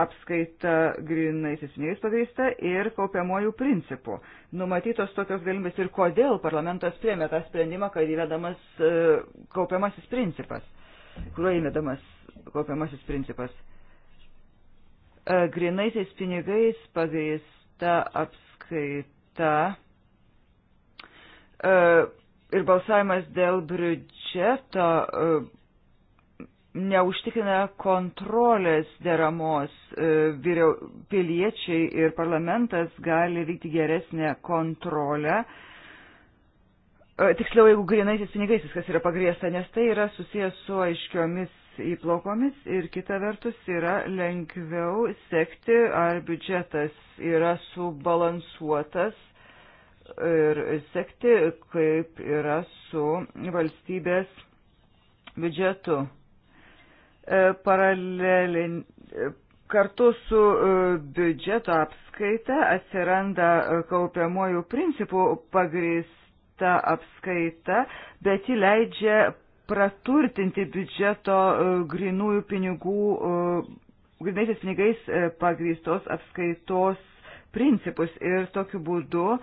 apskaita grinaisiais pinigais pagrįsta ir kaupiamojų principų. Numatytos tokios galimybės ir kodėl parlamentas priemė tą sprendimą, kad įvedamas e, kaupiamasis principas, kuriuo įvedamas kaupiamasis principas. Grinaisiais pinigais pagrįsta apskaita E, ir balsavimas dėl biudžeto e, neužtikrina kontrolės deramos e, vyriau, piliečiai ir parlamentas gali vykti geresnę kontrolę. Tiksliau, jeigu grinaisiais pinigais viskas yra pagrėsta, nes tai yra susijęs su aiškiomis įplaukomis ir kita vertus yra lengviau sekti, ar biudžetas yra subalansuotas ir sekti, kaip yra su valstybės biudžetu. E, paralelin, e, kartu su e, biudžeto apskaita atsiranda kaupiamojų principų pagrįsta apskaita, bet ji leidžia praturtinti biudžeto grinųjų pinigų, grinaisiais pinigais pagrįstos apskaitos principus ir tokiu būdu uh,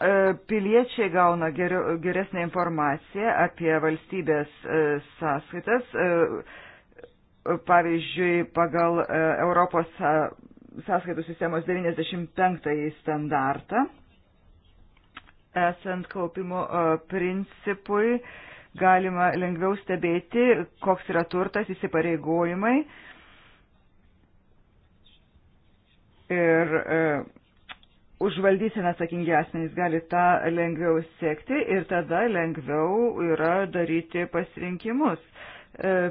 E, piliečiai gauna geresnę informaciją apie valstybės e, sąskaitas, e, pavyzdžiui, pagal Europos sąskaitų sistemos 95 standartą, esant kaupimo principui, galima lengviau stebėti, koks yra turtas įsipareigojimai. Ir už valdyseną atsakingi asmenys gali tą lengviau sekti ir tada lengviau yra daryti pasirinkimus. E,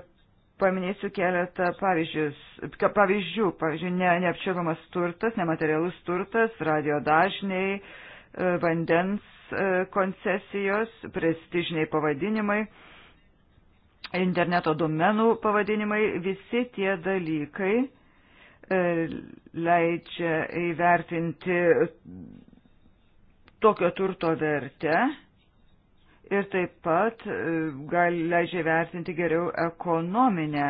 paminėsiu keletą pavyzdžių. Pavyzdžiui, ne, neapčiopamas turtas, nematerialus turtas, radio dažniai, e, vandens e, koncesijos, prestižiniai pavadinimai, interneto domenų pavadinimai, visi tie dalykai E, leidžia įvertinti tokio turto vertę ir taip pat e, gali leidžia vertinti geriau ekonominę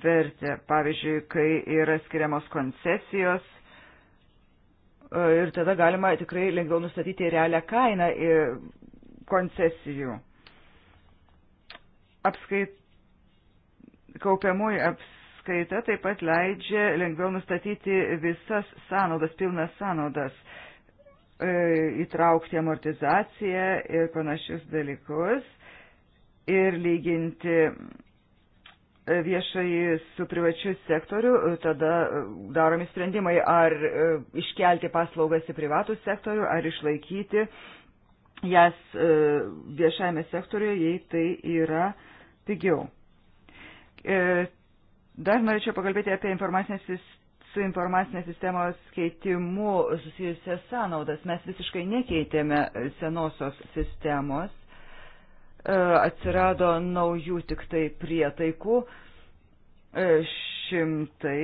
vertę. Pavyzdžiui, kai yra skiriamos koncesijos e, ir tada galima tikrai lengviau nustatyti realią kainą koncesijų. Apskait kaupiamųjų aps Apskaita taip pat leidžia lengviau nustatyti visas sąnaudas, pilnas sąnaudas, e, įtraukti amortizaciją ir panašius dalykus ir lyginti viešai su privačiu sektoriu, tada daromi sprendimai, ar e, iškelti paslaugas į privatų sektorių, ar išlaikyti jas e, viešajame sektoriuje, jei tai yra pigiau. Dar norėčiau pakalbėti apie informacinės, su informacinės sistemos keitimu susijusias sąnaudas. Mes visiškai nekeitėme senosios sistemos, e, atsirado naujų tik tai prietaikų, e, šimtai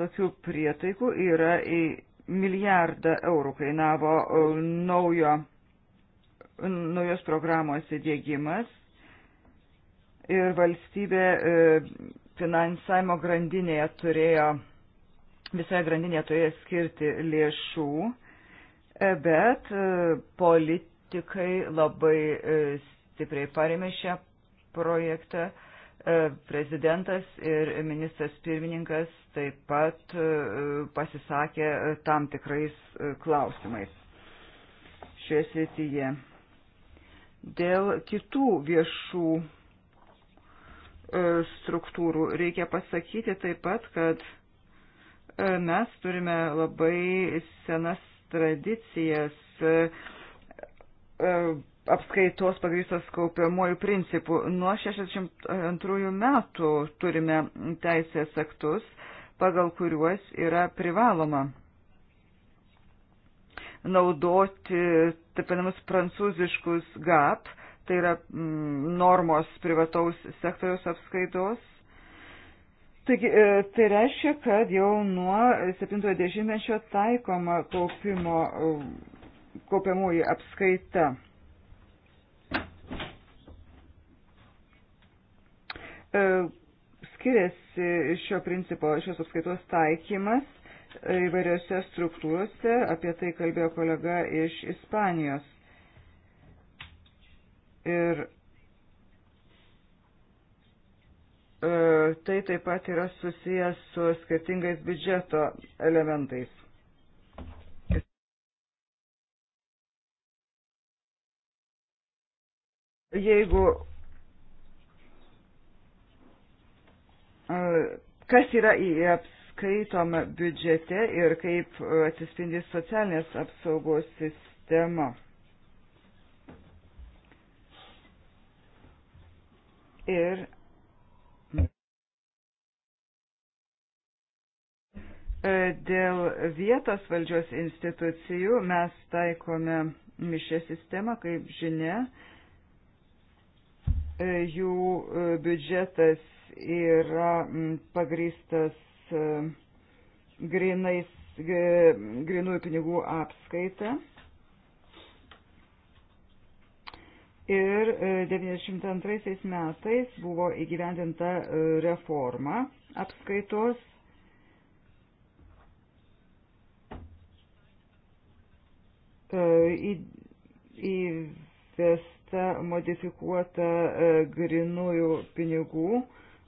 tokių prietaikų yra į milijardą eurų kainavo e, naujo, naujos programos įdėgymas ir valstybė finansavimo grandinėje turėjo, visoje grandinėje turėjo skirti lėšų, e, bet e, politikai labai e, stipriai parėmė šią projektą. Prezidentas ir ministras pirmininkas taip pat pasisakė tam tikrais klausimais šioje srityje. Dėl kitų viešų E, struktūrų. Reikia pasakyti taip pat, kad e, mes turime labai senas tradicijas e, apskaitos pagrįstos kaupiamuoju principu. Nuo 62 metų turime teisės aktus, pagal kuriuos yra privaloma naudoti taip vadinamus prancūziškus GAP tai yra mm, normos privataus sektoriaus apskaitos. Taigi, e, tai reiškia, kad jau nuo 70-mečio taikoma kaupimo, e, kaupiamoji apskaita. E, skiriasi šio principo, šios apskaitos taikymas įvairiose struktūrose, apie tai kalbėjo kolega iš Ispanijos Ir e, tai taip pat yra susijęs su skirtingais biudžeto elementais. Jeigu e, kas yra apskaitoma biudžete ir kaip atsispindi socialinės apsaugos sistema. ir e, dėl vietos valdžios institucijų mes taikome mišę sistemą, kaip žinia, e, jų e, biudžetas yra pagrįstas grinais, grinųjų pinigų apskaita. ir 92 e, metais buvo įgyvendinta e, reforma apskaitos. E, į, įvesta modifikuota grinųjų pinigų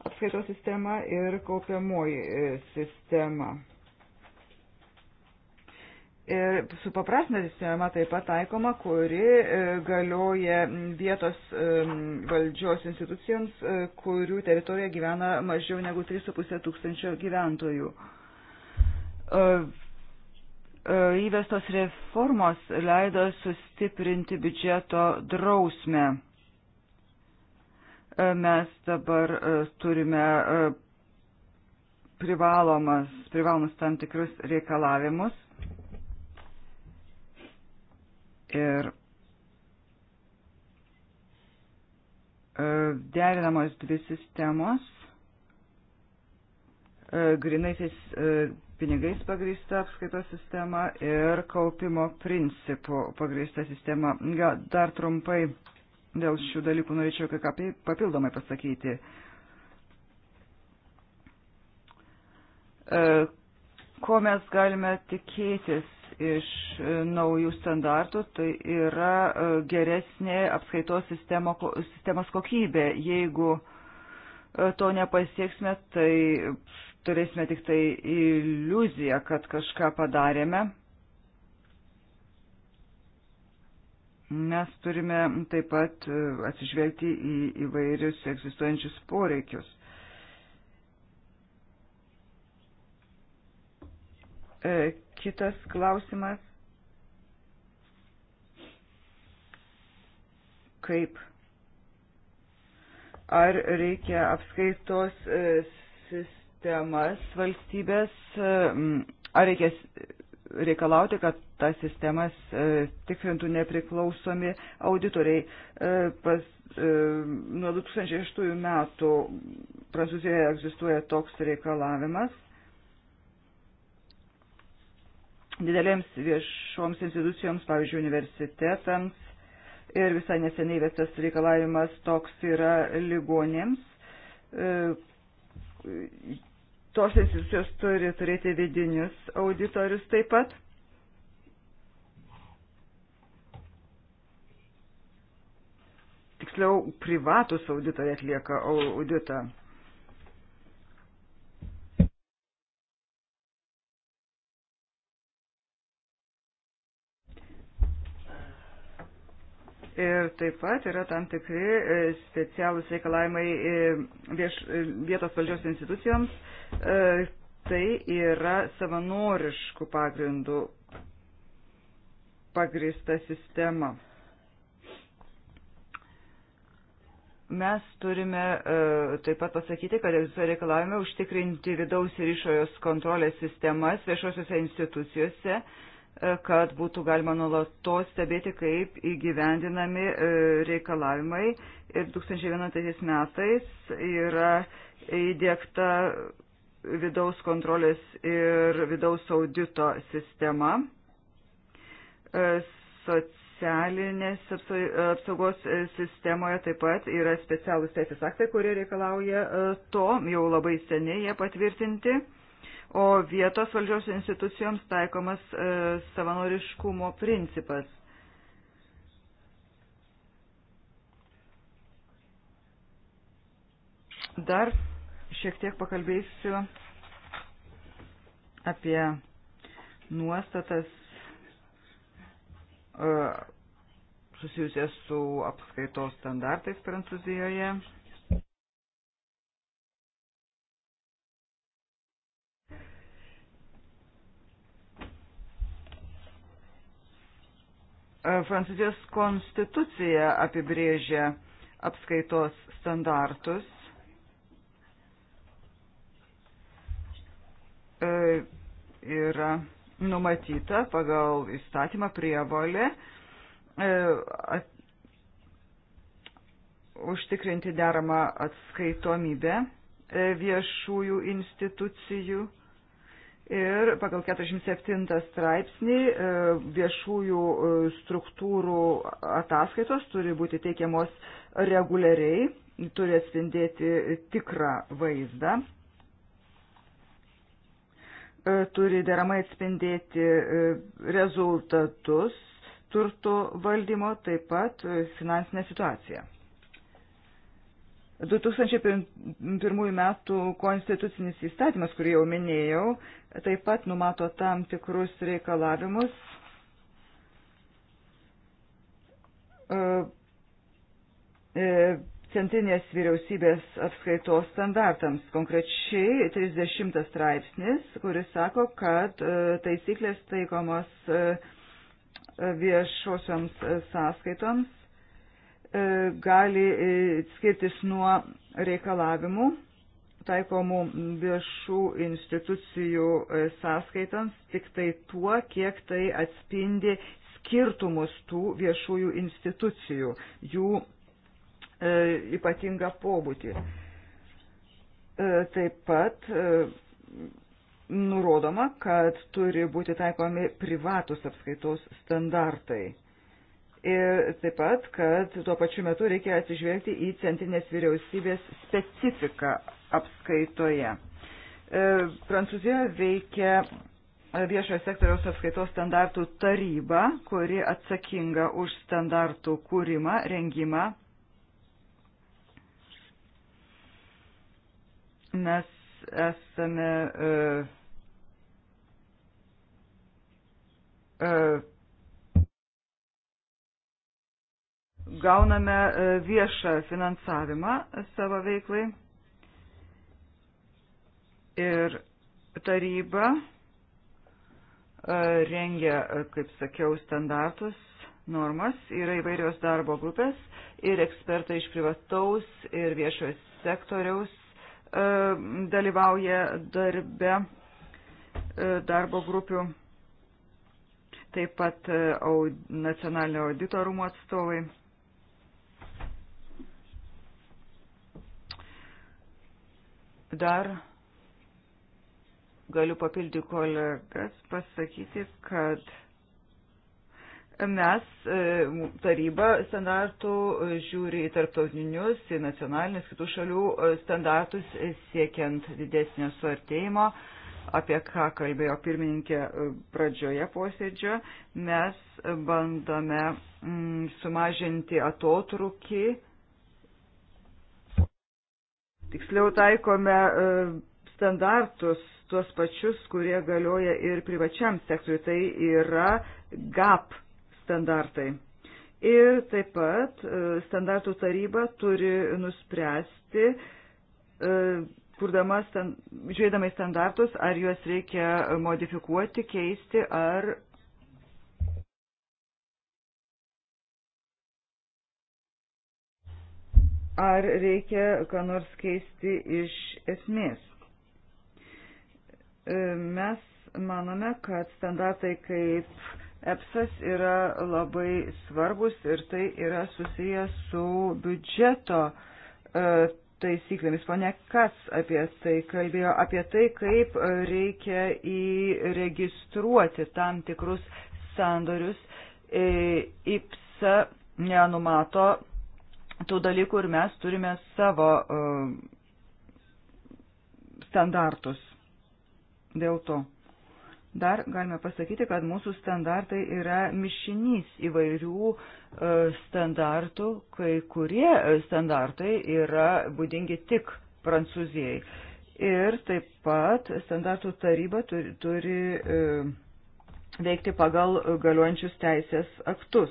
apskaitos sistema ir kaupiamoji sistema. Ir supaprastinė sistema taip pat taikoma, kuri e, galioja vietos e, valdžios institucijoms, e, kurių teritorija gyvena mažiau negu 3,5 tūkstančio gyventojų. Įvestos reformos leido sustiprinti biudžeto drausmę. Mes dabar turime privalomas, privalomus tam tikrus reikalavimus ir e, derinamos dvi sistemos e, - grinaisiais e, pinigais pagrįsta apskaitos sistema ir kaupimo principų pagrįsta sistema. Gal dar trumpai dėl šių dalykų norėčiau kai ką papildomai pasakyti. Ko mes galime tikėtis iš e, naujų standartų, tai yra e, geresnė apskaitos sistemo, sistemos kokybė. Jeigu e, to nepasieksime, tai turėsime tik tai iliuziją, kad kažką padarėme. Mes turime taip pat atsižvelgti į įvairius egzistuojančius poreikius. Kitas klausimas. Kaip? Ar reikia apskaitos e, sistemas valstybės, e, ar reikia reikalauti, kad tas sistemas e, tikrintų nepriklausomi auditoriai. Pas, nuo 2006 metų Prancūzijoje egzistuoja toks reikalavimas didelėms viešoms institucijoms, pavyzdžiui, universitetams ir visai neseniai vestas reikalavimas toks yra ligonėms. E, tos institucijos turi turėti vidinius auditorius taip pat. Tiksliau, privatus auditoriai atlieka auditą. Ir taip pat yra tam tikri e, specialūs reikalavimai e, vieš, e, vietos valdžios institucijoms. Tai yra savanoriškų pagrindų pagrįsta sistema. Mes turime taip pat pasakyti, kad egzistuoja reikalavimai užtikrinti vidaus ir išorės kontrolės sistemas viešosiuose institucijose kad būtų galima nuolatos stebėti, kaip įgyvendinami e, reikalavimai. Ir 2011 metais yra įdėkta vidaus kontrolės ir vidaus audito sistema. E, socialinės apsaugos sistemoje taip pat yra specialūs teisės aktai, kurie reikalauja e, to, jau labai seniai jie patvirtinti o vietos valdžios institucijoms taikomas e, savanoriškumo principas. Dar šiek tiek pakalbėsiu apie nuostatas e, susijusias su apskaitos standartais Prancūzijoje. E, Prancūzijos konstitucija apibrėžia apskaitos standartus. E, yra numatyta pagal įstatymą prievolė e, užtikrinti deramą atskaitomybę viešųjų institucijų Ir pagal 47 straipsnį e, viešųjų e, struktūrų ataskaitos turi būti teikiamos reguliariai, turi atspindėti tikrą vaizdą e, turi deramai atspindėti rezultatus turto valdymo, taip pat finansinę situaciją. 2001 metų konstitucinis įstatymas, kurį jau minėjau, taip pat numato tam tikrus reikalavimus e, e, centrinės vyriausybės apskaitos standartams, konkrečiai 30 straipsnis, kuris sako, kad e, taisyklės taikomos viešosioms sąskaitoms E, gali e, skirtis nuo reikalavimų taikomų viešų institucijų e, sąskaitams tik tai tuo, kiek tai atspindi skirtumus tų viešųjų institucijų, jų e, ypatingą pobūdį. E, taip pat e, nurodoma, kad turi būti taikomi privatus apskaitos standartai ir taip pat, kad tuo pačiu metu reikia atsižvelgti į centrinės vyriausybės specifiką apskaitoje. E, Prancūzijoje veikia viešojo sektoriaus apskaitos standartų taryba, kuri atsakinga už standartų kūrimą, rengimą. Mes esame uh, uh, gauname e, viešą finansavimą savo veiklai ir taryba e, rengia, e, kaip sakiau, standartus, normas, yra įvairios darbo grupės ir ekspertai iš privataus ir viešojo sektoriaus dalyvauja darbe darbo grupių, taip pat nacionalinio audito rūmų atstovai. Dar galiu papildyti kolegas, pasakyti, kad mes, e, taryba standartų, e, žiūri į tarptautinius, į nacionalinius kitų šalių e, standartus siekiant didesnio suartėjimo, apie ką kalbėjo pirmininkė pradžioje posėdžio. Mes bandome mm, sumažinti atotrukį tiksliau taikome e, standartus, tuos pačius, kurie galioja ir privačiam sektoriui, tai yra GAP standartai. Ir taip pat e, standartų taryba turi nuspręsti, e, kurdama, žiūrėdama į standartus, ar juos reikia modifikuoti, keisti ar ar reikia ką nors keisti iš esmės. E, mes manome, kad standartai kaip EPSAS yra labai svarbus ir tai yra susijęs su biudžeto e, taisyklėmis. Pone Kats apie tai kalbėjo, apie tai, kaip reikia įregistruoti tam tikrus sandorius. E, IPSA nenumato tų dalykų ir mes turime savo uh, standartus. Dėl to. Dar galime pasakyti, kad mūsų standartai yra mišinys įvairių uh, standartų, kai kurie standartai yra būdingi tik Prancūzijai. Ir taip pat standartų taryba turi, turi e, uh, veikti pagal galiuojančius teisės aktus.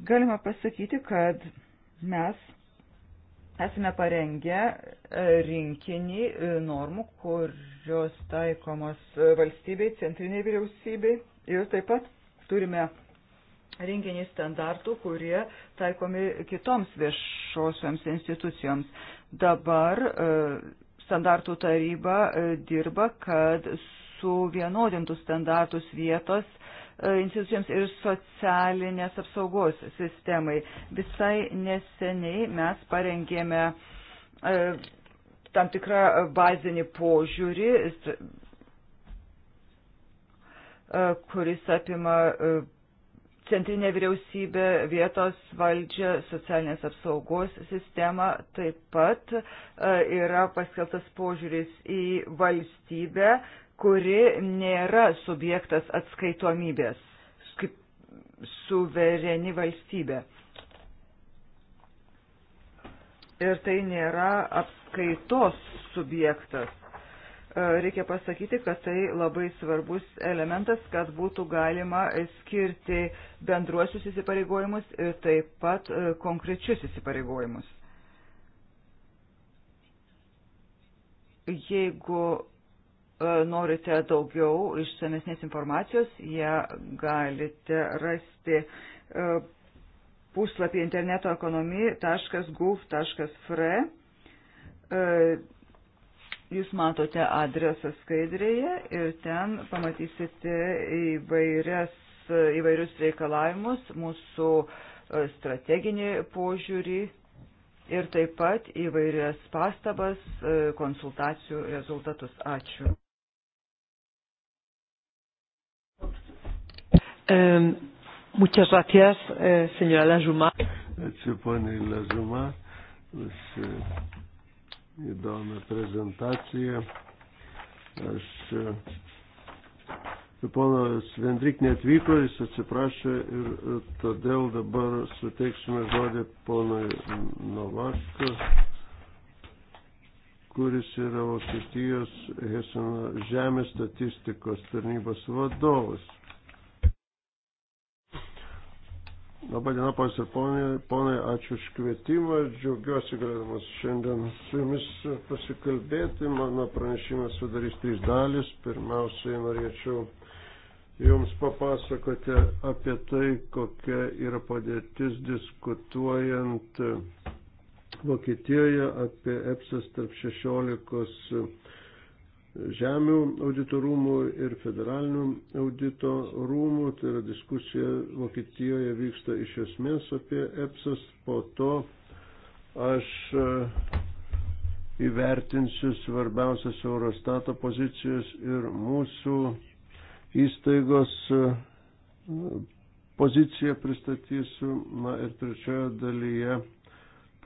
Galima pasakyti, kad mes esame parengę e, rinkinį e, normų, kurios taikomos e, valstybei, centriniai vyriausybei ir taip pat turime rinkinį standartų, kurie taikomi kitoms viešosioms institucijoms. Dabar standartų taryba dirba, kad suvienodintų standartus vietos E, institucijoms ir socialinės apsaugos sistemai. Visai neseniai mes parengėme e, tam tikrą bazinį požiūrį, e, kuris apima centrinė vyriausybė, vietos valdžia, socialinės apsaugos sistema taip pat yra paskeltas požiūris į valstybę kuri nėra subjektas atskaitomybės, kaip suvereni valstybė. Ir tai nėra apskaitos subjektas. E, reikia pasakyti, kad tai labai svarbus elementas, kad būtų galima skirti bendruosius įsipareigojimus ir taip pat e, konkrečius įsipareigojimus. Jeigu E, norite daugiau išsamesnės informacijos, ją galite rasti e, puslapį interneto ekonomi.guf.fre. E, jūs matote adresą skaidrėje ir ten pamatysite įvairias, įvairius reikalavimus, mūsų strateginį požiūrį ir taip pat įvairias pastabas, konsultacijų rezultatus. Ačiū. Eh, muchas gracias, eh, señora Lazuma. Ačiū, poniai Lazuma, už eh, įdomią prezentaciją. Aš eh, Ponas Vendrik netvyko, jis atsiprašė ir e, todėl dabar suteiksime žodį ponui Novakui, kuris yra Vokietijos Heseno žemės statistikos tarnybos vadovas. Labai diena, pas ir ponai, ponai, ačiū už kvietimą, džiaugiuosi galėdamas šiandien su jumis pasikalbėti. Mano pranešimas sudarys trys dalis. Pirmiausiai norėčiau jums papasakoti apie tai, kokia yra padėtis diskutuojant Vokietijoje apie EPSAS tarp 16 žemių auditorumų ir federalinių audito rūmų, tai yra diskusija Vokietijoje vyksta iš esmės apie EPSAS, po to aš e, įvertinsiu svarbiausias Eurostato pozicijas ir mūsų įstaigos e, poziciją pristatysiu. Na ir trečioje dalyje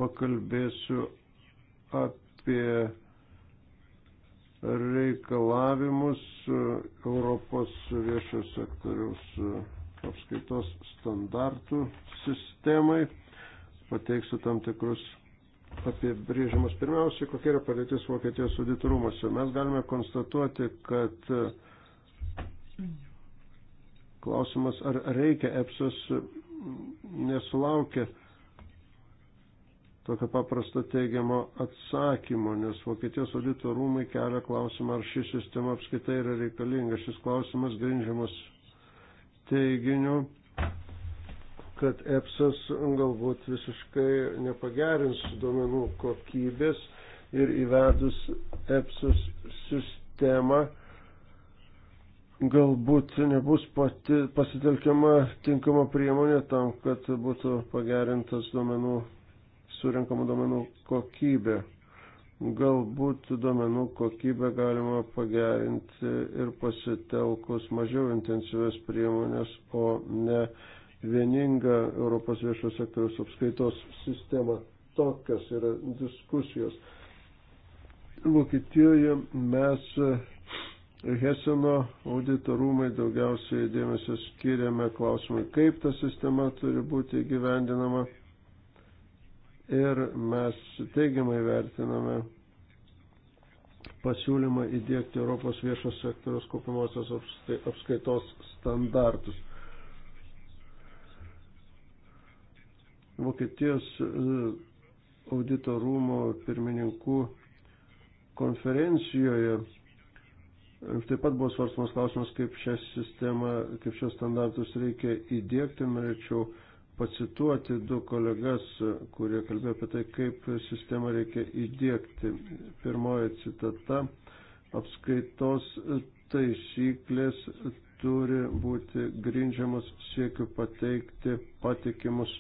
pakalbėsiu apie reikalavimus e, Europos viešo sektoriaus e, apskaitos standartų sistemai. Pateiksiu tam tikrus apibrėžimus. Pirmiausia, kokia yra padėtis Vokietijos auditorumuose. Mes galime konstatuoti, kad e, klausimas, ar reikia EPSOS, nesulaukia tokio paprasto teigiamo atsakymo, nes Vokietijos audito rūmai kelia klausimą, ar ši sistema apskaitai yra reikalinga. Šis klausimas grindžiamas teiginiu, kad EPSAS galbūt visiškai nepagerins duomenų kokybės ir įvedus EPSAS sistemą galbūt nebus pati, pasitelkiama tinkama priemonė tam, kad būtų pagerintas duomenų surinkamų duomenų kokybė. Galbūt duomenų kokybę galima pagerinti ir pasitelkus mažiau intensyves priemonės, o ne vieningą Europos viešo sektoriaus apskaitos sistemą. Tokios yra diskusijos. Vokietijoje mes eh, Heseno auditorumai daugiausiai dėmesio skiriame klausimui, kaip ta sistema turi būti gyvendinama ir mes teigiamai vertiname pasiūlymą įdėkti Europos viešo sektoriaus kopimosios apskaitos standartus. Vokietijos e, audito rūmo pirmininkų konferencijoje e, taip pat buvo svarstamas klausimas, kaip šią sistemą, kaip šios standartus reikia įdėkti. Norėčiau pacituoti du kolegas, kurie kalbėjo apie tai, kaip sistemą reikia įdėkti. Pirmoji citata - apskaitos taisyklės turi būti grindžiamas siekiu pateikti patikimus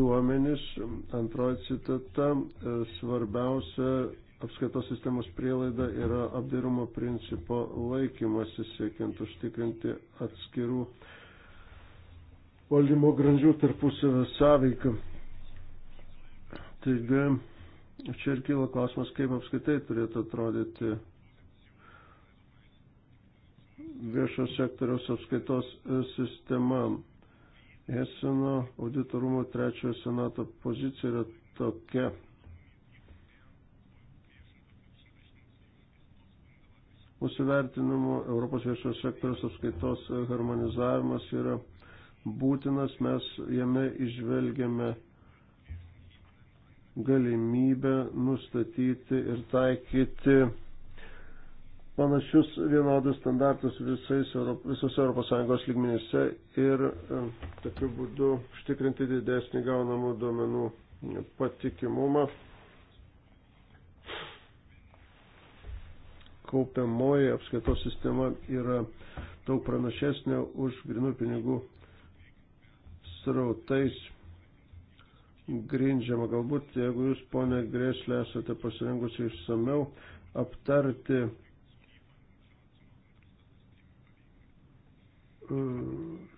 duomenis. Antroji citata - svarbiausia apskaitos sistemos prielaida yra apdairumo principo laikymasis siekiant užtikrinti atskirų valdymo grandžių tarpusavio sąveiką. Taigi, čia ir kyla klausimas, kaip apskaitai turėtų atrodyti viešo sektoriaus apskaitos sistema. Eseno auditorumo trečiojo senato pozicija yra tokia. Mūsų vertinimu Europos viešo sektoriaus apskaitos harmonizavimas yra būtinas, mes jame išvelgiame galimybę nustatyti ir taikyti panašius vienodus standartus visais Europ, visos ES lygmenyse ir e, tokiu būdu užtikrinti didesnį gaunamų duomenų patikimumą. Kaupiamoji apskaitos sistema yra daug pranašesnė už grinų pinigų srautais grindžiama. Galbūt, jeigu jūs, ponė Grėslė, esate pasirengusi išsameu aptarti e,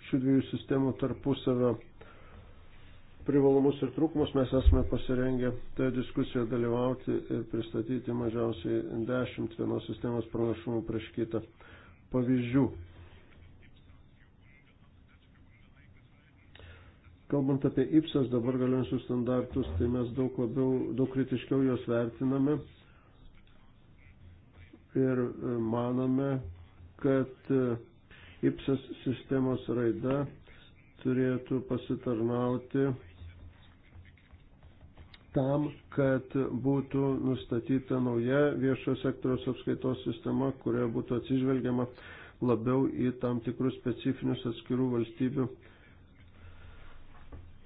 šių dviejų sistemų tarpusavio privalumus ir trūkumus mes esame pasirengę toje diskusijoje dalyvauti ir pristatyti mažiausiai 10 vienos sistemos pranašumų prieš kitą pavyzdžių. Kalbant apie IPSAS dabar galiančius standartus, tai mes daug labiau, daug kritiškiau juos vertiname ir e, manome, kad e, IPSAS sistemos raida turėtų pasitarnauti tam, kad būtų nustatyta nauja viešo sektoriaus apskaitos sistema, kurioje būtų atsižvelgiama labiau į tam tikrus specifinius atskirų valstybių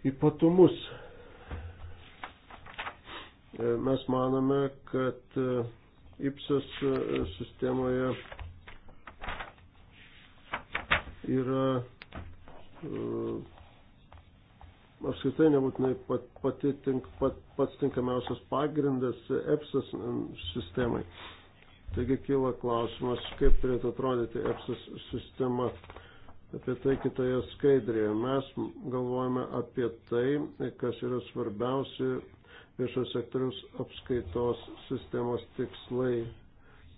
ypatumus. E, mes manome, kad e, IPSAS e, sistemoje yra apskritai nebūtinai pat, pati tink, pat, pats tinkamiausias pagrindas EPSAS sistemai. Taigi kyla klausimas, kaip turėtų atrodyti EPSAS sistema apie tai kitoje skaidrėje. Mes galvojame apie tai, kas yra svarbiausi viešo sektoriaus apskaitos sistemos tikslai.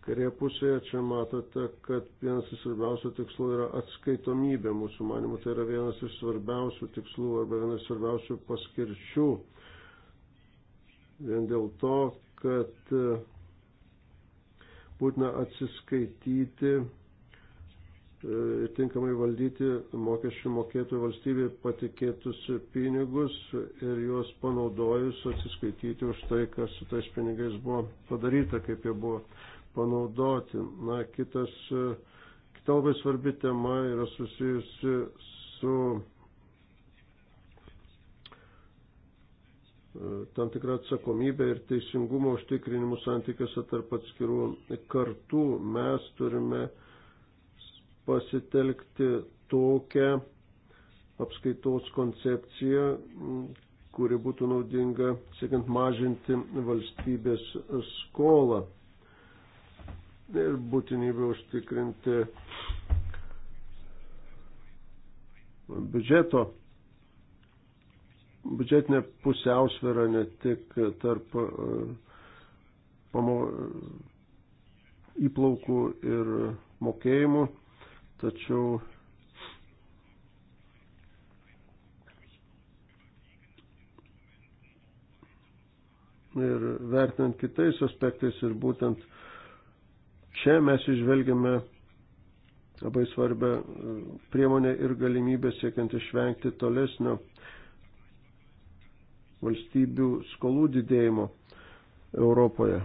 Kairėje pusėje čia matote, kad vienas iš svarbiausių tikslų yra atskaitomybė. Mūsų manimu, tai yra vienas iš svarbiausių tikslų arba vienas iš svarbiausių paskirčių. Vien dėl to, kad būtina atsiskaityti E, ir tinkamai valdyti mokesčių mokėtojų valstybė patikėtus pinigus ir juos panaudojus atsiskaityti už tai, kas su tais pinigais buvo padaryta, kaip jie buvo panaudoti. Na, kitas, e, kita labai svarbi tema yra susijusi su e, tam tikrą atsakomybę ir teisingumo užtikrinimu santykiuose tarp atskirų kartų. Mes turime uh, pasitelkti tokią apskaitos koncepciją, kuri būtų naudinga siekiant mažinti valstybės skolą ir būtinybę užtikrinti biudžeto, biudžetinę pusiausvyrą ne tik tarp e, pamo, įplaukų ir mokėjimų tačiau ir vertinant kitais aspektais ir būtent čia mes išvelgiame labai svarbę e, priemonę ir galimybę siekiant išvengti tolesnio valstybių skolų didėjimo Europoje.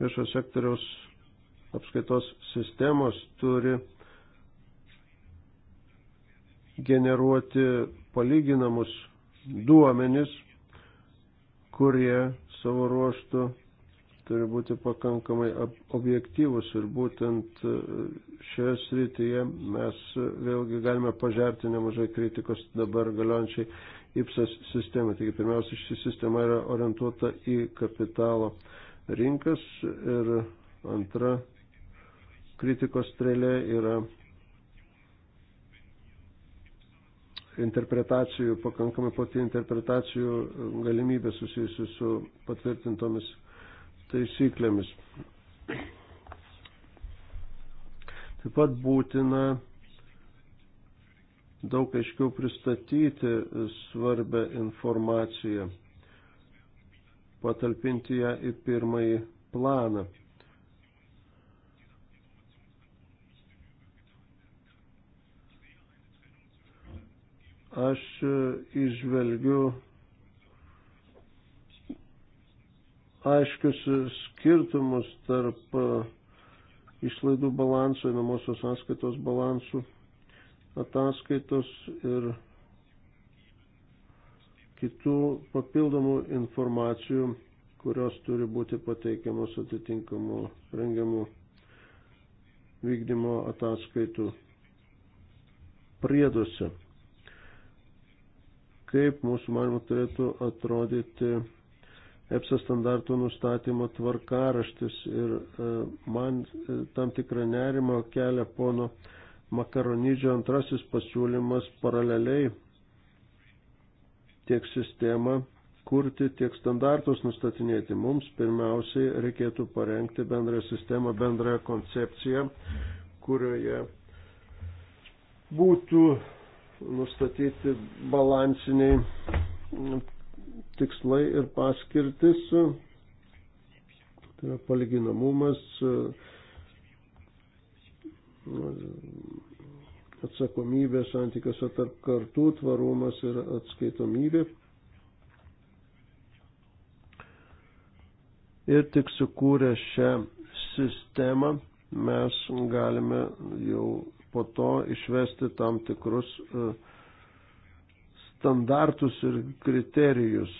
viešo sektoriaus apskaitos sistemos turi generuoti palyginamus duomenis, kurie savo ruoštų turi būti pakankamai objektyvus ir būtent e, šioje srityje mes e, vėlgi galime pažerti nemažai kritikos dabar galiojančiai IPSAS sistemai. Taigi pirmiausia, ši sistema yra orientuota į kapitalo rinkas ir antra kritikos strėlė yra interpretacijų, pakankamai plati interpretacijų galimybė susijusi su patvirtintomis taisyklėmis. Taip pat būtina daug aiškiau pristatyti svarbę informaciją patalpinti ją į pirmąjį planą. Aš išvelgiu aiškius skirtumus tarp išlaidų balanso, namosios sąskaitos balansų ataskaitos ir kitų papildomų informacijų, kurios turi būti pateikiamos atitinkamų rengiamų vykdymo ataskaitų prieduose. Kaip mūsų manimo turėtų atrodyti EPSA standartų nustatymo tvarkaraštis ir e, man e, tam tikrą nerimą kelia pono Makaronidžio antrasis pasiūlymas paraleliai tiek sistemą kurti, tiek standartus nustatinėti. Mums pirmiausiai reikėtų parengti bendrą sistemą, bendrą koncepciją, kurioje būtų nustatyti balansiniai tikslai ir paskirtis, tai yra palyginamumas, atsakomybė santykiuose tarp kartų, tvarumas ir atskaitomybė. Ir tik sukūrę šią sistemą mes galime jau po to išvesti tam tikrus e, standartus ir kriterijus.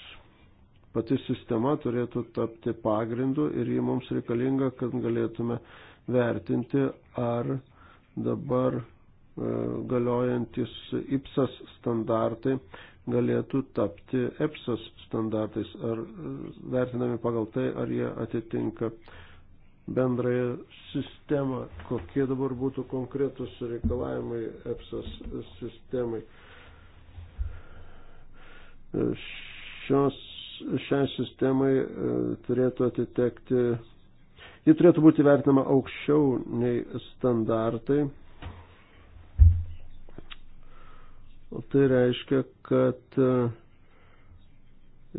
Pati sistema turėtų tapti pagrindu ir ji mums reikalinga, kad galėtume vertinti, ar dabar E, galiojantis IPSAS standartai galėtų tapti EPSAS standartais, ar e, vertinami pagal tai, ar jie atitinka bendrąją sistemą, kokie dabar būtų konkretus reikalavimai EPSAS sistemai. E, šios, šiai sistemai turėtų atitekti, ji turėtų būti vertinama aukščiau nei standartai O tai reiškia, kad e,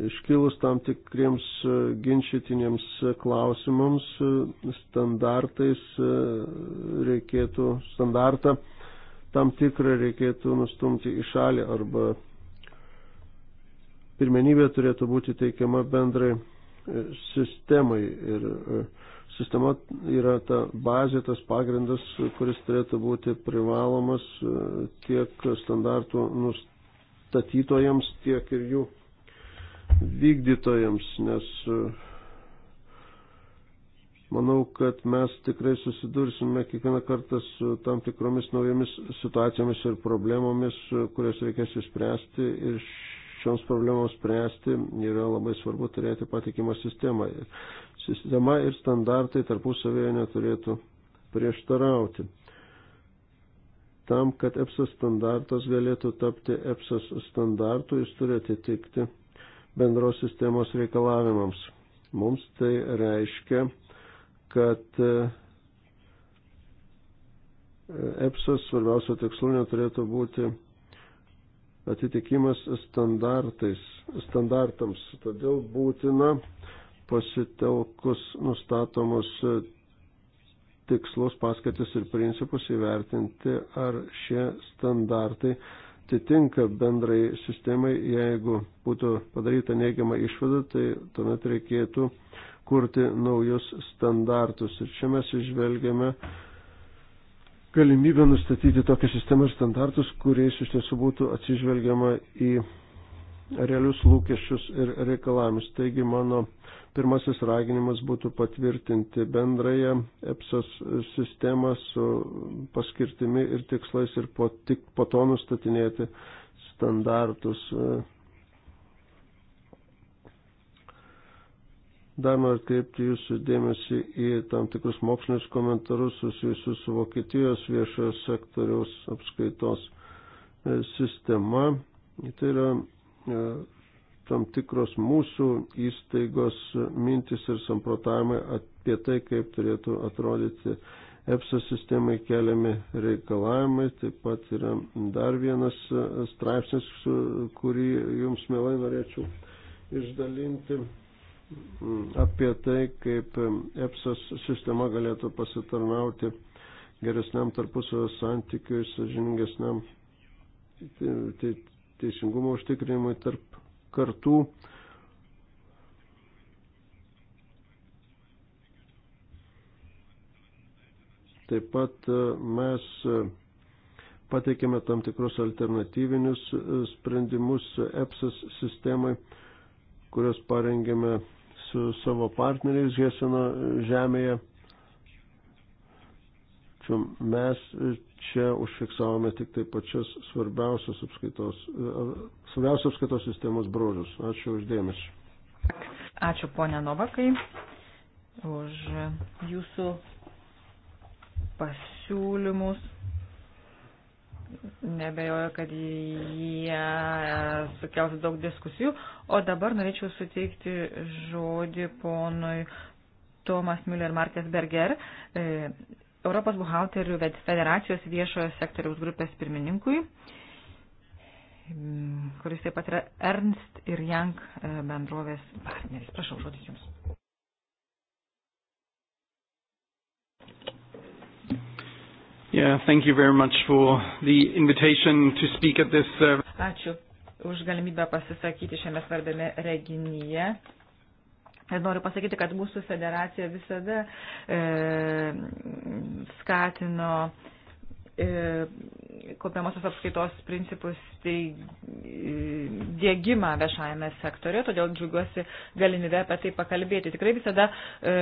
iškilus tam tikriems e, ginčytiniems klausimams e, standartais reikėtų standartą tam tikrą reikėtų nustumti į šalį arba pirmenybė turėtų būti teikiama bendrai sistemai ir Sistema yra ta bazė, tas pagrindas, kuris turėtų būti privalomas e, tiek standartų nustatytojams, tiek ir jų vykdytojams, nes e, manau, kad mes tikrai susidursime kiekvieną kartą su tam tikromis naujomis situacijomis ir problemomis, kurias reikės įspręsti ir šioms problemams spręsti, yra labai svarbu turėti patikimą sistemą. Sistema ir standartai tarpusavėje neturėtų prieštarauti. Tam, kad EPSAS standartas galėtų tapti EPSAS standartu, jis turi atitikti bendros sistemos reikalavimams. Mums tai reiškia, kad e, EPSAS svarbiausio tikslu neturėtų būti atitikimas standartams. Todėl būtina pasitelkus nustatomus tikslus, paskatis ir principus įvertinti, ar šie standartai atitinka bendrai sistemai. Jeigu būtų padaryta neigiama išvada, tai tuomet reikėtų kurti naujus standartus. Ir čia mes išvelgiame uh, galimybę nustatyti tokią sistemą ir standartus, kuriais iš tiesų būtų atsižvelgiama į realius lūkesčius ir reikalavimus. Taigi mano pirmasis raginimas būtų patvirtinti bendrąją EPSAS sistemą su paskirtimi ir tikslais ir po, tik po to nustatinėti standartus. Dar noriu atkreipti jūsų dėmesį į tam tikrus mokslinius komentarus susijusius su Vokietijos viešojo sektoriaus apskaitos e, sistema. Tai yra e, tam tikros mūsų įstaigos mintis ir samprotavimai apie tai, kaip turėtų atrodyti EPSA sistemai keliami reikalavimai. Taip pat yra dar vienas e, straipsnis, kurį jums mielai norėčiau išdalinti apie tai, kaip EPSOS sistema galėtų pasitarnauti geresniam tarpusavio santykiui, sažiningesniam teisingumo užtikrinimui tarp kartų. Taip pat e, mes e, pateikėme tam tikrus alternatyvinius e, sprendimus EPSAS sistemai, kurios parengėme su savo partneriais Heseno žemėje. Čia mes čia užfiksavome tik tai pačias svarbiausias apskaitos, svarbiausias apskaitos sistemos brožus. Ačiū uždėmesi. Ačiū ponia Novakai už jūsų pasiūlymus nebejoju, kad jie sukels daug diskusijų. O dabar norėčiau suteikti žodį ponui Tomas Müller Markės Berger, e, Europos buhalterių federacijos viešojo sektoriaus grupės pirmininkui, kuris taip pat yra Ernst ir Jank e, bendrovės partneris. Prašau, žodis jums. Yeah, thank you very much for the invitation to speak at this. Uh... Ačiū už galimybę pasisakyti šiame svarbiame reginyje. Ir noriu pasakyti, kad mūsų federacija visada e, skatino e, E, kaupiamosios apskaitos principus tai e, dėgymą viešajame sektorėje, todėl džiugiuosi galimybę apie tai pakalbėti. Tikrai visada e,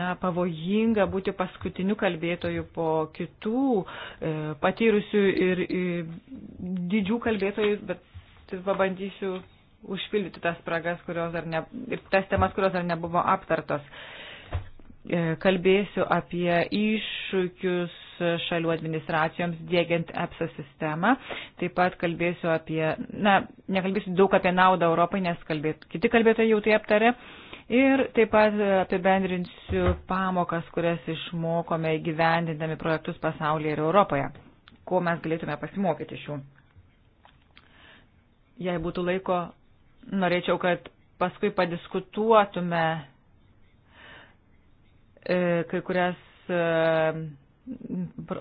na, pavojinga būti paskutiniu kalbėtoju po kitų patyrusių ir didžių kalbėtojų, bet pabandysiu užpildyti tas spragas, kurios dar ne, ir tas temas, kurios dar nebuvo aptartos. E, kalbėsiu apie iššūkius šalių administracijoms dėgiant EPSA sistemą. Taip pat kalbėsiu apie, na, nekalbėsiu daug apie naudą Europai, nes kalbėt, kiti kalbėtojai jau tai aptarė. Ir taip pat apibendrinsiu pamokas, kurias išmokome įgyvendindami projektus pasaulyje ir Europoje. Ko mes galėtume pasimokyti šių. Jei būtų laiko, norėčiau, kad paskui padiskutuotume E, kai kurias e,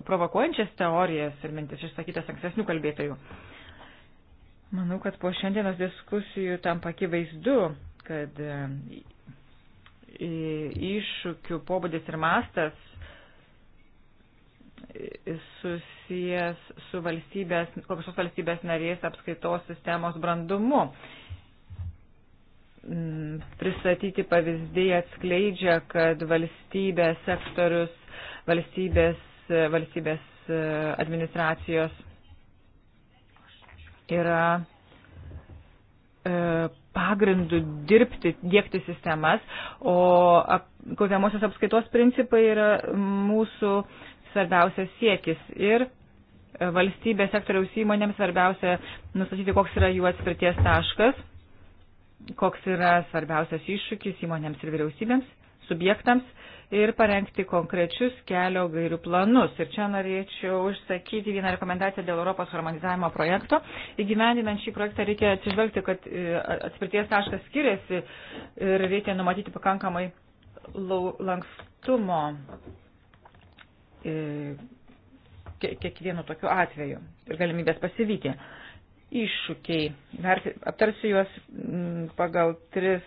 provokuojančias teorijas ir mintis išsakytas ankstesnių kalbėtojų. Manau, kad po šiandienos diskusijų tam pakivaizdu, kad e, iššūkių pobūdis ir mastas susijęs su valstybės, kokios valstybės narės apskaitos sistemos brandumu. Mm, pristatyti pavyzdžiai atskleidžia, kad valstybės sektorius, valstybės, valstybės e, administracijos yra e, pagrindų dirbti, dėkti sistemas, o kaupiamosios apskaitos principai yra mūsų svarbiausias siekis. Ir e, valstybės sektoriaus įmonėms svarbiausia nustatyti, koks yra jų atspirties taškas koks yra svarbiausias iššūkis įmonėms ir vyriausybėms, subjektams ir parengti konkrečius kelio gairių planus. Ir čia norėčiau išsakyti vieną rekomendaciją dėl Europos harmonizavimo projekto. Įgyvendinant šį projektą reikia atsižvelgti, kad e, atspirties taškas skiriasi ir reikia numatyti pakankamai lankstumo e, kiekvienu tokiu atveju ir galimybės pasivyti iššūkiai. Aptarsiu juos mm, pagal tris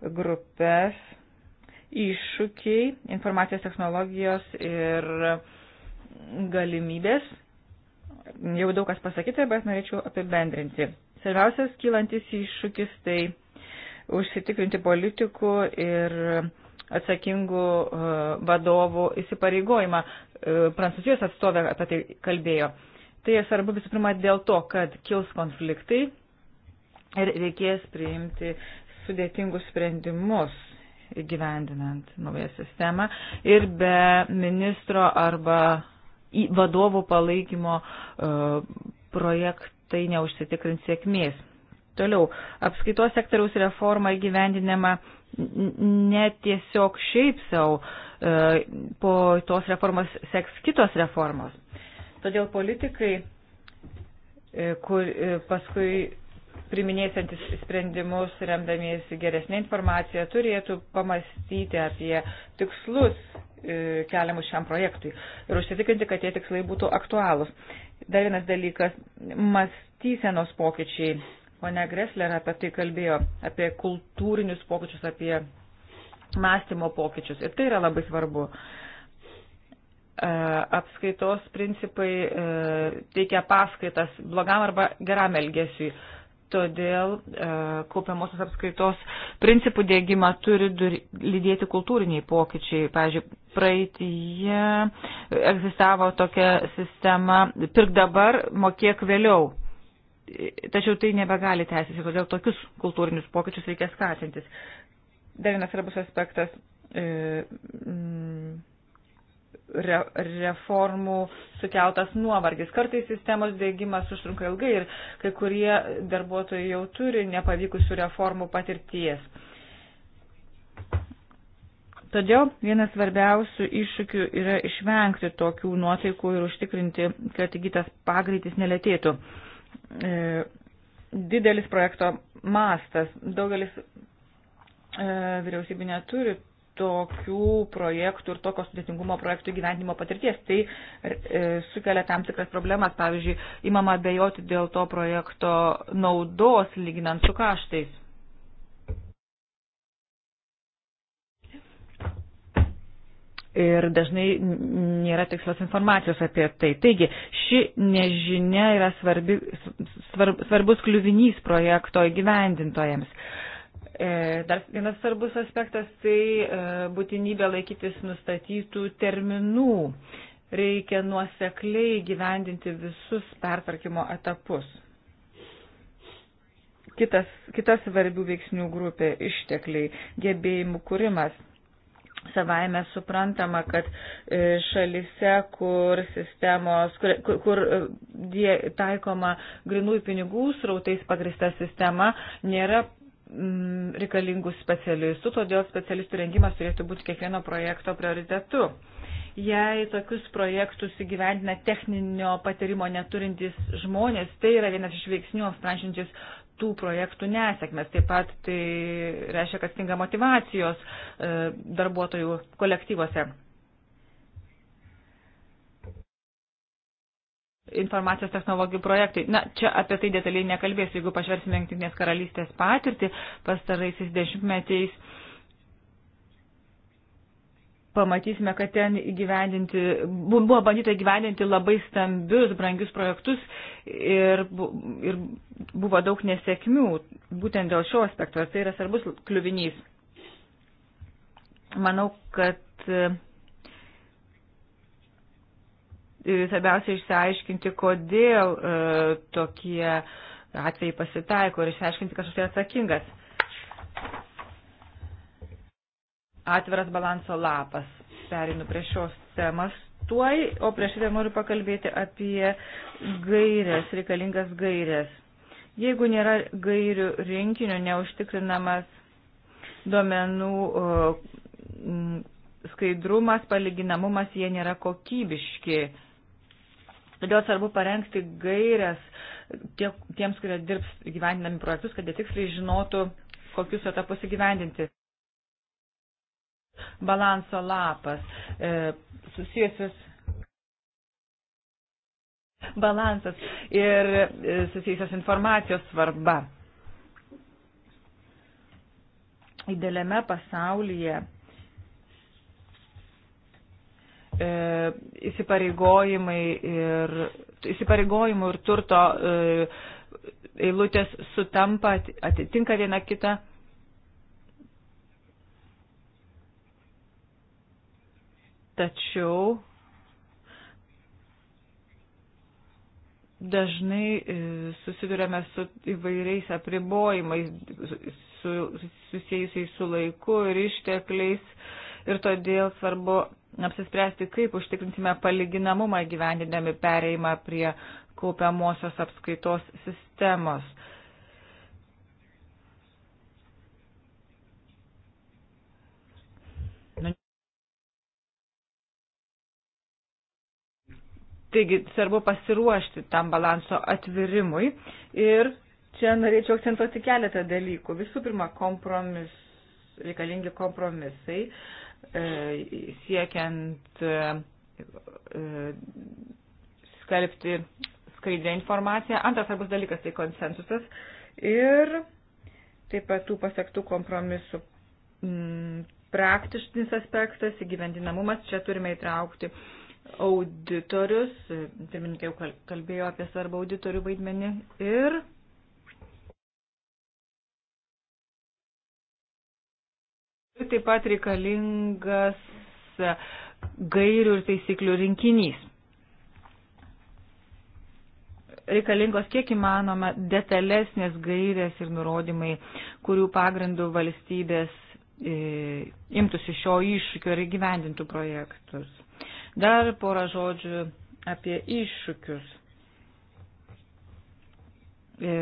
grupės. Iššūkiai, informacijos technologijos ir galimybės. Jau daug kas pasakyti, bet norėčiau apibendrinti. Svarbiausias kylantis iššūkis tai užsitikrinti politikų ir atsakingų e, vadovų įsipareigojimą. E, Prancūzijos atstovė apie tai kalbėjo Tai svarbu visų pirma dėl to, kad kils konfliktai ir reikės priimti sudėtingus sprendimus įgyvendinant naują sistemą ir be ministro arba vadovų palaikymo e, projektai neužsitikrins sėkmės. Toliau, apskaitos sektoriaus reforma įgyvendinama ne tiesiog šiaip savo, e, po tos reformos seks kitos reformos Todėl politikai, e, kur e, paskui priminėsiantis sprendimus, remdamiesi geresnė informacija, turėtų pamastyti apie tikslus e, keliamus šiam projektui ir užsitikrinti, kad tie tikslai būtų aktualūs. Dar vienas dalykas - mąstysenos pokyčiai. Pone Gresler apie tai kalbėjo, apie kultūrinius pokyčius, apie mąstymo pokyčius. Ir tai yra labai svarbu. Uh, E, apskaitos principai e, teikia paskaitas blogam arba geram elgesiui. Todėl e, kaupiamosios apskaitos principų dėgymą turi lydėti kultūriniai pokyčiai. Pavyzdžiui, praeitie egzistavo tokia sistema, pirk dabar, mokėk vėliau. Tačiau tai nebegali tęsiasi, todėl tokius kultūrinius pokyčius reikia skatintis. Dar vienas svarbus aspektas. E, mm, re, reformų sukeltas nuovargis. Kartais sistemos dėgymas užtrunka ilgai ir kai kurie darbuotojai jau turi nepavykusių reformų patirties. Todėl vienas svarbiausių iššūkių yra išvengti tokių nuotaikų ir užtikrinti, kad įgytas pagreitis nelėtėtų. E, didelis projekto mastas. Daugelis e, vyriausybė neturi tokių projektų ir tokio sudėtingumo projektų gyvenimo patirties. Tai e, sukelia tam tikras problemas, pavyzdžiui, imama bejoti dėl to projekto naudos lyginant su kaštais. Ir dažnai nėra tikslios informacijos apie tai. Taigi, ši nežinia yra svarbi, svarb, svarbus kliuvinys projekto įgyvendintojams. E, E, dar vienas svarbus aspektas - tai e, būtinybė laikytis nustatytų terminų. Reikia nuosekliai gyvendinti visus pertvarkymo etapus. Kitas, kitas svarbių veiksnių grupė - ištekliai, gebėjimų kūrimas. Savaime suprantama, kad e, šalise, kur sistemos, kur, kur, kur die, taikoma grinųjų pinigų srautais pagrista sistema, nėra Mm, reikalingų specialistų, todėl specialistų rengimas turėtų būti kiekvieno projekto prioritetu. Jei tokius projektus įgyvendina techninio patyrimo neturintys žmonės, tai yra vienas iš veiksnių apsprendžiantis tų projektų nesėkmės. Taip pat tai reiškia, kad stinga motivacijos e, darbuotojų kolektyvose. informacijos technologijų projektai. Na, čia apie tai detaliai nekalbėsiu, jeigu pažversime Junktinės karalystės patirtį pastaraisiais dešimtmečiais. Pamatysime, kad ten įgyvendinti, buvo bandyta įgyvendinti labai stambius, brangius projektus ir, ir buvo daug nesėkmių būtent dėl šio aspekto. Ir tai yra svarbus kliuvinys. Manau, kad svarbiausia išsiaiškinti, kodėl e, tokie atvejai pasitaiko ir išsiaiškinti, kas už tai atsakingas. Atviras balanso lapas. Perinu prie šios temas tuoj, o prieš tai noriu pakalbėti apie gairias, reikalingas gairias. Jeigu nėra gairių rinkinio, neužtikrinamas duomenų e, skaidrumas, palyginamumas, jie nėra kokybiški. Todėl svarbu parengti gairias tie, tiems, kurie dirbs gyvendinami projektus, kad jie tiksliai žinotų, kokius etapus įgyvendinti. Balanso lapas e, susijusius. Balansas ir e, susijusios informacijos svarba. Įdėliame pasaulyje e, įsipareigojimai ir įsipareigojimų ir turto e, eilutės sutampa, atitinka viena kitą. Tačiau dažnai e, susidurėme su įvairiais apribojimais, su, susijusiais su laiku ir ištekliais ir todėl svarbu apsispręsti, kaip užtikrinsime palyginamumą gyvendinami pereimą prie kaupiamosios apskaitos sistemos. Taigi svarbu pasiruošti tam balanso atvirimui ir čia norėčiau akcentuoti keletą dalykų. Visų pirma, kompromis, reikalingi kompromisai, E, siekiant e, e, skalbti skaidrę informaciją. Antras svarbus dalykas tai konsensusas ir taip pat tų pasiektų kompromisų praktiškinis aspektas, įgyvendinamumas. Čia turime įtraukti auditorius, pirmininkai jau kalbėjo apie svarbą auditorių vaidmenį ir taip pat reikalingas gairių ir taisyklių rinkinys. Reikalingos kiek įmanoma detalesnės gairės ir nurodymai, kurių pagrindų valstybės e, imtųsi šio iššūkio ir gyvendintų projektus. Dar porą žodžių apie iššūkius. E,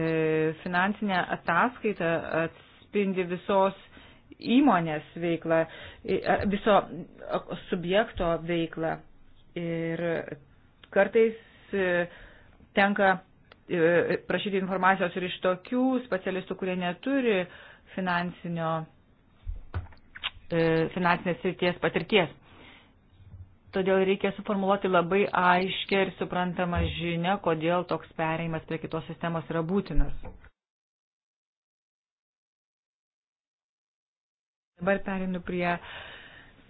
finansinė ataskaita atspindi visos įmonės veiklą, viso subjekto veiklą. Ir kartais e, tenka e, prašyti informacijos ir iš tokių specialistų, kurie neturi finansinio, e, finansinės srities patirties. Todėl reikia suformuoluoti labai aiškę ir suprantamą žinę, kodėl toks pereimas prie kitos sistemos yra būtinas. Dabar perinu prie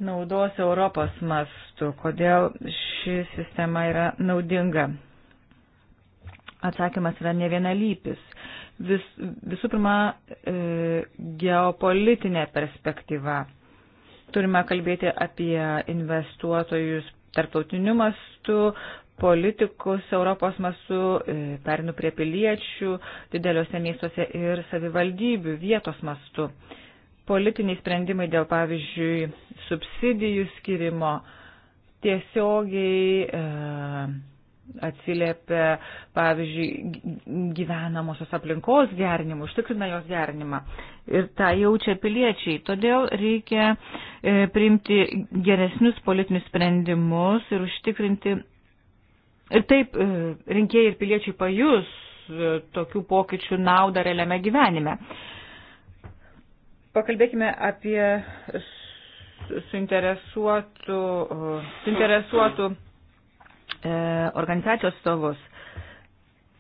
naudos Europos mastu. Kodėl ši sistema yra naudinga? Atsakymas yra ne vienalypis. Vis, visų pirma, e, geopolitinė perspektyva. Turime kalbėti apie investuotojus tarptautiniu mastu, politikus Europos mastu, e, perinu prie piliečių, dideliuose miestuose ir savivaldybių vietos mastu. E, politiniai sprendimai dėl, pavyzdžiui, subsidijų skirimo tiesiogiai e, atsiliepia, pavyzdžiui, gyvenamosios aplinkos gerinimu, užtikrina jos gerinimą. Ir tą jaučia piliečiai. Todėl reikia e, priimti geresnius politinius sprendimus ir užtikrinti. Ir taip e, rinkėjai ir piliečiai pajus e, tokių pokyčių naudą realiame gyvenime. E, Pakalbėkime apie suinteresuotų, suinteresuotų e, organizacijos stovus,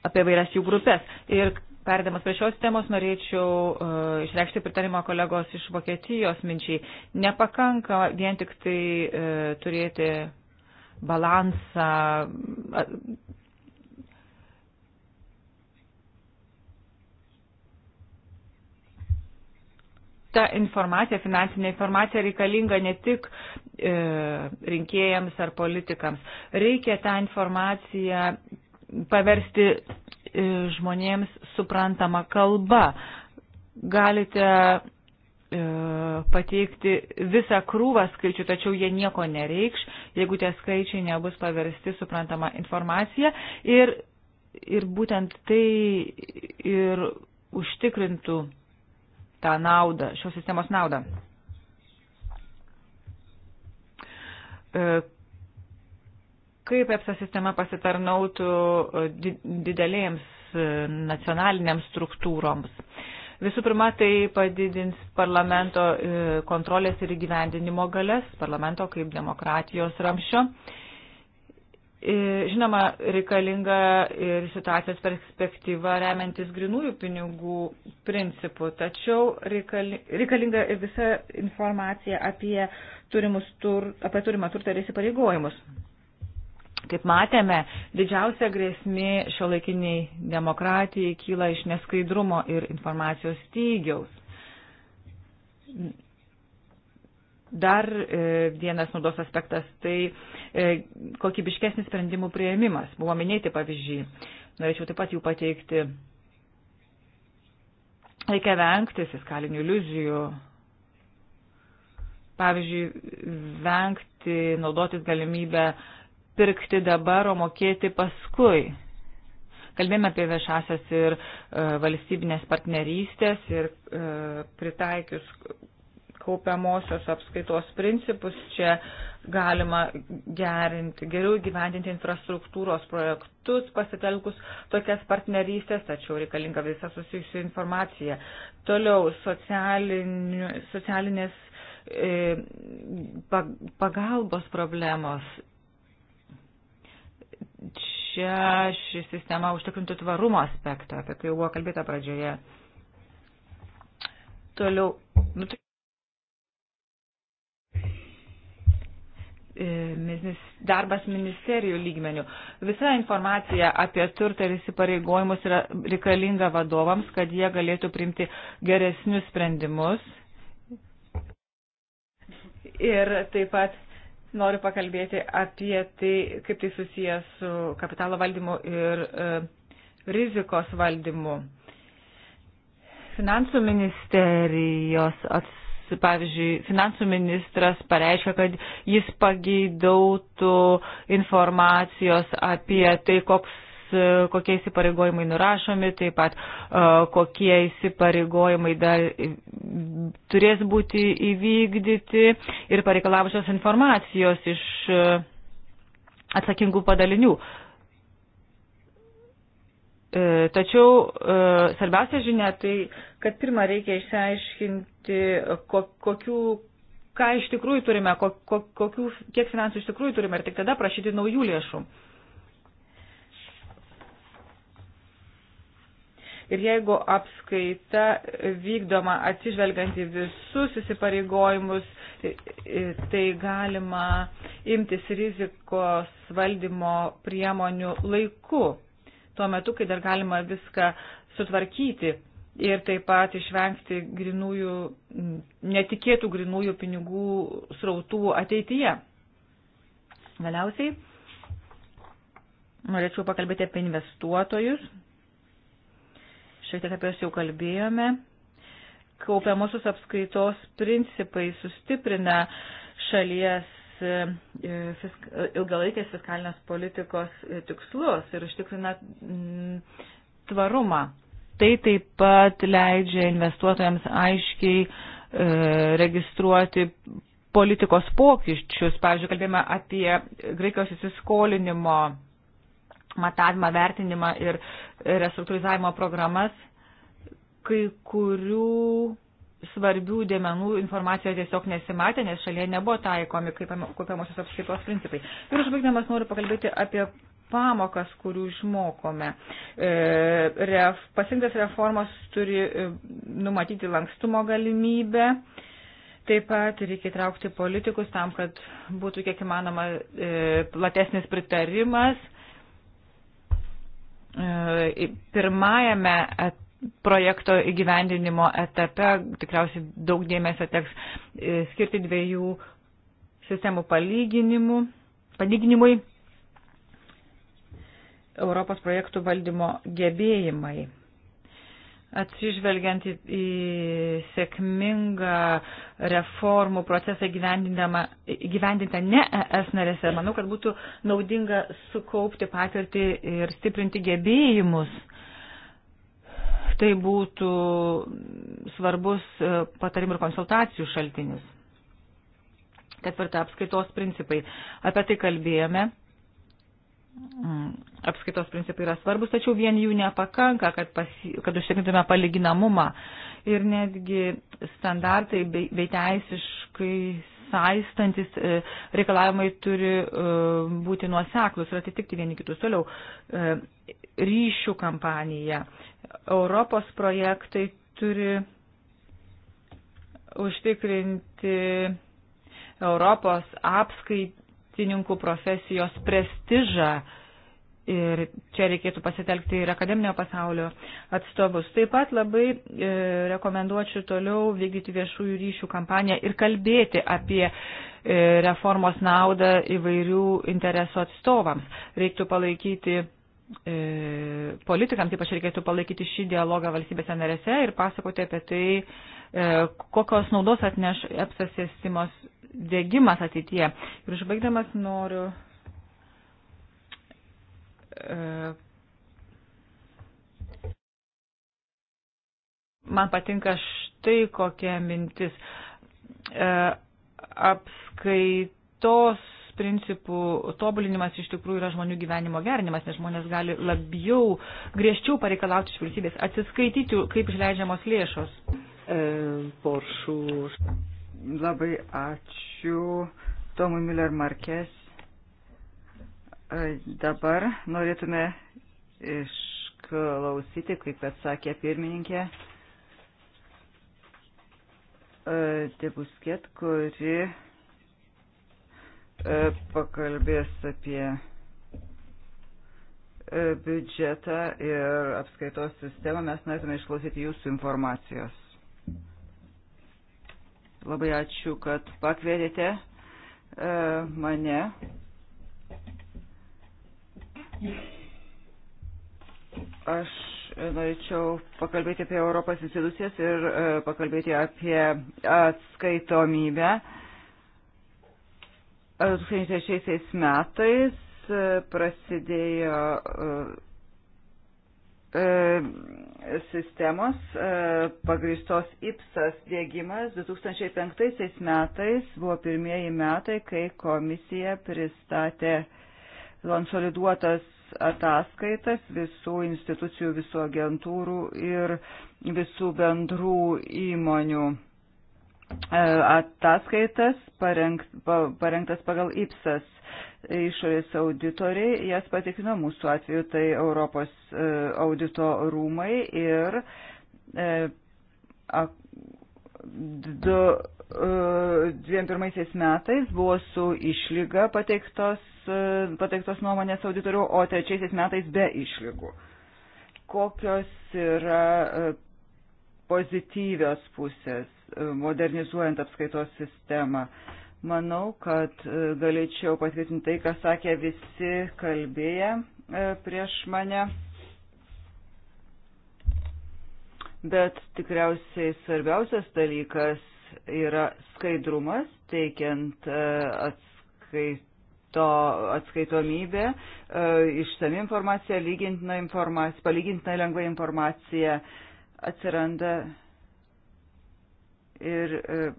apie vairias jų grupės. Ir perdamas prie šios temos norėčiau e, išreikšti pritarimą kolegos iš Vokietijos minčiai. Nepakanka vien tik tai e, turėti balansą ta informacija, finansinė informacija reikalinga ne tik e, rinkėjams ar politikams. Reikia tą informaciją paversti e, žmonėms suprantamą kalbą. Galite e, pateikti visą krūvą skaičių, tačiau jie nieko nereikš, jeigu tie skaičiai nebus paversti suprantama informacija. Ir, ir būtent tai ir užtikrintų tą naudą, šios sistemos naudą. E, kaip EPSA sistema pasitarnautų e, didelėms e, nacionaliniams struktūroms? Visų pirma, tai padidins parlamento kontrolės ir įgyvendinimo galės, parlamento kaip demokratijos ramščio. E, žinoma, reikalinga ir situacijos perspektyva remiantis grinųjų pinigų principų, tačiau reikalinga ir visa informacija apie, tur, apie turimą turtą ir įsipareigojimus. Kaip matėme, didžiausia grėsmė šio laikiniai demokratijai kyla iš neskaidrumo ir informacijos stygiaus. Dar e, vienas naudos aspektas - tai e, kokybiškesnis sprendimų prieimimas. Buvo minėti pavyzdžiai. Norėčiau taip pat jų pateikti. Reikia vengti fiskalinių iliuzijų. Pavyzdžiui, vengti naudotis galimybę pirkti dabar, o mokėti paskui. Kalbėjome apie viešasias ir e, valstybinės partnerystės ir e, pritaikius kaupiamosios apskaitos principus, čia galima gerinti, geriau gyvendinti infrastruktūros projektus, pasitelkus tokias partnerystės, tačiau reikalinga visa susijusi informacija. Toliau socialinės e, pagalbos problemos. Čia ši sistema užtikrintų tvarumo aspektą, apie tai jau buvo kalbėta pradžioje. Toliau, nu, tai E, darbas ministerijų lygmenių. Visa informacija apie turtą ir įsipareigojimus yra reikalinga vadovams, kad jie galėtų priimti geresnius sprendimus. Ir taip pat noriu pakalbėti apie tai, kaip tai susijęs su kapitalo valdymu ir e, rizikos valdymu. Finansų ministerijos atstovai pavyzdžiui, finansų ministras pareiškia, kad jis pageidautų informacijos apie tai, koks kokie įsipareigojimai nurašomi, taip pat e, kokie įsipareigojimai dar turės būti įvykdyti ir pareikalavusios informacijos iš e, atsakingų padalinių. Uh, E, tačiau e, svarbiausia žinia tai, kad pirmą reikia išsiaiškinti, kokių, ką iš tikrųjų turime, kokių, kiek finansų iš tikrųjų turime ir tik tada prašyti naujų lėšų. Ir jeigu apskaita vykdoma atsižvelgiant į visus įsipareigojimus, tai, tai galima imtis rizikos valdymo priemonių laiku tuo metu, kai dar galima viską sutvarkyti ir taip pat išvengti grinųjų, netikėtų grinųjų pinigų srautų ateityje. Galiausiai norėčiau pakalbėti apie investuotojus. Šiek tiek apie juos jau kalbėjome. Kaupiamosios apskaitos principai sustiprina šalies E, fisk, ilgalaikės fiskalinės politikos e, tikslus ir užtikrina tvarumą. Tai taip pat leidžia investuotojams aiškiai e, registruoti politikos pokyčius. Pavyzdžiui, kalbėjome apie Graikijos įsiskolinimo matavimą, vertinimą ir restruktūrizavimo programas, kai kurių svarbių dėmenų informacija tiesiog nesimatė, nes šalyje nebuvo taikomi kaupiamosios apskaitos principai. Ir užbaigdamas noriu pakalbėti apie pamokas, kurių išmokome. E, ref, pasirinktas reformos turi e, numatyti lankstumo galimybę. Taip pat reikia traukti politikus tam, kad būtų kiek įmanoma e, platesnis pritarimas. Pirmajame etape projekto įgyvendinimo etape tikriausiai daug dėmesio teks e, skirti dviejų sistemų palyginimui. Europos projektų valdymo gebėjimai. Atsižvelgiant į, į sėkmingą reformų procesą gyvendintą ne ES narėse, manau, kad būtų naudinga sukaupti patirtį ir stiprinti gebėjimus uh, tai būtų svarbus e, patarimų ir konsultacijų šaltinis. Ketvirta apskaitos principai. Apie tai kalbėjome. Mm, apskaitos principai yra svarbus, tačiau vien jų nepakanka, kad, pasi, kad užtikrintume palyginamumą. Ir netgi standartai bei, bei teisiškai saistantis e, reikalavimai turi e, būti nuoseklus ir atitikti vieni kitus. Toliau ryšių kampanija. Europos projektai turi užtikrinti Europos apskaitininkų profesijos prestižą. Ir čia reikėtų pasitelkti ir akademinio pasaulio atstovus. Taip pat labai e, rekomenduočiau toliau vykdyti viešųjų ryšių kampaniją ir kalbėti apie e, reformos naudą įvairių interesų atstovams. Reiktų palaikyti E, politikams ypač reikėtų palaikyti šį dialogą valstybėse narėse ir pasakoti apie tai, e, kokios naudos atneš EPSAS sistemos dėgymas ateityje. Ir užbaigdamas noriu e, man patinka štai kokia mintis. Apskaitos principų tobulinimas iš tikrųjų yra žmonių gyvenimo gerinimas, nes žmonės gali labiau, griežčiau pareikalauti iš valstybės, atsiskaityti, kaip išleidžiamos lėšos. E, poršų. Labai ačiū Tomui Miller Markės. E, dabar norėtume išklausyti, kaip atsakė pirmininkė. Tebuskėt, e, kuri E, pakalbės apie e, biudžetą ir apskaitos sistemą. Mes norėtume išklausyti jūsų informacijos. Labai ačiū, kad pakvietėte e, mane. Aš norėčiau pakalbėti apie Europos institucijas ir pakalbėti apie atskaitomybę. 2006 metais e, prasidėjo e, e, sistemos pagristos IPSAS dėgymas 2005 metais buvo pirmieji metai, kai komisija pristatė konsoliduotas ataskaitas visų institucijų, visų agentūrų ir visų bendrų įmonių E, ataskaitas parengt, parengtas pagal IPSAS išorės auditoriai, jas patikrino mūsų atveju, tai Europos e, audito rūmai ir e, du, dviem pirmaisiais metais buvo su išlyga pateiktos, pateiktos nuomonės auditorių, o trečiaisiais metais be išlygų. Kokios yra pozityvios pusės E, modernizuojant apskaitos sistemą. Manau, kad e, galėčiau patvirtinti tai, ką sakė visi kalbėję e, prieš mane. Bet tikriausiai svarbiausias dalykas yra skaidrumas, teikiant atskaito, atskaitomybę, išsami informacija, lygintina informacija, palygintina lengva informacija atsiranda Ir e,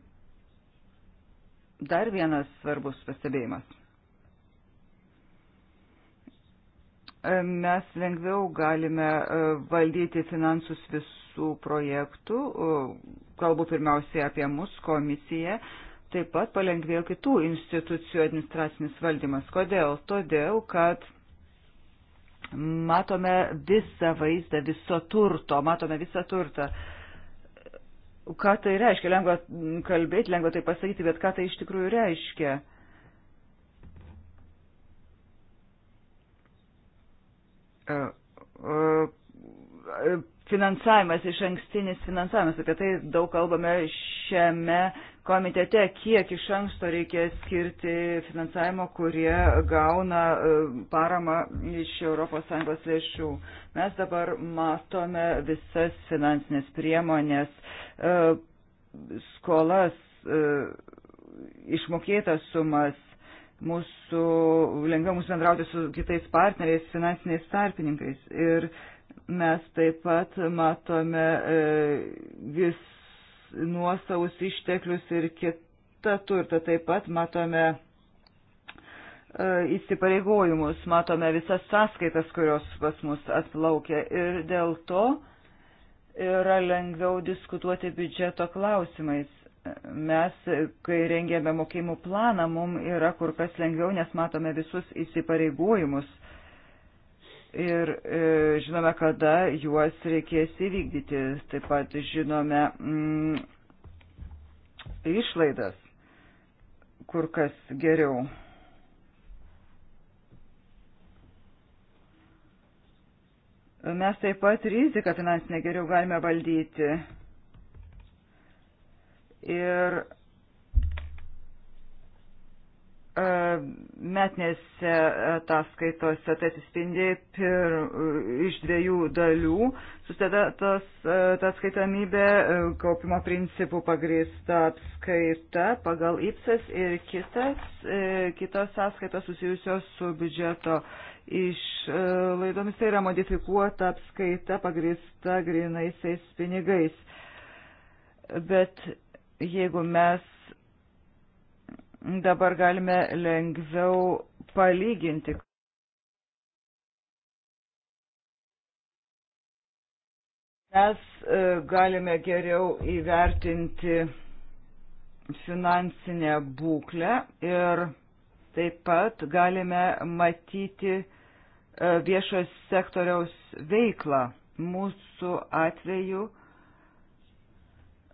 dar vienas svarbus pastebėjimas. E, mes lengviau galime e, valdyti finansus visų projektų, kalbu pirmiausiai apie mus komisiją, taip pat palengvėjo kitų institucijų administracinis valdymas. Kodėl? Todėl, kad matome visą vaizdą, viso turto, matome visą turtą ką tai reiškia. Lengva kalbėti, lengva tai pasakyti, bet ką tai iš tikrųjų reiškia. E, e, finansavimas, iš ankstinis finansavimas, apie tai daug kalbame šiame komitete, kiek iš anksto reikia skirti finansavimo, kurie gauna e, paramą iš ES lėšų. Mes dabar matome visas finansinės priemonės, e, skolas, e, išmokėtas sumas, mūsų, lengviau mūsų bendrauti su kitais partneriais, finansiniais tarpininkais. Ir mes taip pat matome vis nuosavus išteklius ir kitą turtą. Taip pat matome e, įsipareigojimus, matome visas sąskaitas, kurios pas mus atplaukia ir dėl to yra lengviau diskutuoti biudžeto klausimais. Mes, kai rengėme mokymų planą, mums yra kur kas lengviau, nes matome visus įsipareigojimus ir e, žinome, kada juos reikės įvykdyti. Taip pat žinome mm, išlaidas kur kas geriau. Mes taip pat riziką finansinę geriau galime valdyti. Ir E, metinėse ataskaitose tai atsispindi pir, iš dviejų dalių. Susideda tos, e, ta atskaitomybė e, kaupimo principų pagrįsta apskaita pagal IPSAS ir kitas, kitos sąskaitos susijusios su biudžeto išlaidomis. Tai yra modifikuota apskaita pagrįsta grinaisiais pinigais. Bet jeigu mes dabar galime lengviau palyginti. Mes e, galime geriau įvertinti finansinę būklę ir taip pat galime matyti e, viešo sektoriaus veiklą. Mūsų atveju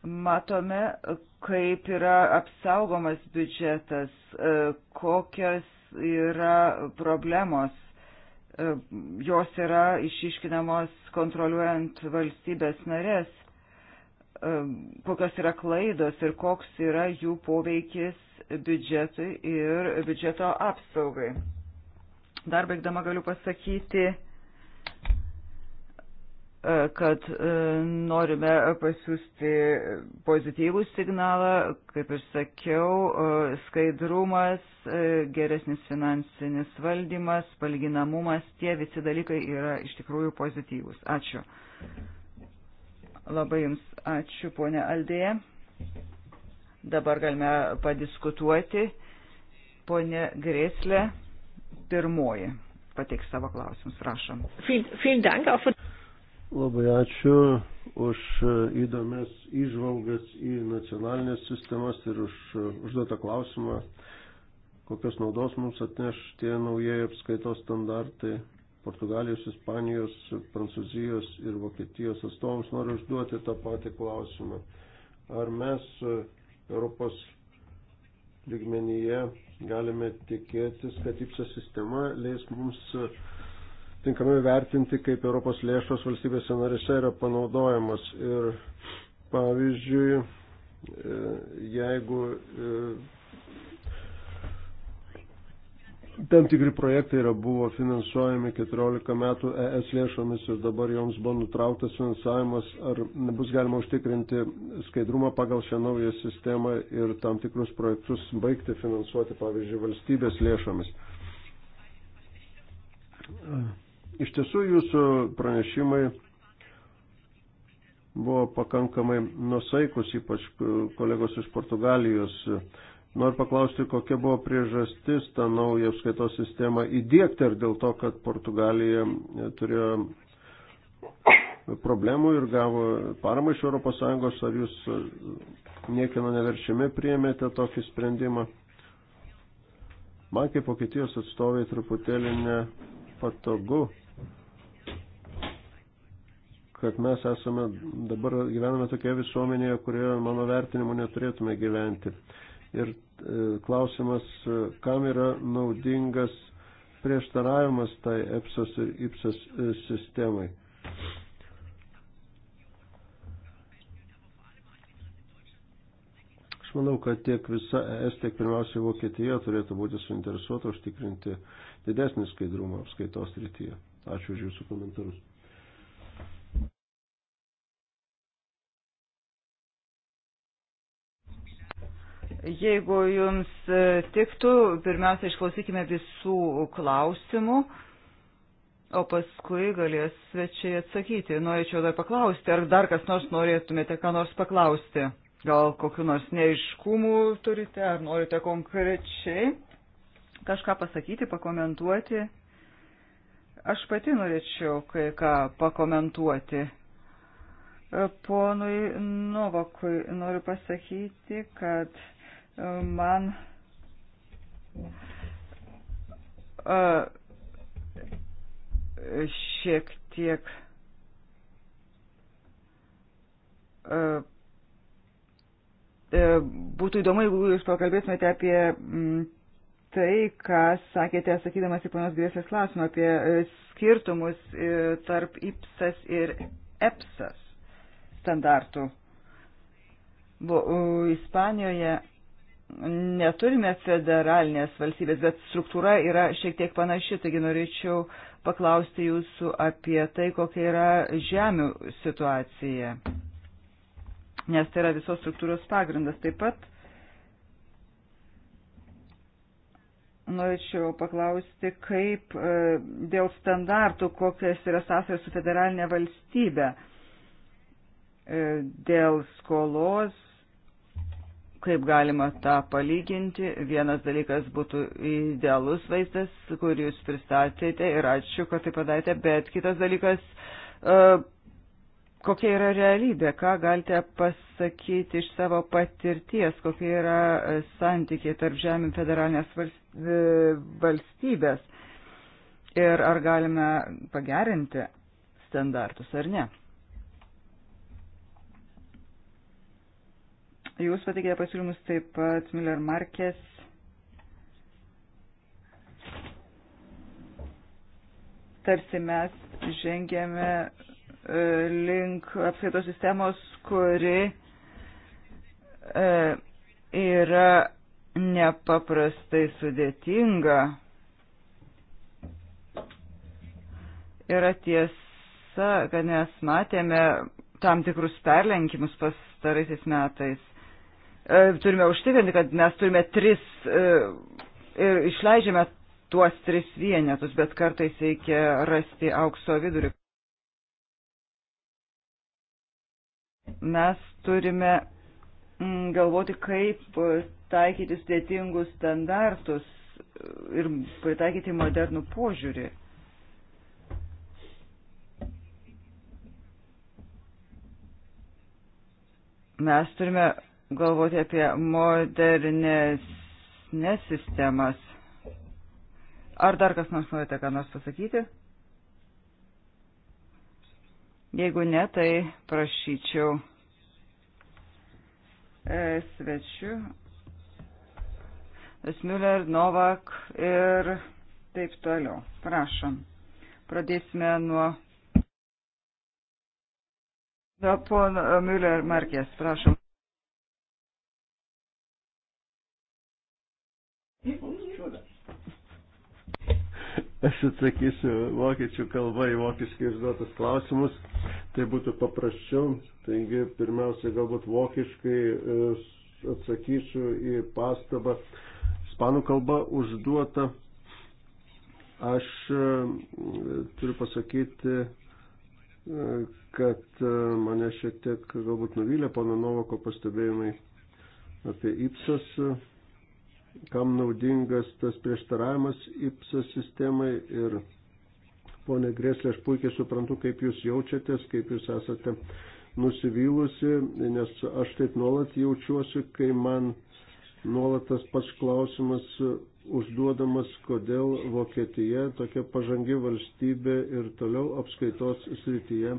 matome, kaip yra apsaugomas biudžetas, e, kokios yra problemos. E, jos yra išiškinamos kontroliuojant valstybės narės, e, kokios yra klaidos ir koks yra jų poveikis biudžetui ir biudžeto apsaugai. Dar baigdama galiu pasakyti, E, kad e, norime pasiūsti pozityvų signalą, kaip ir sakiau, e, skaidrumas, geresnis finansinis valdymas, palyginamumas, tie visi dalykai yra iš tikrųjų pozityvūs. Ačiū. Labai Jums ačiū, ponė Aldėje. Dabar galime padiskutuoti. Pone Grėslė, pirmoji pateiks savo klausimus, prašom. Vielen Dank auch für Labai ačiū už e, įdomias įžvalgas į nacionalinės sistemas ir už e, užduotą klausimą, kokios naudos mums atneš tie naujieji apskaitos standartai. Portugalijos, Ispanijos, Prancūzijos ir Vokietijos atstovams noriu užduoti tą patį klausimą. Ar mes e, Europos lygmenyje galime tikėtis, kad IPSA sistema leis mums uh, tinkamai vertinti, kaip Europos lėšos valstybėse narėse yra panaudojamos. Ir pavyzdžiui, e, jeigu e, tam tikri projektai yra buvo finansuojami 14 metų ES lėšomis ir dabar joms buvo nutrauktas finansavimas, ar bus galima užtikrinti skaidrumą pagal šią naują sistemą ir tam tikrus projektus baigti finansuoti, pavyzdžiui, valstybės lėšomis. Iš tiesų jūsų pranešimai buvo pakankamai nusaikus, ypač kolegos iš Portugalijos. Noriu paklausti, kokia buvo priežastis tą naują apskaitos sistemą įdėkti, ar dėl to, kad Portugalija turėjo problemų ir gavo paramą iš ES, ar jūs niekino neveršimi priėmėte tokį sprendimą. Man kaip Vokietijos atstovai truputėlį nepatogu kad mes esame dabar gyvename tokioje visuomenėje, kurioje mano vertinimu neturėtume gyventi. Ir e, klausimas, e, kam yra naudingas prieštaravimas tai EPSOS ir IPSOS e, sistemai. Aš manau, kad tiek visa ES, tiek pirmiausiai Vokietija turėtų būti suinteresuota užtikrinti didesnį skaidrumą apskaitos rytyje. Ačiū už Jūsų komentarus. Jeigu jums e, tiktų, pirmiausia, išklausykime visų klausimų, o paskui galės svečiai atsakyti. Norėčiau dar paklausti, ar dar kas nors norėtumėte ką nors paklausti. Gal kokiu nors neiškumų turite, ar norite konkrečiai kažką pasakyti, pakomentuoti. Aš pati norėčiau kai ką pakomentuoti. E, ponui Novakui noriu pasakyti, kad man šiek tiek e, būtų įdomu, jeigu jūs pakalbėtumėte apie mm, tai, ką sakėte, sakydamas į panos grėsės klausimą apie e, skirtumus e, tarp IPSAS ir EPSAS standartų. Buvo Ispanijoje neturime federalinės valstybės, bet struktūra yra šiek tiek panaši, taigi norėčiau paklausti jūsų apie tai, kokia yra žemių situacija, nes tai yra visos struktūros pagrindas. Taip pat norėčiau paklausti, kaip e, dėl standartų, kokias yra sąsajos su federalinė valstybė, e, dėl skolos kaip galima tą palyginti. Vienas dalykas būtų idealus vaizdas, kurį jūs pristatėte ir ačiū, kad tai padarėte, bet kitas dalykas, e, kokia yra realybė, ką galite pasakyti iš savo patirties, kokie yra e, santykiai tarp žemė federalinės e, valstybės ir ar galime pagerinti standartus ar ne. Jūs pateikėte pasiūlymus taip pat Miller Markės. Tarsi mes žengėme e, link apskaitos sistemos, kuri e, yra nepaprastai sudėtinga. Yra tiesa, kad mes matėme tam tikrus perlenkimus pastaraisiais metais. E, turime užtikrinti, kad mes turime tris ir e, e, išleidžiame tuos tris vienetus, bet kartais reikia rasti aukso vidurį. Mes turime mm, galvoti, kaip taikyti sudėtingus standartus ir pritaikyti modernų požiūrį. Mes turime galvoti apie modernesnės sistemas. Ar dar kas nors norite ką nors pasakyti? Jeigu ne, tai prašyčiau e, svečių. Smiuler, Novak ir taip toliau. Prašom. Pradėsime nuo Pon Müller Markės, prašom. Aš atsakysiu vokiečių kalba į vokiškai užduotus klausimus, tai būtų paprasčiau. Taigi, pirmiausia, galbūt vokiškai e, atsakysiu į pastabą ispanų kalba užduotą. Aš e, turiu pasakyti, e, kad mane šiek tiek galbūt nuvylė pono Novako pastebėjimai apie Ipsos kam naudingas tas prieštaravimas IPSA sistemai ir ponė Greslė, aš puikiai suprantu, kaip jūs jaučiatės, kaip jūs esate nusivylusi, nes aš taip nuolat jaučiuosi, kai man nuolat tas pats klausimas užduodamas, kodėl Vokietija, tokia pažangi valstybė ir toliau apskaitos srityje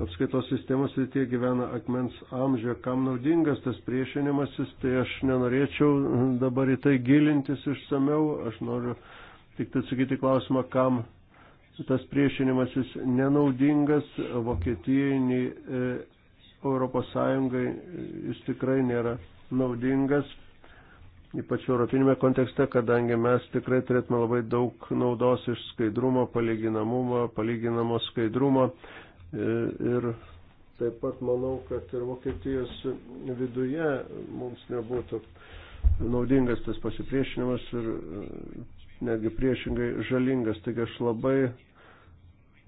apskaitos sistemos ir tie gyvena akmens amžiuje. Kam naudingas tas priešinimasis, tai aš nenorėčiau dabar į tai gilintis išsameu, aš noriu tik tai atsakyti klausimą, kam tas priešinimasis nenaudingas Vokietijai, nei e, Europos Sąjungai jis tikrai nėra naudingas. Ypač europinėme kontekste, kadangi mes tikrai turėtume labai daug naudos iš skaidrumo, palyginamumo, palyginamo skaidrumo, E, ir taip pat manau, kad ir Vokietijos viduje mums nebūtų naudingas tas pasipriešinimas ir e, netgi priešingai žalingas. Taigi aš labai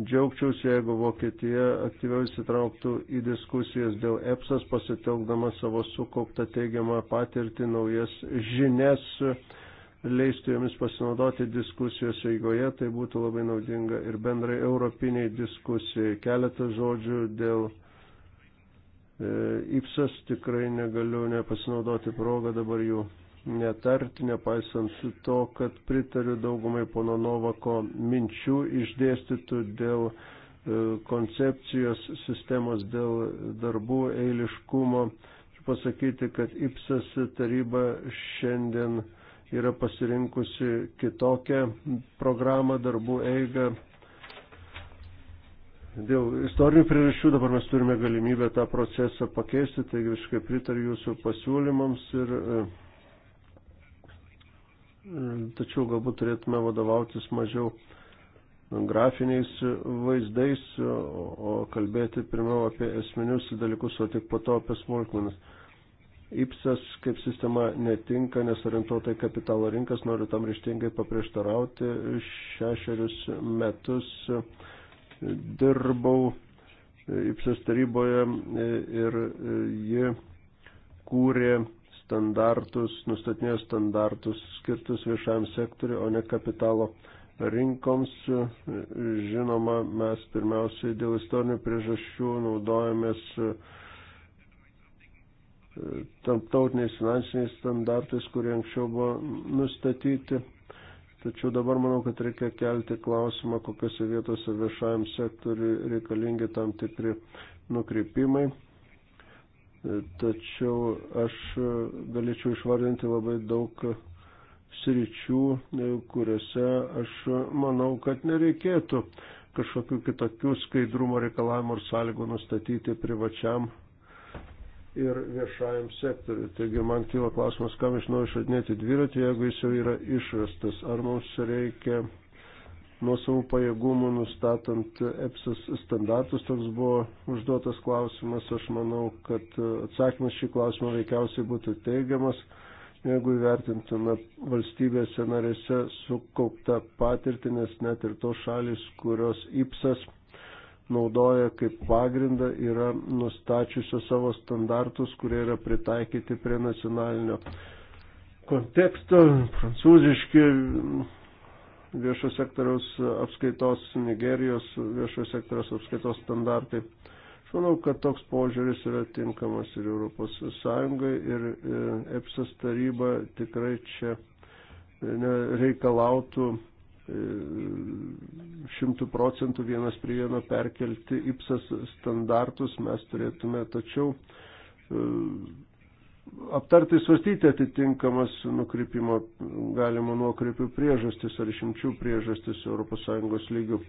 džiaugčiausi, jeigu Vokietija aktyviau įsitrauktų į diskusijas dėl EPSAS, pasitelkdama savo sukauptą teigiamą patirtį, naujas žinias leistų jomis pasinaudoti diskusijos eigoje, tai būtų labai naudinga ir bendrai europiniai diskusijai. Keletą žodžių dėl e, IPSAS tikrai negaliu nepasinaudoti progą dabar jų netarti, nepaisant to, kad pritariu daugumai pono Novako minčių išdėstytų dėl e, koncepcijos sistemos, dėl darbų eiliškumo. Pasakyti, kad IPSAS taryba šiandien e, yra pasirinkusi kitokią programą, darbų eigą. Dėl istorinių priežasčių dabar mes turime galimybę tą procesą pakeisti, taigi visiškai pritariu jūsų pasiūlymams ir e, tačiau galbūt turėtume vadovautis mažiau grafiniais vaizdais, o kalbėti pirmiau apie esminius dalykus, o tik po to apie smulkmenas. IPSAS kaip sistema netinka, nes orientuota į kapitalo rinkas, noriu tam ryštingai paprieštarauti. Šešerius metus dirbau IPSAS taryboje ir ji kūrė standartus, nustatinėjo standartus skirtus viešajam sektoriu, o ne kapitalo rinkoms. Žinoma, mes pirmiausiai dėl istorinių priežasčių naudojamės tarptautiniais finansiniais standartais, kurie anksčiau buvo nustatyti. Tačiau dabar manau, kad reikia kelti klausimą, kokiose vietose viešajam sektoriui reikalingi tam tikri nukreipimai. Tačiau aš galėčiau išvardinti labai daug sričių, kuriuose aš manau, kad nereikėtų kažkokių kitokių skaidrumo reikalavimų ir sąlygų nustatyti privačiam ir viešajam sektoriu. Taigi man kyla klausimas, kam iš naujo išradinėti dviratį, jeigu jis jau yra išrastas. Ar mums reikia nuo savo pajėgumų nustatant EPSIS standartus, toks buvo užduotas klausimas. Aš manau, kad atsakymas šį klausimą veikiausiai būtų teigiamas, jeigu įvertintume valstybėse narėse sukauptą patirtį, nes net ir tos šalis, kurios IPSAS naudoja kaip pagrindą, yra nustačiusios savo standartus, kurie yra pritaikyti prie nacionalinio konteksto. Prancūziški viešo sektoriaus apskaitos, Nigerijos viešo sektoriaus apskaitos standartai. Aš manau, kad toks požiūris yra tinkamas ir Europos Sąjungai ir e, EPSAS taryba tikrai čia e, reikalautų E, šimtų procentų vienas prie vieno perkelti IPSAS standartus mes turėtume tačiau e, aptartai svarstyti atitinkamas nukrypimo galimo nuokrypių priežastis ar išimčių priežastis ES lygių.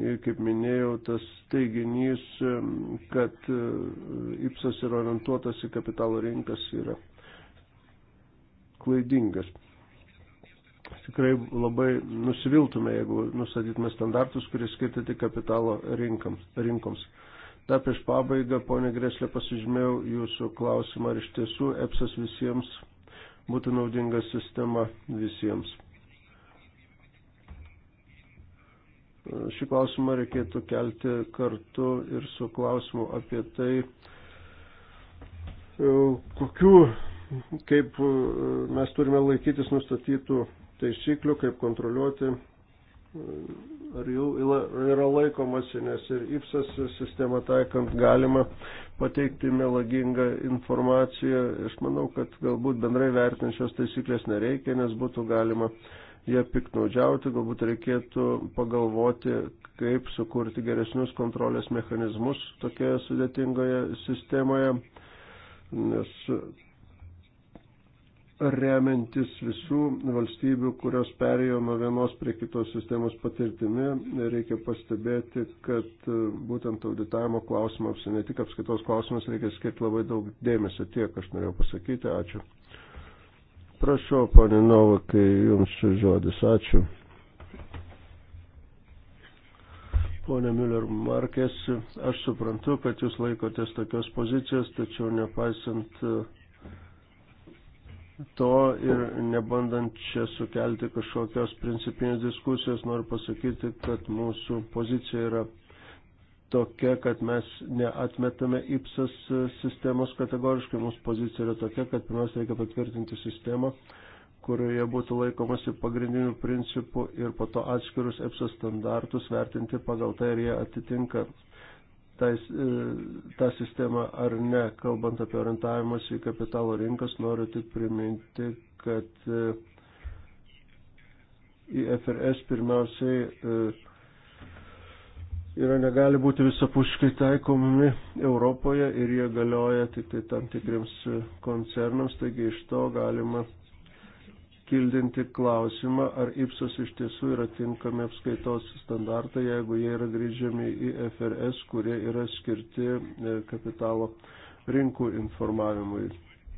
Ir kaip minėjau, tas teiginys, e, kad IPSAS yra orientuotas į kapitalo rinkas yra klaidingas tikrai labai nusiviltume, jeigu nustatytume standartus, kurie skirti tik kapitalo rinkams, rinkoms. Dar prieš pabaigą, ponė Greslė, pasižymėjau jūsų klausimą, ar iš tiesų EPSAS visiems būtų naudinga sistema visiems. Šį klausimą reikėtų kelti kartu ir su klausimu apie tai, e, kokiu, kaip e, mes turime laikytis nustatytų taisyklių, kaip kontroliuoti, ar jų yra laikomasi, nes ir IPSAS sistema taikant galima pateikti melagingą informaciją. Aš manau, kad galbūt bendrai vertinant šios taisyklės nereikia, nes būtų galima jie piknaudžiauti, galbūt reikėtų pagalvoti, kaip sukurti geresnius kontrolės mechanizmus tokioje sudėtingoje sistemoje, nes remiantis visų valstybių, kurios perėjo nuo vienos prie kitos sistemos patirtimi, reikia pastebėti, kad e, būtent auditavimo klausimams, ne tik apskaitos klausimams, reikia skirti labai daug dėmesio. Tiek aš norėjau pasakyti. Ačiū. Prašau, ponė Novakai, jums šis žodis. Ačiū. Pone Miller Markės, aš suprantu, kad jūs laikotės tokios pozicijos, tačiau nepaisant uh, to ir nebandant čia sukelti kažkokios principinės diskusijos, noriu pasakyti, kad mūsų pozicija yra tokia, kad mes neatmetame IPSAS sistemos kategoriškai, mūsų pozicija yra tokia, kad pirmiausia reikia patvirtinti sistemą, kurioje būtų laikomasi pagrindinių principų ir po to atskirus EPSAS standartus vertinti pagal tai, ar jie atitinka tais, e, tą sistemą ar ne. Kalbant apie orientavimus į kapitalo rinkas, noriu tik priminti, kad e, į FRS pirmiausiai e, yra negali būti visapuškai taikomami Europoje ir jie galioja tik tai tam tikriems koncernams, taigi iš to galima kildinti klausimą, ar IPSOS iš tiesų yra tinkami apskaitos standartai, jeigu jie yra grįžiami į FRS, kurie yra skirti e, kapitalo rinkų informavimui.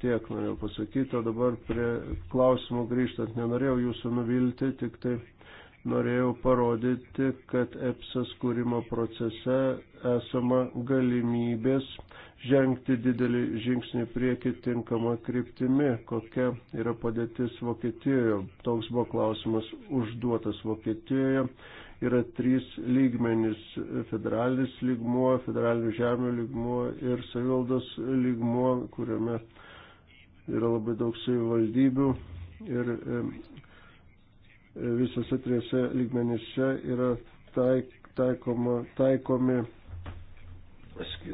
Tiek norėjau pasakyti, o dabar prie klausimų grįžtant nenorėjau jūsų nuvilti, tik tai norėjau parodyti, kad EPSAS kūrimo procese esama galimybės žengti didelį žingsnį prieki tinkamą kryptimi, kokia yra padėtis Vokietijoje. Toks buvo klausimas užduotas Vokietijoje. Yra trys lygmenys - federalinis lygmuo, federalinių žemė lygmuo ir savivaldos lygmuo, kuriame yra labai daug savivaldybių. Ir visose trijose lygmenyse yra taik, taikoma, taikomi,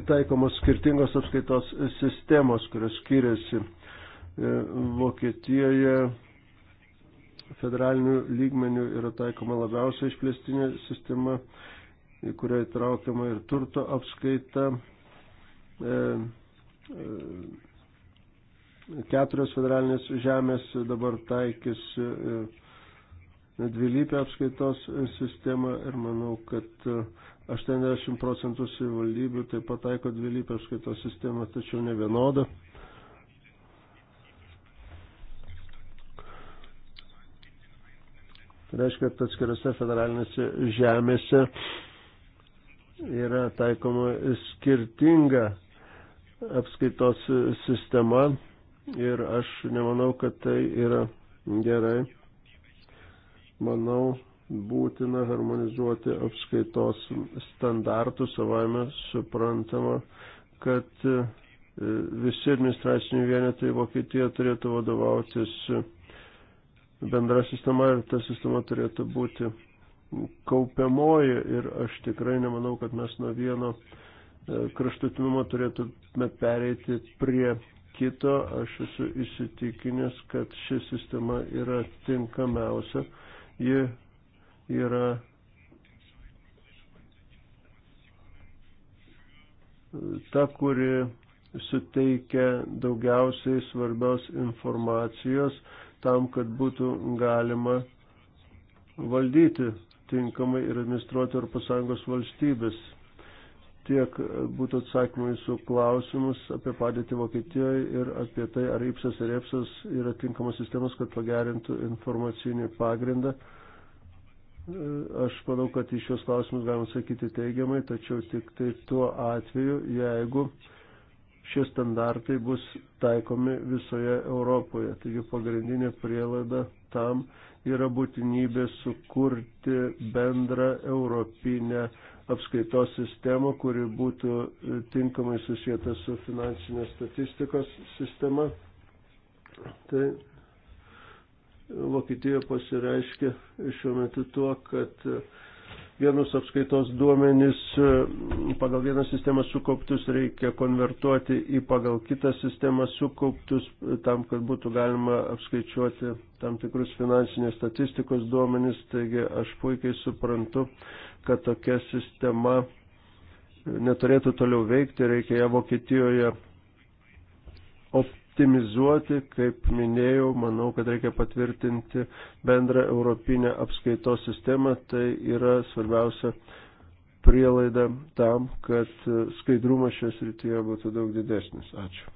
taikomos skirtingos apskaitos sistemos, kurios skiriasi. E, Vokietijoje federalinių lygmenių yra taikoma labiausiai išplėstinė sistema, į kurią įtraukiama ir turto apskaita. E, e, keturios federalinės žemės dabar taikys e, dvilypę apskaitos sistemą ir manau, kad 80 e, procentų savivaldybių taip pat taiko dvilypę apskaitos sistemą, tačiau ne vienodą. Tai reiškia, kad atskirose federalinėse žemėse yra taikoma skirtinga apskaitos sistema ir aš nemanau, kad tai yra gerai manau, būtina harmonizuoti apskaitos standartus savame suprantama, kad e, visi administraciniai vienetai Vokietija turėtų vadovautis e, bendra sistema ir ta sistema turėtų būti kaupiamoji ir aš tikrai nemanau, kad mes nuo vieno e, kraštutinumo turėtume pereiti prie kito. Aš esu įsitikinęs, kad ši sistema yra tinkamiausia Ji yra ta, kuri suteikia daugiausiai svarbios informacijos tam, kad būtų galima valdyti tinkamai ir administruoti Europos Sąjungos valstybės tiek būtų atsakymai su klausimus apie padėtį Vokietijoje ir apie tai, ar IPSAS ir EPSAS yra tinkamos sistemos, kad pagerintų informacinį pagrindą. Aš manau, kad iš šios klausimus galima sakyti teigiamai, tačiau tik tai tuo atveju, jeigu šie standartai bus taikomi visoje Europoje. Taigi pagrindinė prielaida tam yra būtinybė sukurti bendrą europinę apskaitos sistemą, kuri būtų e, tinkamai susijęta su finansinė statistikos sistema. Tai Vokietija pasireiškia šiuo metu tuo, kad e, vienus apskaitos duomenis e, pagal vieną sistemą sukauptus reikia konvertuoti į pagal kitą sistemą sukauptus e, tam, kad būtų galima apskaičiuoti tam tikrus finansinės statistikos duomenis. Taigi aš puikiai suprantu, kad tokia sistema e, neturėtų toliau veikti, reikia ją Vokietijoje op optimizuoti, kaip minėjau, manau, kad reikia patvirtinti bendrą europinę apskaitos sistemą, tai yra svarbiausia prielaida tam, kad skaidrumas šioje srityje būtų daug didesnis. Ačiū.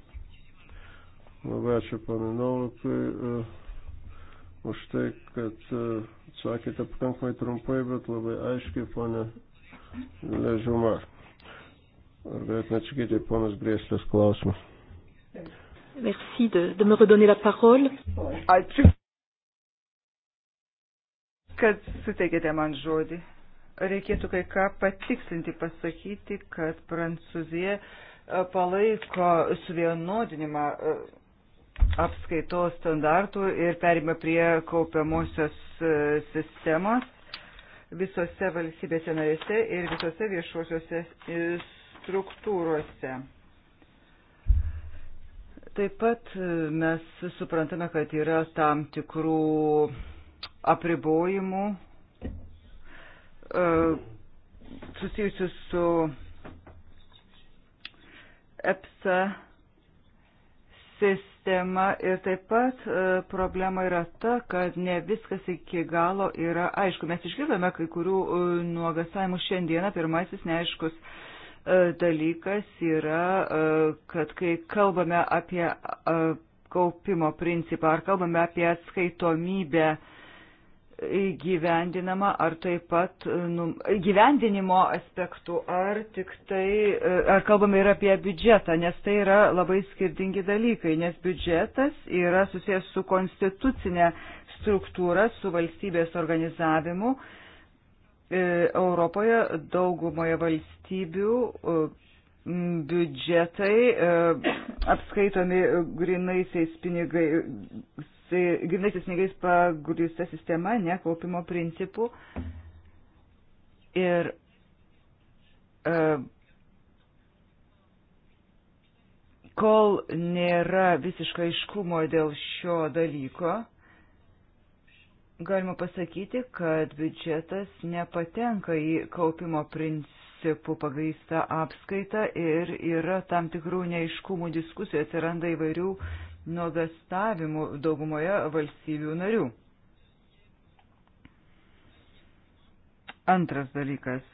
Labai ačiū paminolukui uh, už tai, kad atsakėte uh, pakankamai trumpai, bet labai aiškiai, ponė Ležumar. Ar galėtume atsakyti ponas Grėslės klausimą? Taip. Merci de, de me redonner la parole. Ačiū, kad suteikėte man žodį. Reikėtų kai ką patikslinti, pasakyti, kad Prancūzija e, palaiko suvienodinimą e, apskaitos standartų ir perima prie kaupiamosios e, sistemos visose valstybėse narėse ir visose viešuosiuose struktūrose. Taip pat e, mes suprantame, kad yra tam tikrų apribojimų e, susijusių su EPSA sistema ir taip pat e, problema yra ta, kad ne viskas iki galo yra aišku. Mes išgirdome kai kurių nuogasavimų šiandieną, pirmasis neaiškus E, dalykas yra, e, kad kai kalbame apie e, kaupimo principą ar kalbame apie atskaitomybę, įgyvendinama ar taip pat nu, gyvendinimo aspektų, ar tik tai, ar kalbame ir apie biudžetą, nes tai yra labai skirtingi dalykai, nes biudžetas yra susijęs su konstitucinė struktūra, su valstybės organizavimu, uh, E, Europoje daugumoje valstybių e, biudžetai e, apskaitomi grinaisiais pinigais, grinaisiais pinigais pagrįsta sistema, nekaupimo principų. Ir kol nėra visiškai aiškumo dėl šio dalyko, Galima pasakyti, kad biudžetas nepatenka į kaupimo principų pagrįstą apskaitą ir yra tam tikrų neiškumų diskusijų, atsiranda įvairių nuogastavimų daugumoje valstybių narių. Antras dalykas.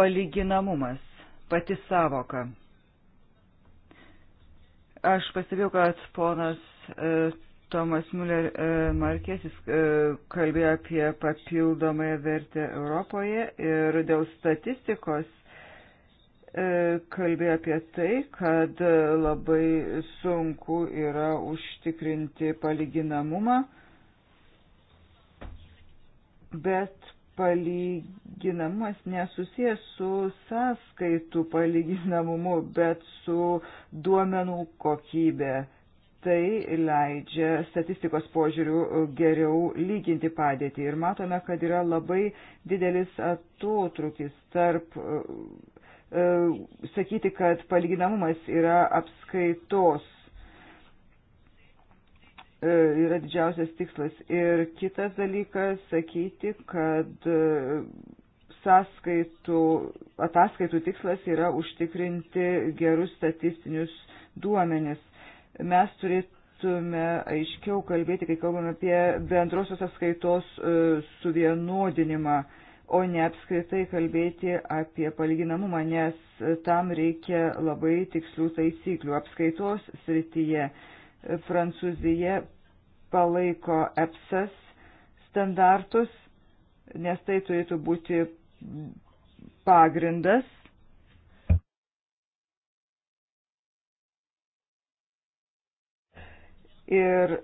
Palyginamumas, pati savoka. Aš pastebėjau, kad ponas e, Tomas Müller e, Markėsis e, kalbėjo apie papildomąją vertę Europoje ir dėl statistikos e, kalbėjo apie tai, kad labai sunku yra užtikrinti palyginamumą, bet palyginamas nesusijęs su sąskaitų palyginamumu, bet su duomenų kokybė. Tai leidžia statistikos požiūrių geriau lyginti padėtį. Ir matome, kad yra labai didelis atotrukis tarp e, e, sakyti, kad palyginamumas yra apskaitos E, yra didžiausias tikslas. Ir kitas dalykas - sakyti, kad e, sąskaitų, ataskaitų tikslas yra užtikrinti gerus statistinius duomenis. Mes turėtume aiškiau kalbėti, kai kalbame apie bendrosios apskaitos e, suvienodinimą, o ne apskritai kalbėti apie palyginamumą, nes tam reikia labai tikslių taisyklių apskaitos srityje. Prancūzija palaiko EPSAS standartus, nes tai turėtų būti pagrindas. Ir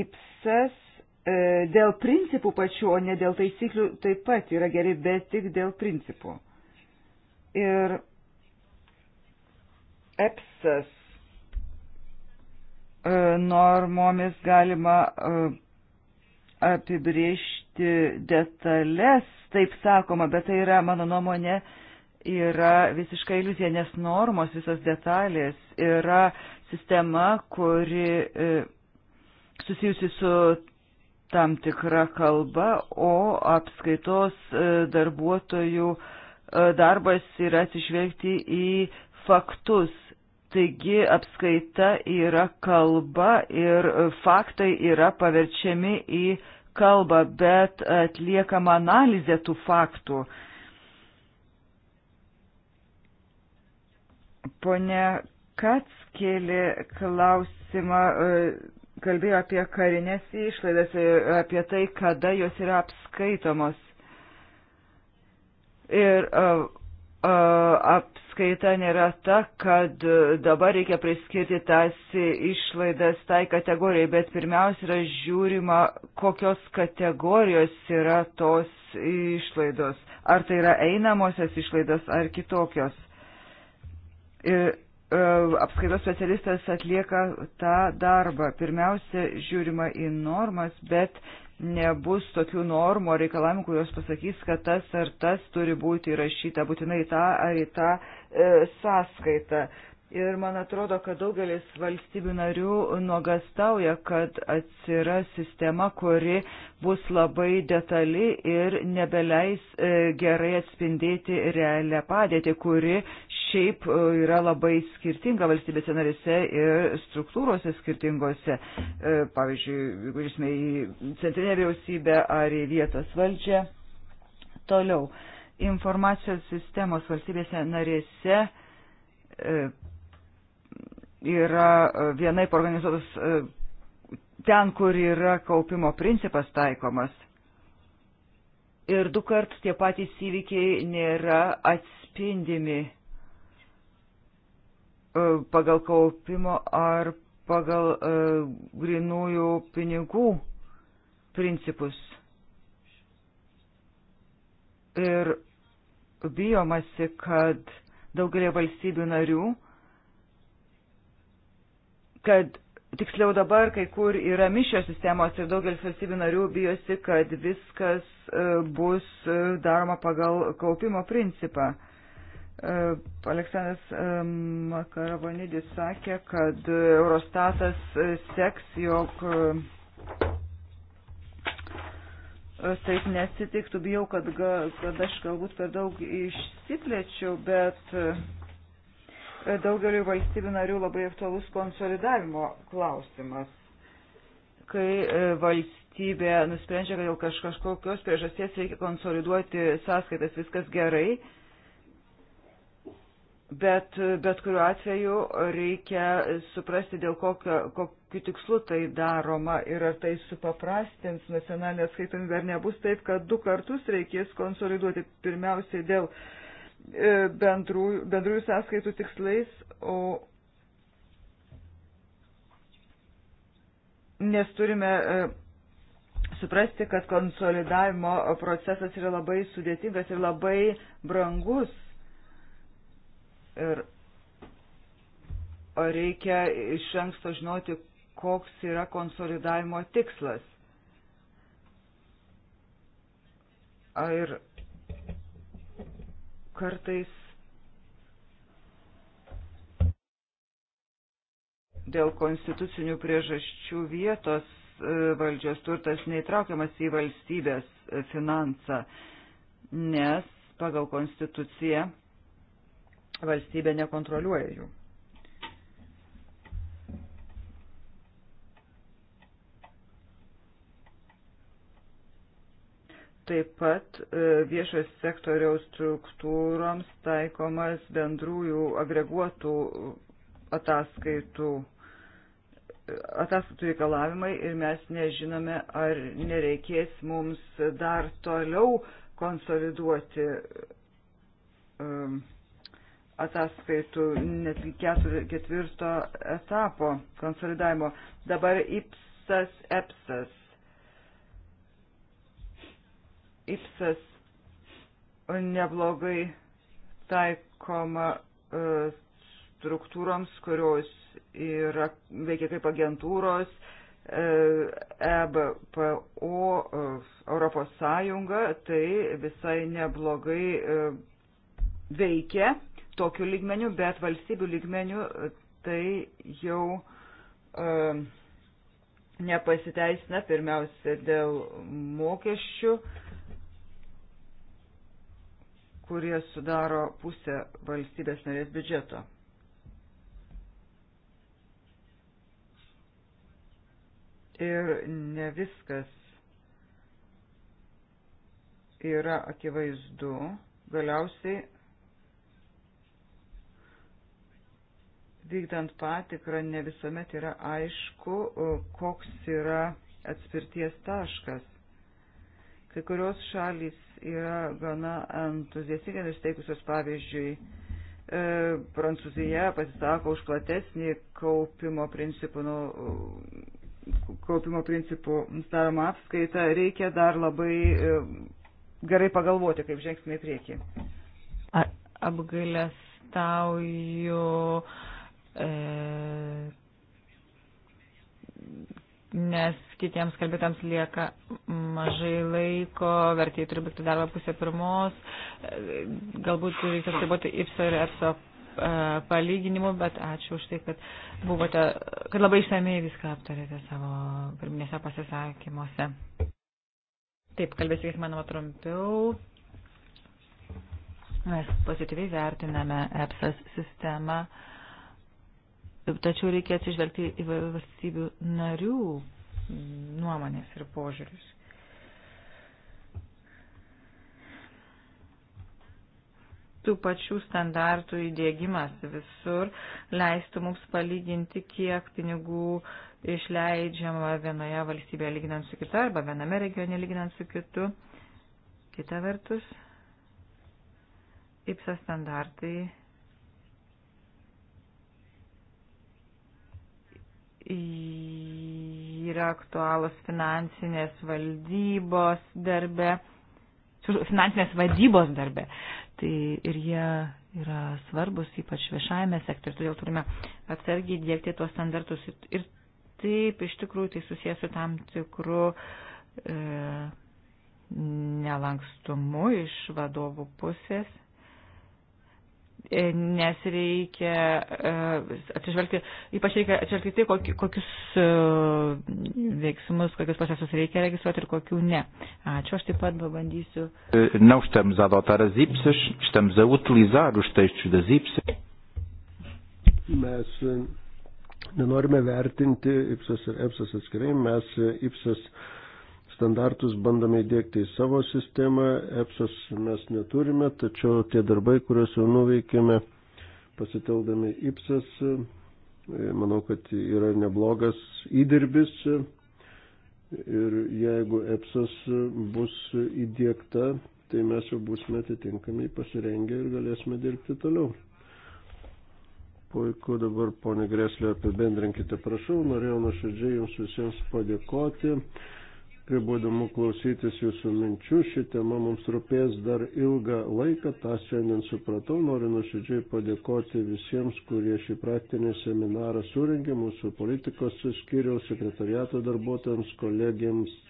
IPSAS e, dėl principų pačių, o ne dėl taisyklių taip pat yra geri, bet tik dėl principų. Ir EPSAS E, normomis galima e, apibriežti detalės, taip sakoma, bet tai yra, mano nuomonė, yra visiška iliuzija, nes normos, visos detalės yra sistema, kuri e, susijusi su tam tikra kalba, o apskaitos darbuotojų darbas yra atsižvelgti į faktus Taigi apskaita yra kalba ir faktai yra paverčiami į kalbą, bet atliekama analizė tų faktų. Pone Kats kėlė klausimą, e, kalbėjo apie karinės išlaidas, apie tai, kada jos yra apskaitomos. Ir uh, apskaita nėra ta, kad e, dabar reikia priskirti tas išlaidas tai kategorijai, bet pirmiausia yra žiūrima, kokios kategorijos yra tos išlaidos. Ar tai yra einamosios išlaidos ar kitokios. Ir E, apskaitos specialistas atlieka tą darbą. Pirmiausia, žiūrima į normas, bet nebus tokių normų ar reikalavimų, kurios pasakys, kad tas ar tas turi būti įrašyta būtinai tą ar į tą e, sąskaitą. Ir man atrodo, kad daugelis valstybių narių nuogastauja, kad atsiras sistema, kuri bus labai detali ir nebeleis e, gerai atspindėti realią padėtį, kuri šiaip e, yra labai skirtinga valstybėse narėse ir struktūrose skirtingose. E, pavyzdžiui, jeigu žiūrėsime į centrinę vyriausybę ar į vietos valdžią. Toliau, informacijos sistemos valstybėse narėse yra e, vienaip organizuotos e, ten, kur yra kaupimo principas taikomas. Ir du kart tie patys įvykiai nėra atspindimi e, pagal kaupimo ar pagal grinųjų pinigų principus. Ir bijomasi, kad daugelį valstybių narių kad tiksliau dabar kai kur yra mišio sistemos ir daugelis valstybių narių bijosi, kad viskas e, bus e, daroma pagal kaupimo principą. E, Aleksandras Makaravonidis sakė, kad Eurostatas seks, jog taip nesitiktų, bijau, kad, kad aš galbūt per daug išsiplečiau, bet daugeliu valstybių narių labai aktualus konsolidavimo klausimas, kai e, valstybė nusprendžia, kad dėl kaž, kažkokios priežasties reikia konsoliduoti sąskaitas, viskas gerai, bet bet kuriuo atveju reikia suprasti, dėl kokio, kokiu tikslu tai daroma ir ar tai supaprastins nacionalinę skaitomybę, ar nebus taip, kad du kartus reikės konsoliduoti pirmiausiai dėl uh, E, bendrųjų, bendrųjų sąskaitų tikslais, o nes turime e, suprasti, kad konsolidavimo procesas yra labai sudėtingas ir labai brangus. Ir reikia iš anksto žinoti, koks yra konsolidavimo tikslas. Ir kartais dėl konstitucinių priežasčių vietos e, valdžios turtas neįtraukiamas į valstybės e, finansą, nes pagal konstituciją valstybė nekontroliuoja jų. Taip pat e, viešo sektoriaus struktūroms taikomas bendrųjų agreguotų ataskaitų e, ataskaitų reikalavimai ir mes nežinome, ar nereikės mums dar toliau konsoliduoti um, ataskaitų net ketvirto etapo konsolidavimo. Dabar IPSAS, EPSAS IPSAS neblogai taikoma e, struktūroms, kurios yra, veikia kaip agentūros, EBPO, e e, Europos Sąjunga, tai visai neblogai veikia tokiu lygmeniu, bet valstybių lygmeniu tai jau nepasiteisina pirmiausia dėl mokesčių kurie sudaro pusę valstybės narės biudžeto. Ir ne viskas yra akivaizdu. Galiausiai vykdant patikrą ne visuomet yra aišku, koks yra atspirties taškas. Kai kurios šalys yra gana entuziastingai nusteikusios, pavyzdžiui, e, Prancūzija pasisako už platesnį kaupimo principų, nu, kaupimo principų daromą apskaitą, reikia dar labai e, gerai pagalvoti, kaip žengsime į priekį. Apgailestauju, e, nes kitiems kalbėtams lieka mažai laiko, vertėjai turi baigti darbą pusę pirmos, galbūt reikia atsiboti IPSO ir EPSO e, palyginimų, bet ačiū už tai, kad buvote, kad labai išsamei viską aptarėte savo pirminėse pasisakymuose. Taip, kalbėsiu, kiek manoma, trumpiau. Mes pozityviai vertiname EPSAS sistemą, tačiau reikia atsižvelgti į valstybių narių nuomonės ir požiūrius. Tų pačių standartų įdėgymas visur leistų mums palyginti, kiek pinigų išleidžiama vienoje valstybėje lyginant su kita arba viename regione lyginant su kitu. Kita vertus, IPSA standartai yra aktualūs finansinės valdybos darbe, finansinės vadybos darbe. Tai ir jie yra svarbus, ypač viešajame sektoriuje, todėl turime atsargiai dėkti tuos standartus. Ir taip, iš tikrųjų, tai susijęs su tam tikru e, nelankstumu iš vadovų pusės E, nes reikia e, atsižvelgti, ypač reikia atsižvelgti tai, kokius e, veiksmus, kokius procesus reikia registruoti ir kokių ne. Ačiū, aš taip pat pabandysiu. Não estamos a adotar as IPSAS, estamos a utilizar os textos das IPSAS. Mes eh, nenorime vertinti IPSAS ir EPSAS atskirai, mes IPSAS eh, standartus bandome įdėkti į savo sistemą. EPSOS mes neturime, tačiau tie darbai, kuriuos jau nuveikėme pasiteldami IPSAS, e, manau, kad yra neblogas įdirbis. Ir jeigu EPSAS bus įdėkta, tai mes jau būsime atitinkamai pasirengę ir galėsime dirbti toliau. Puiku, dabar ponė Greslio apibendrinkite, prašau, norėjau nuoširdžiai Jums visiems padėkoti ir buvo įdomu klausytis jūsų minčių. Ši tema mums rūpės dar ilgą laiką, tą šiandien supratau. Noriu nuoširdžiai padėkoti visiems, kurie šį praktinį seminarą suringė, mūsų politikos skyriaus, sekretariato darbuotojams,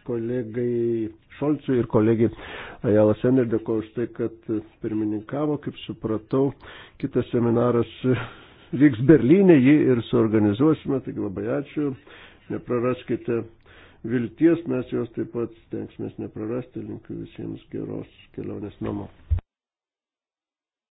kolegai Šolcui ir kolegai Ajala Sener. Dėkuoju už tai, kad pirmininkavo, kaip supratau. Kitas seminaras vyks Berlyne, jį ir suorganizuosime, taigi labai ačiū. Nepraraskite vilties mes jos taip pat stengsime neprarasti. Linkiu visiems geros kelionės namo.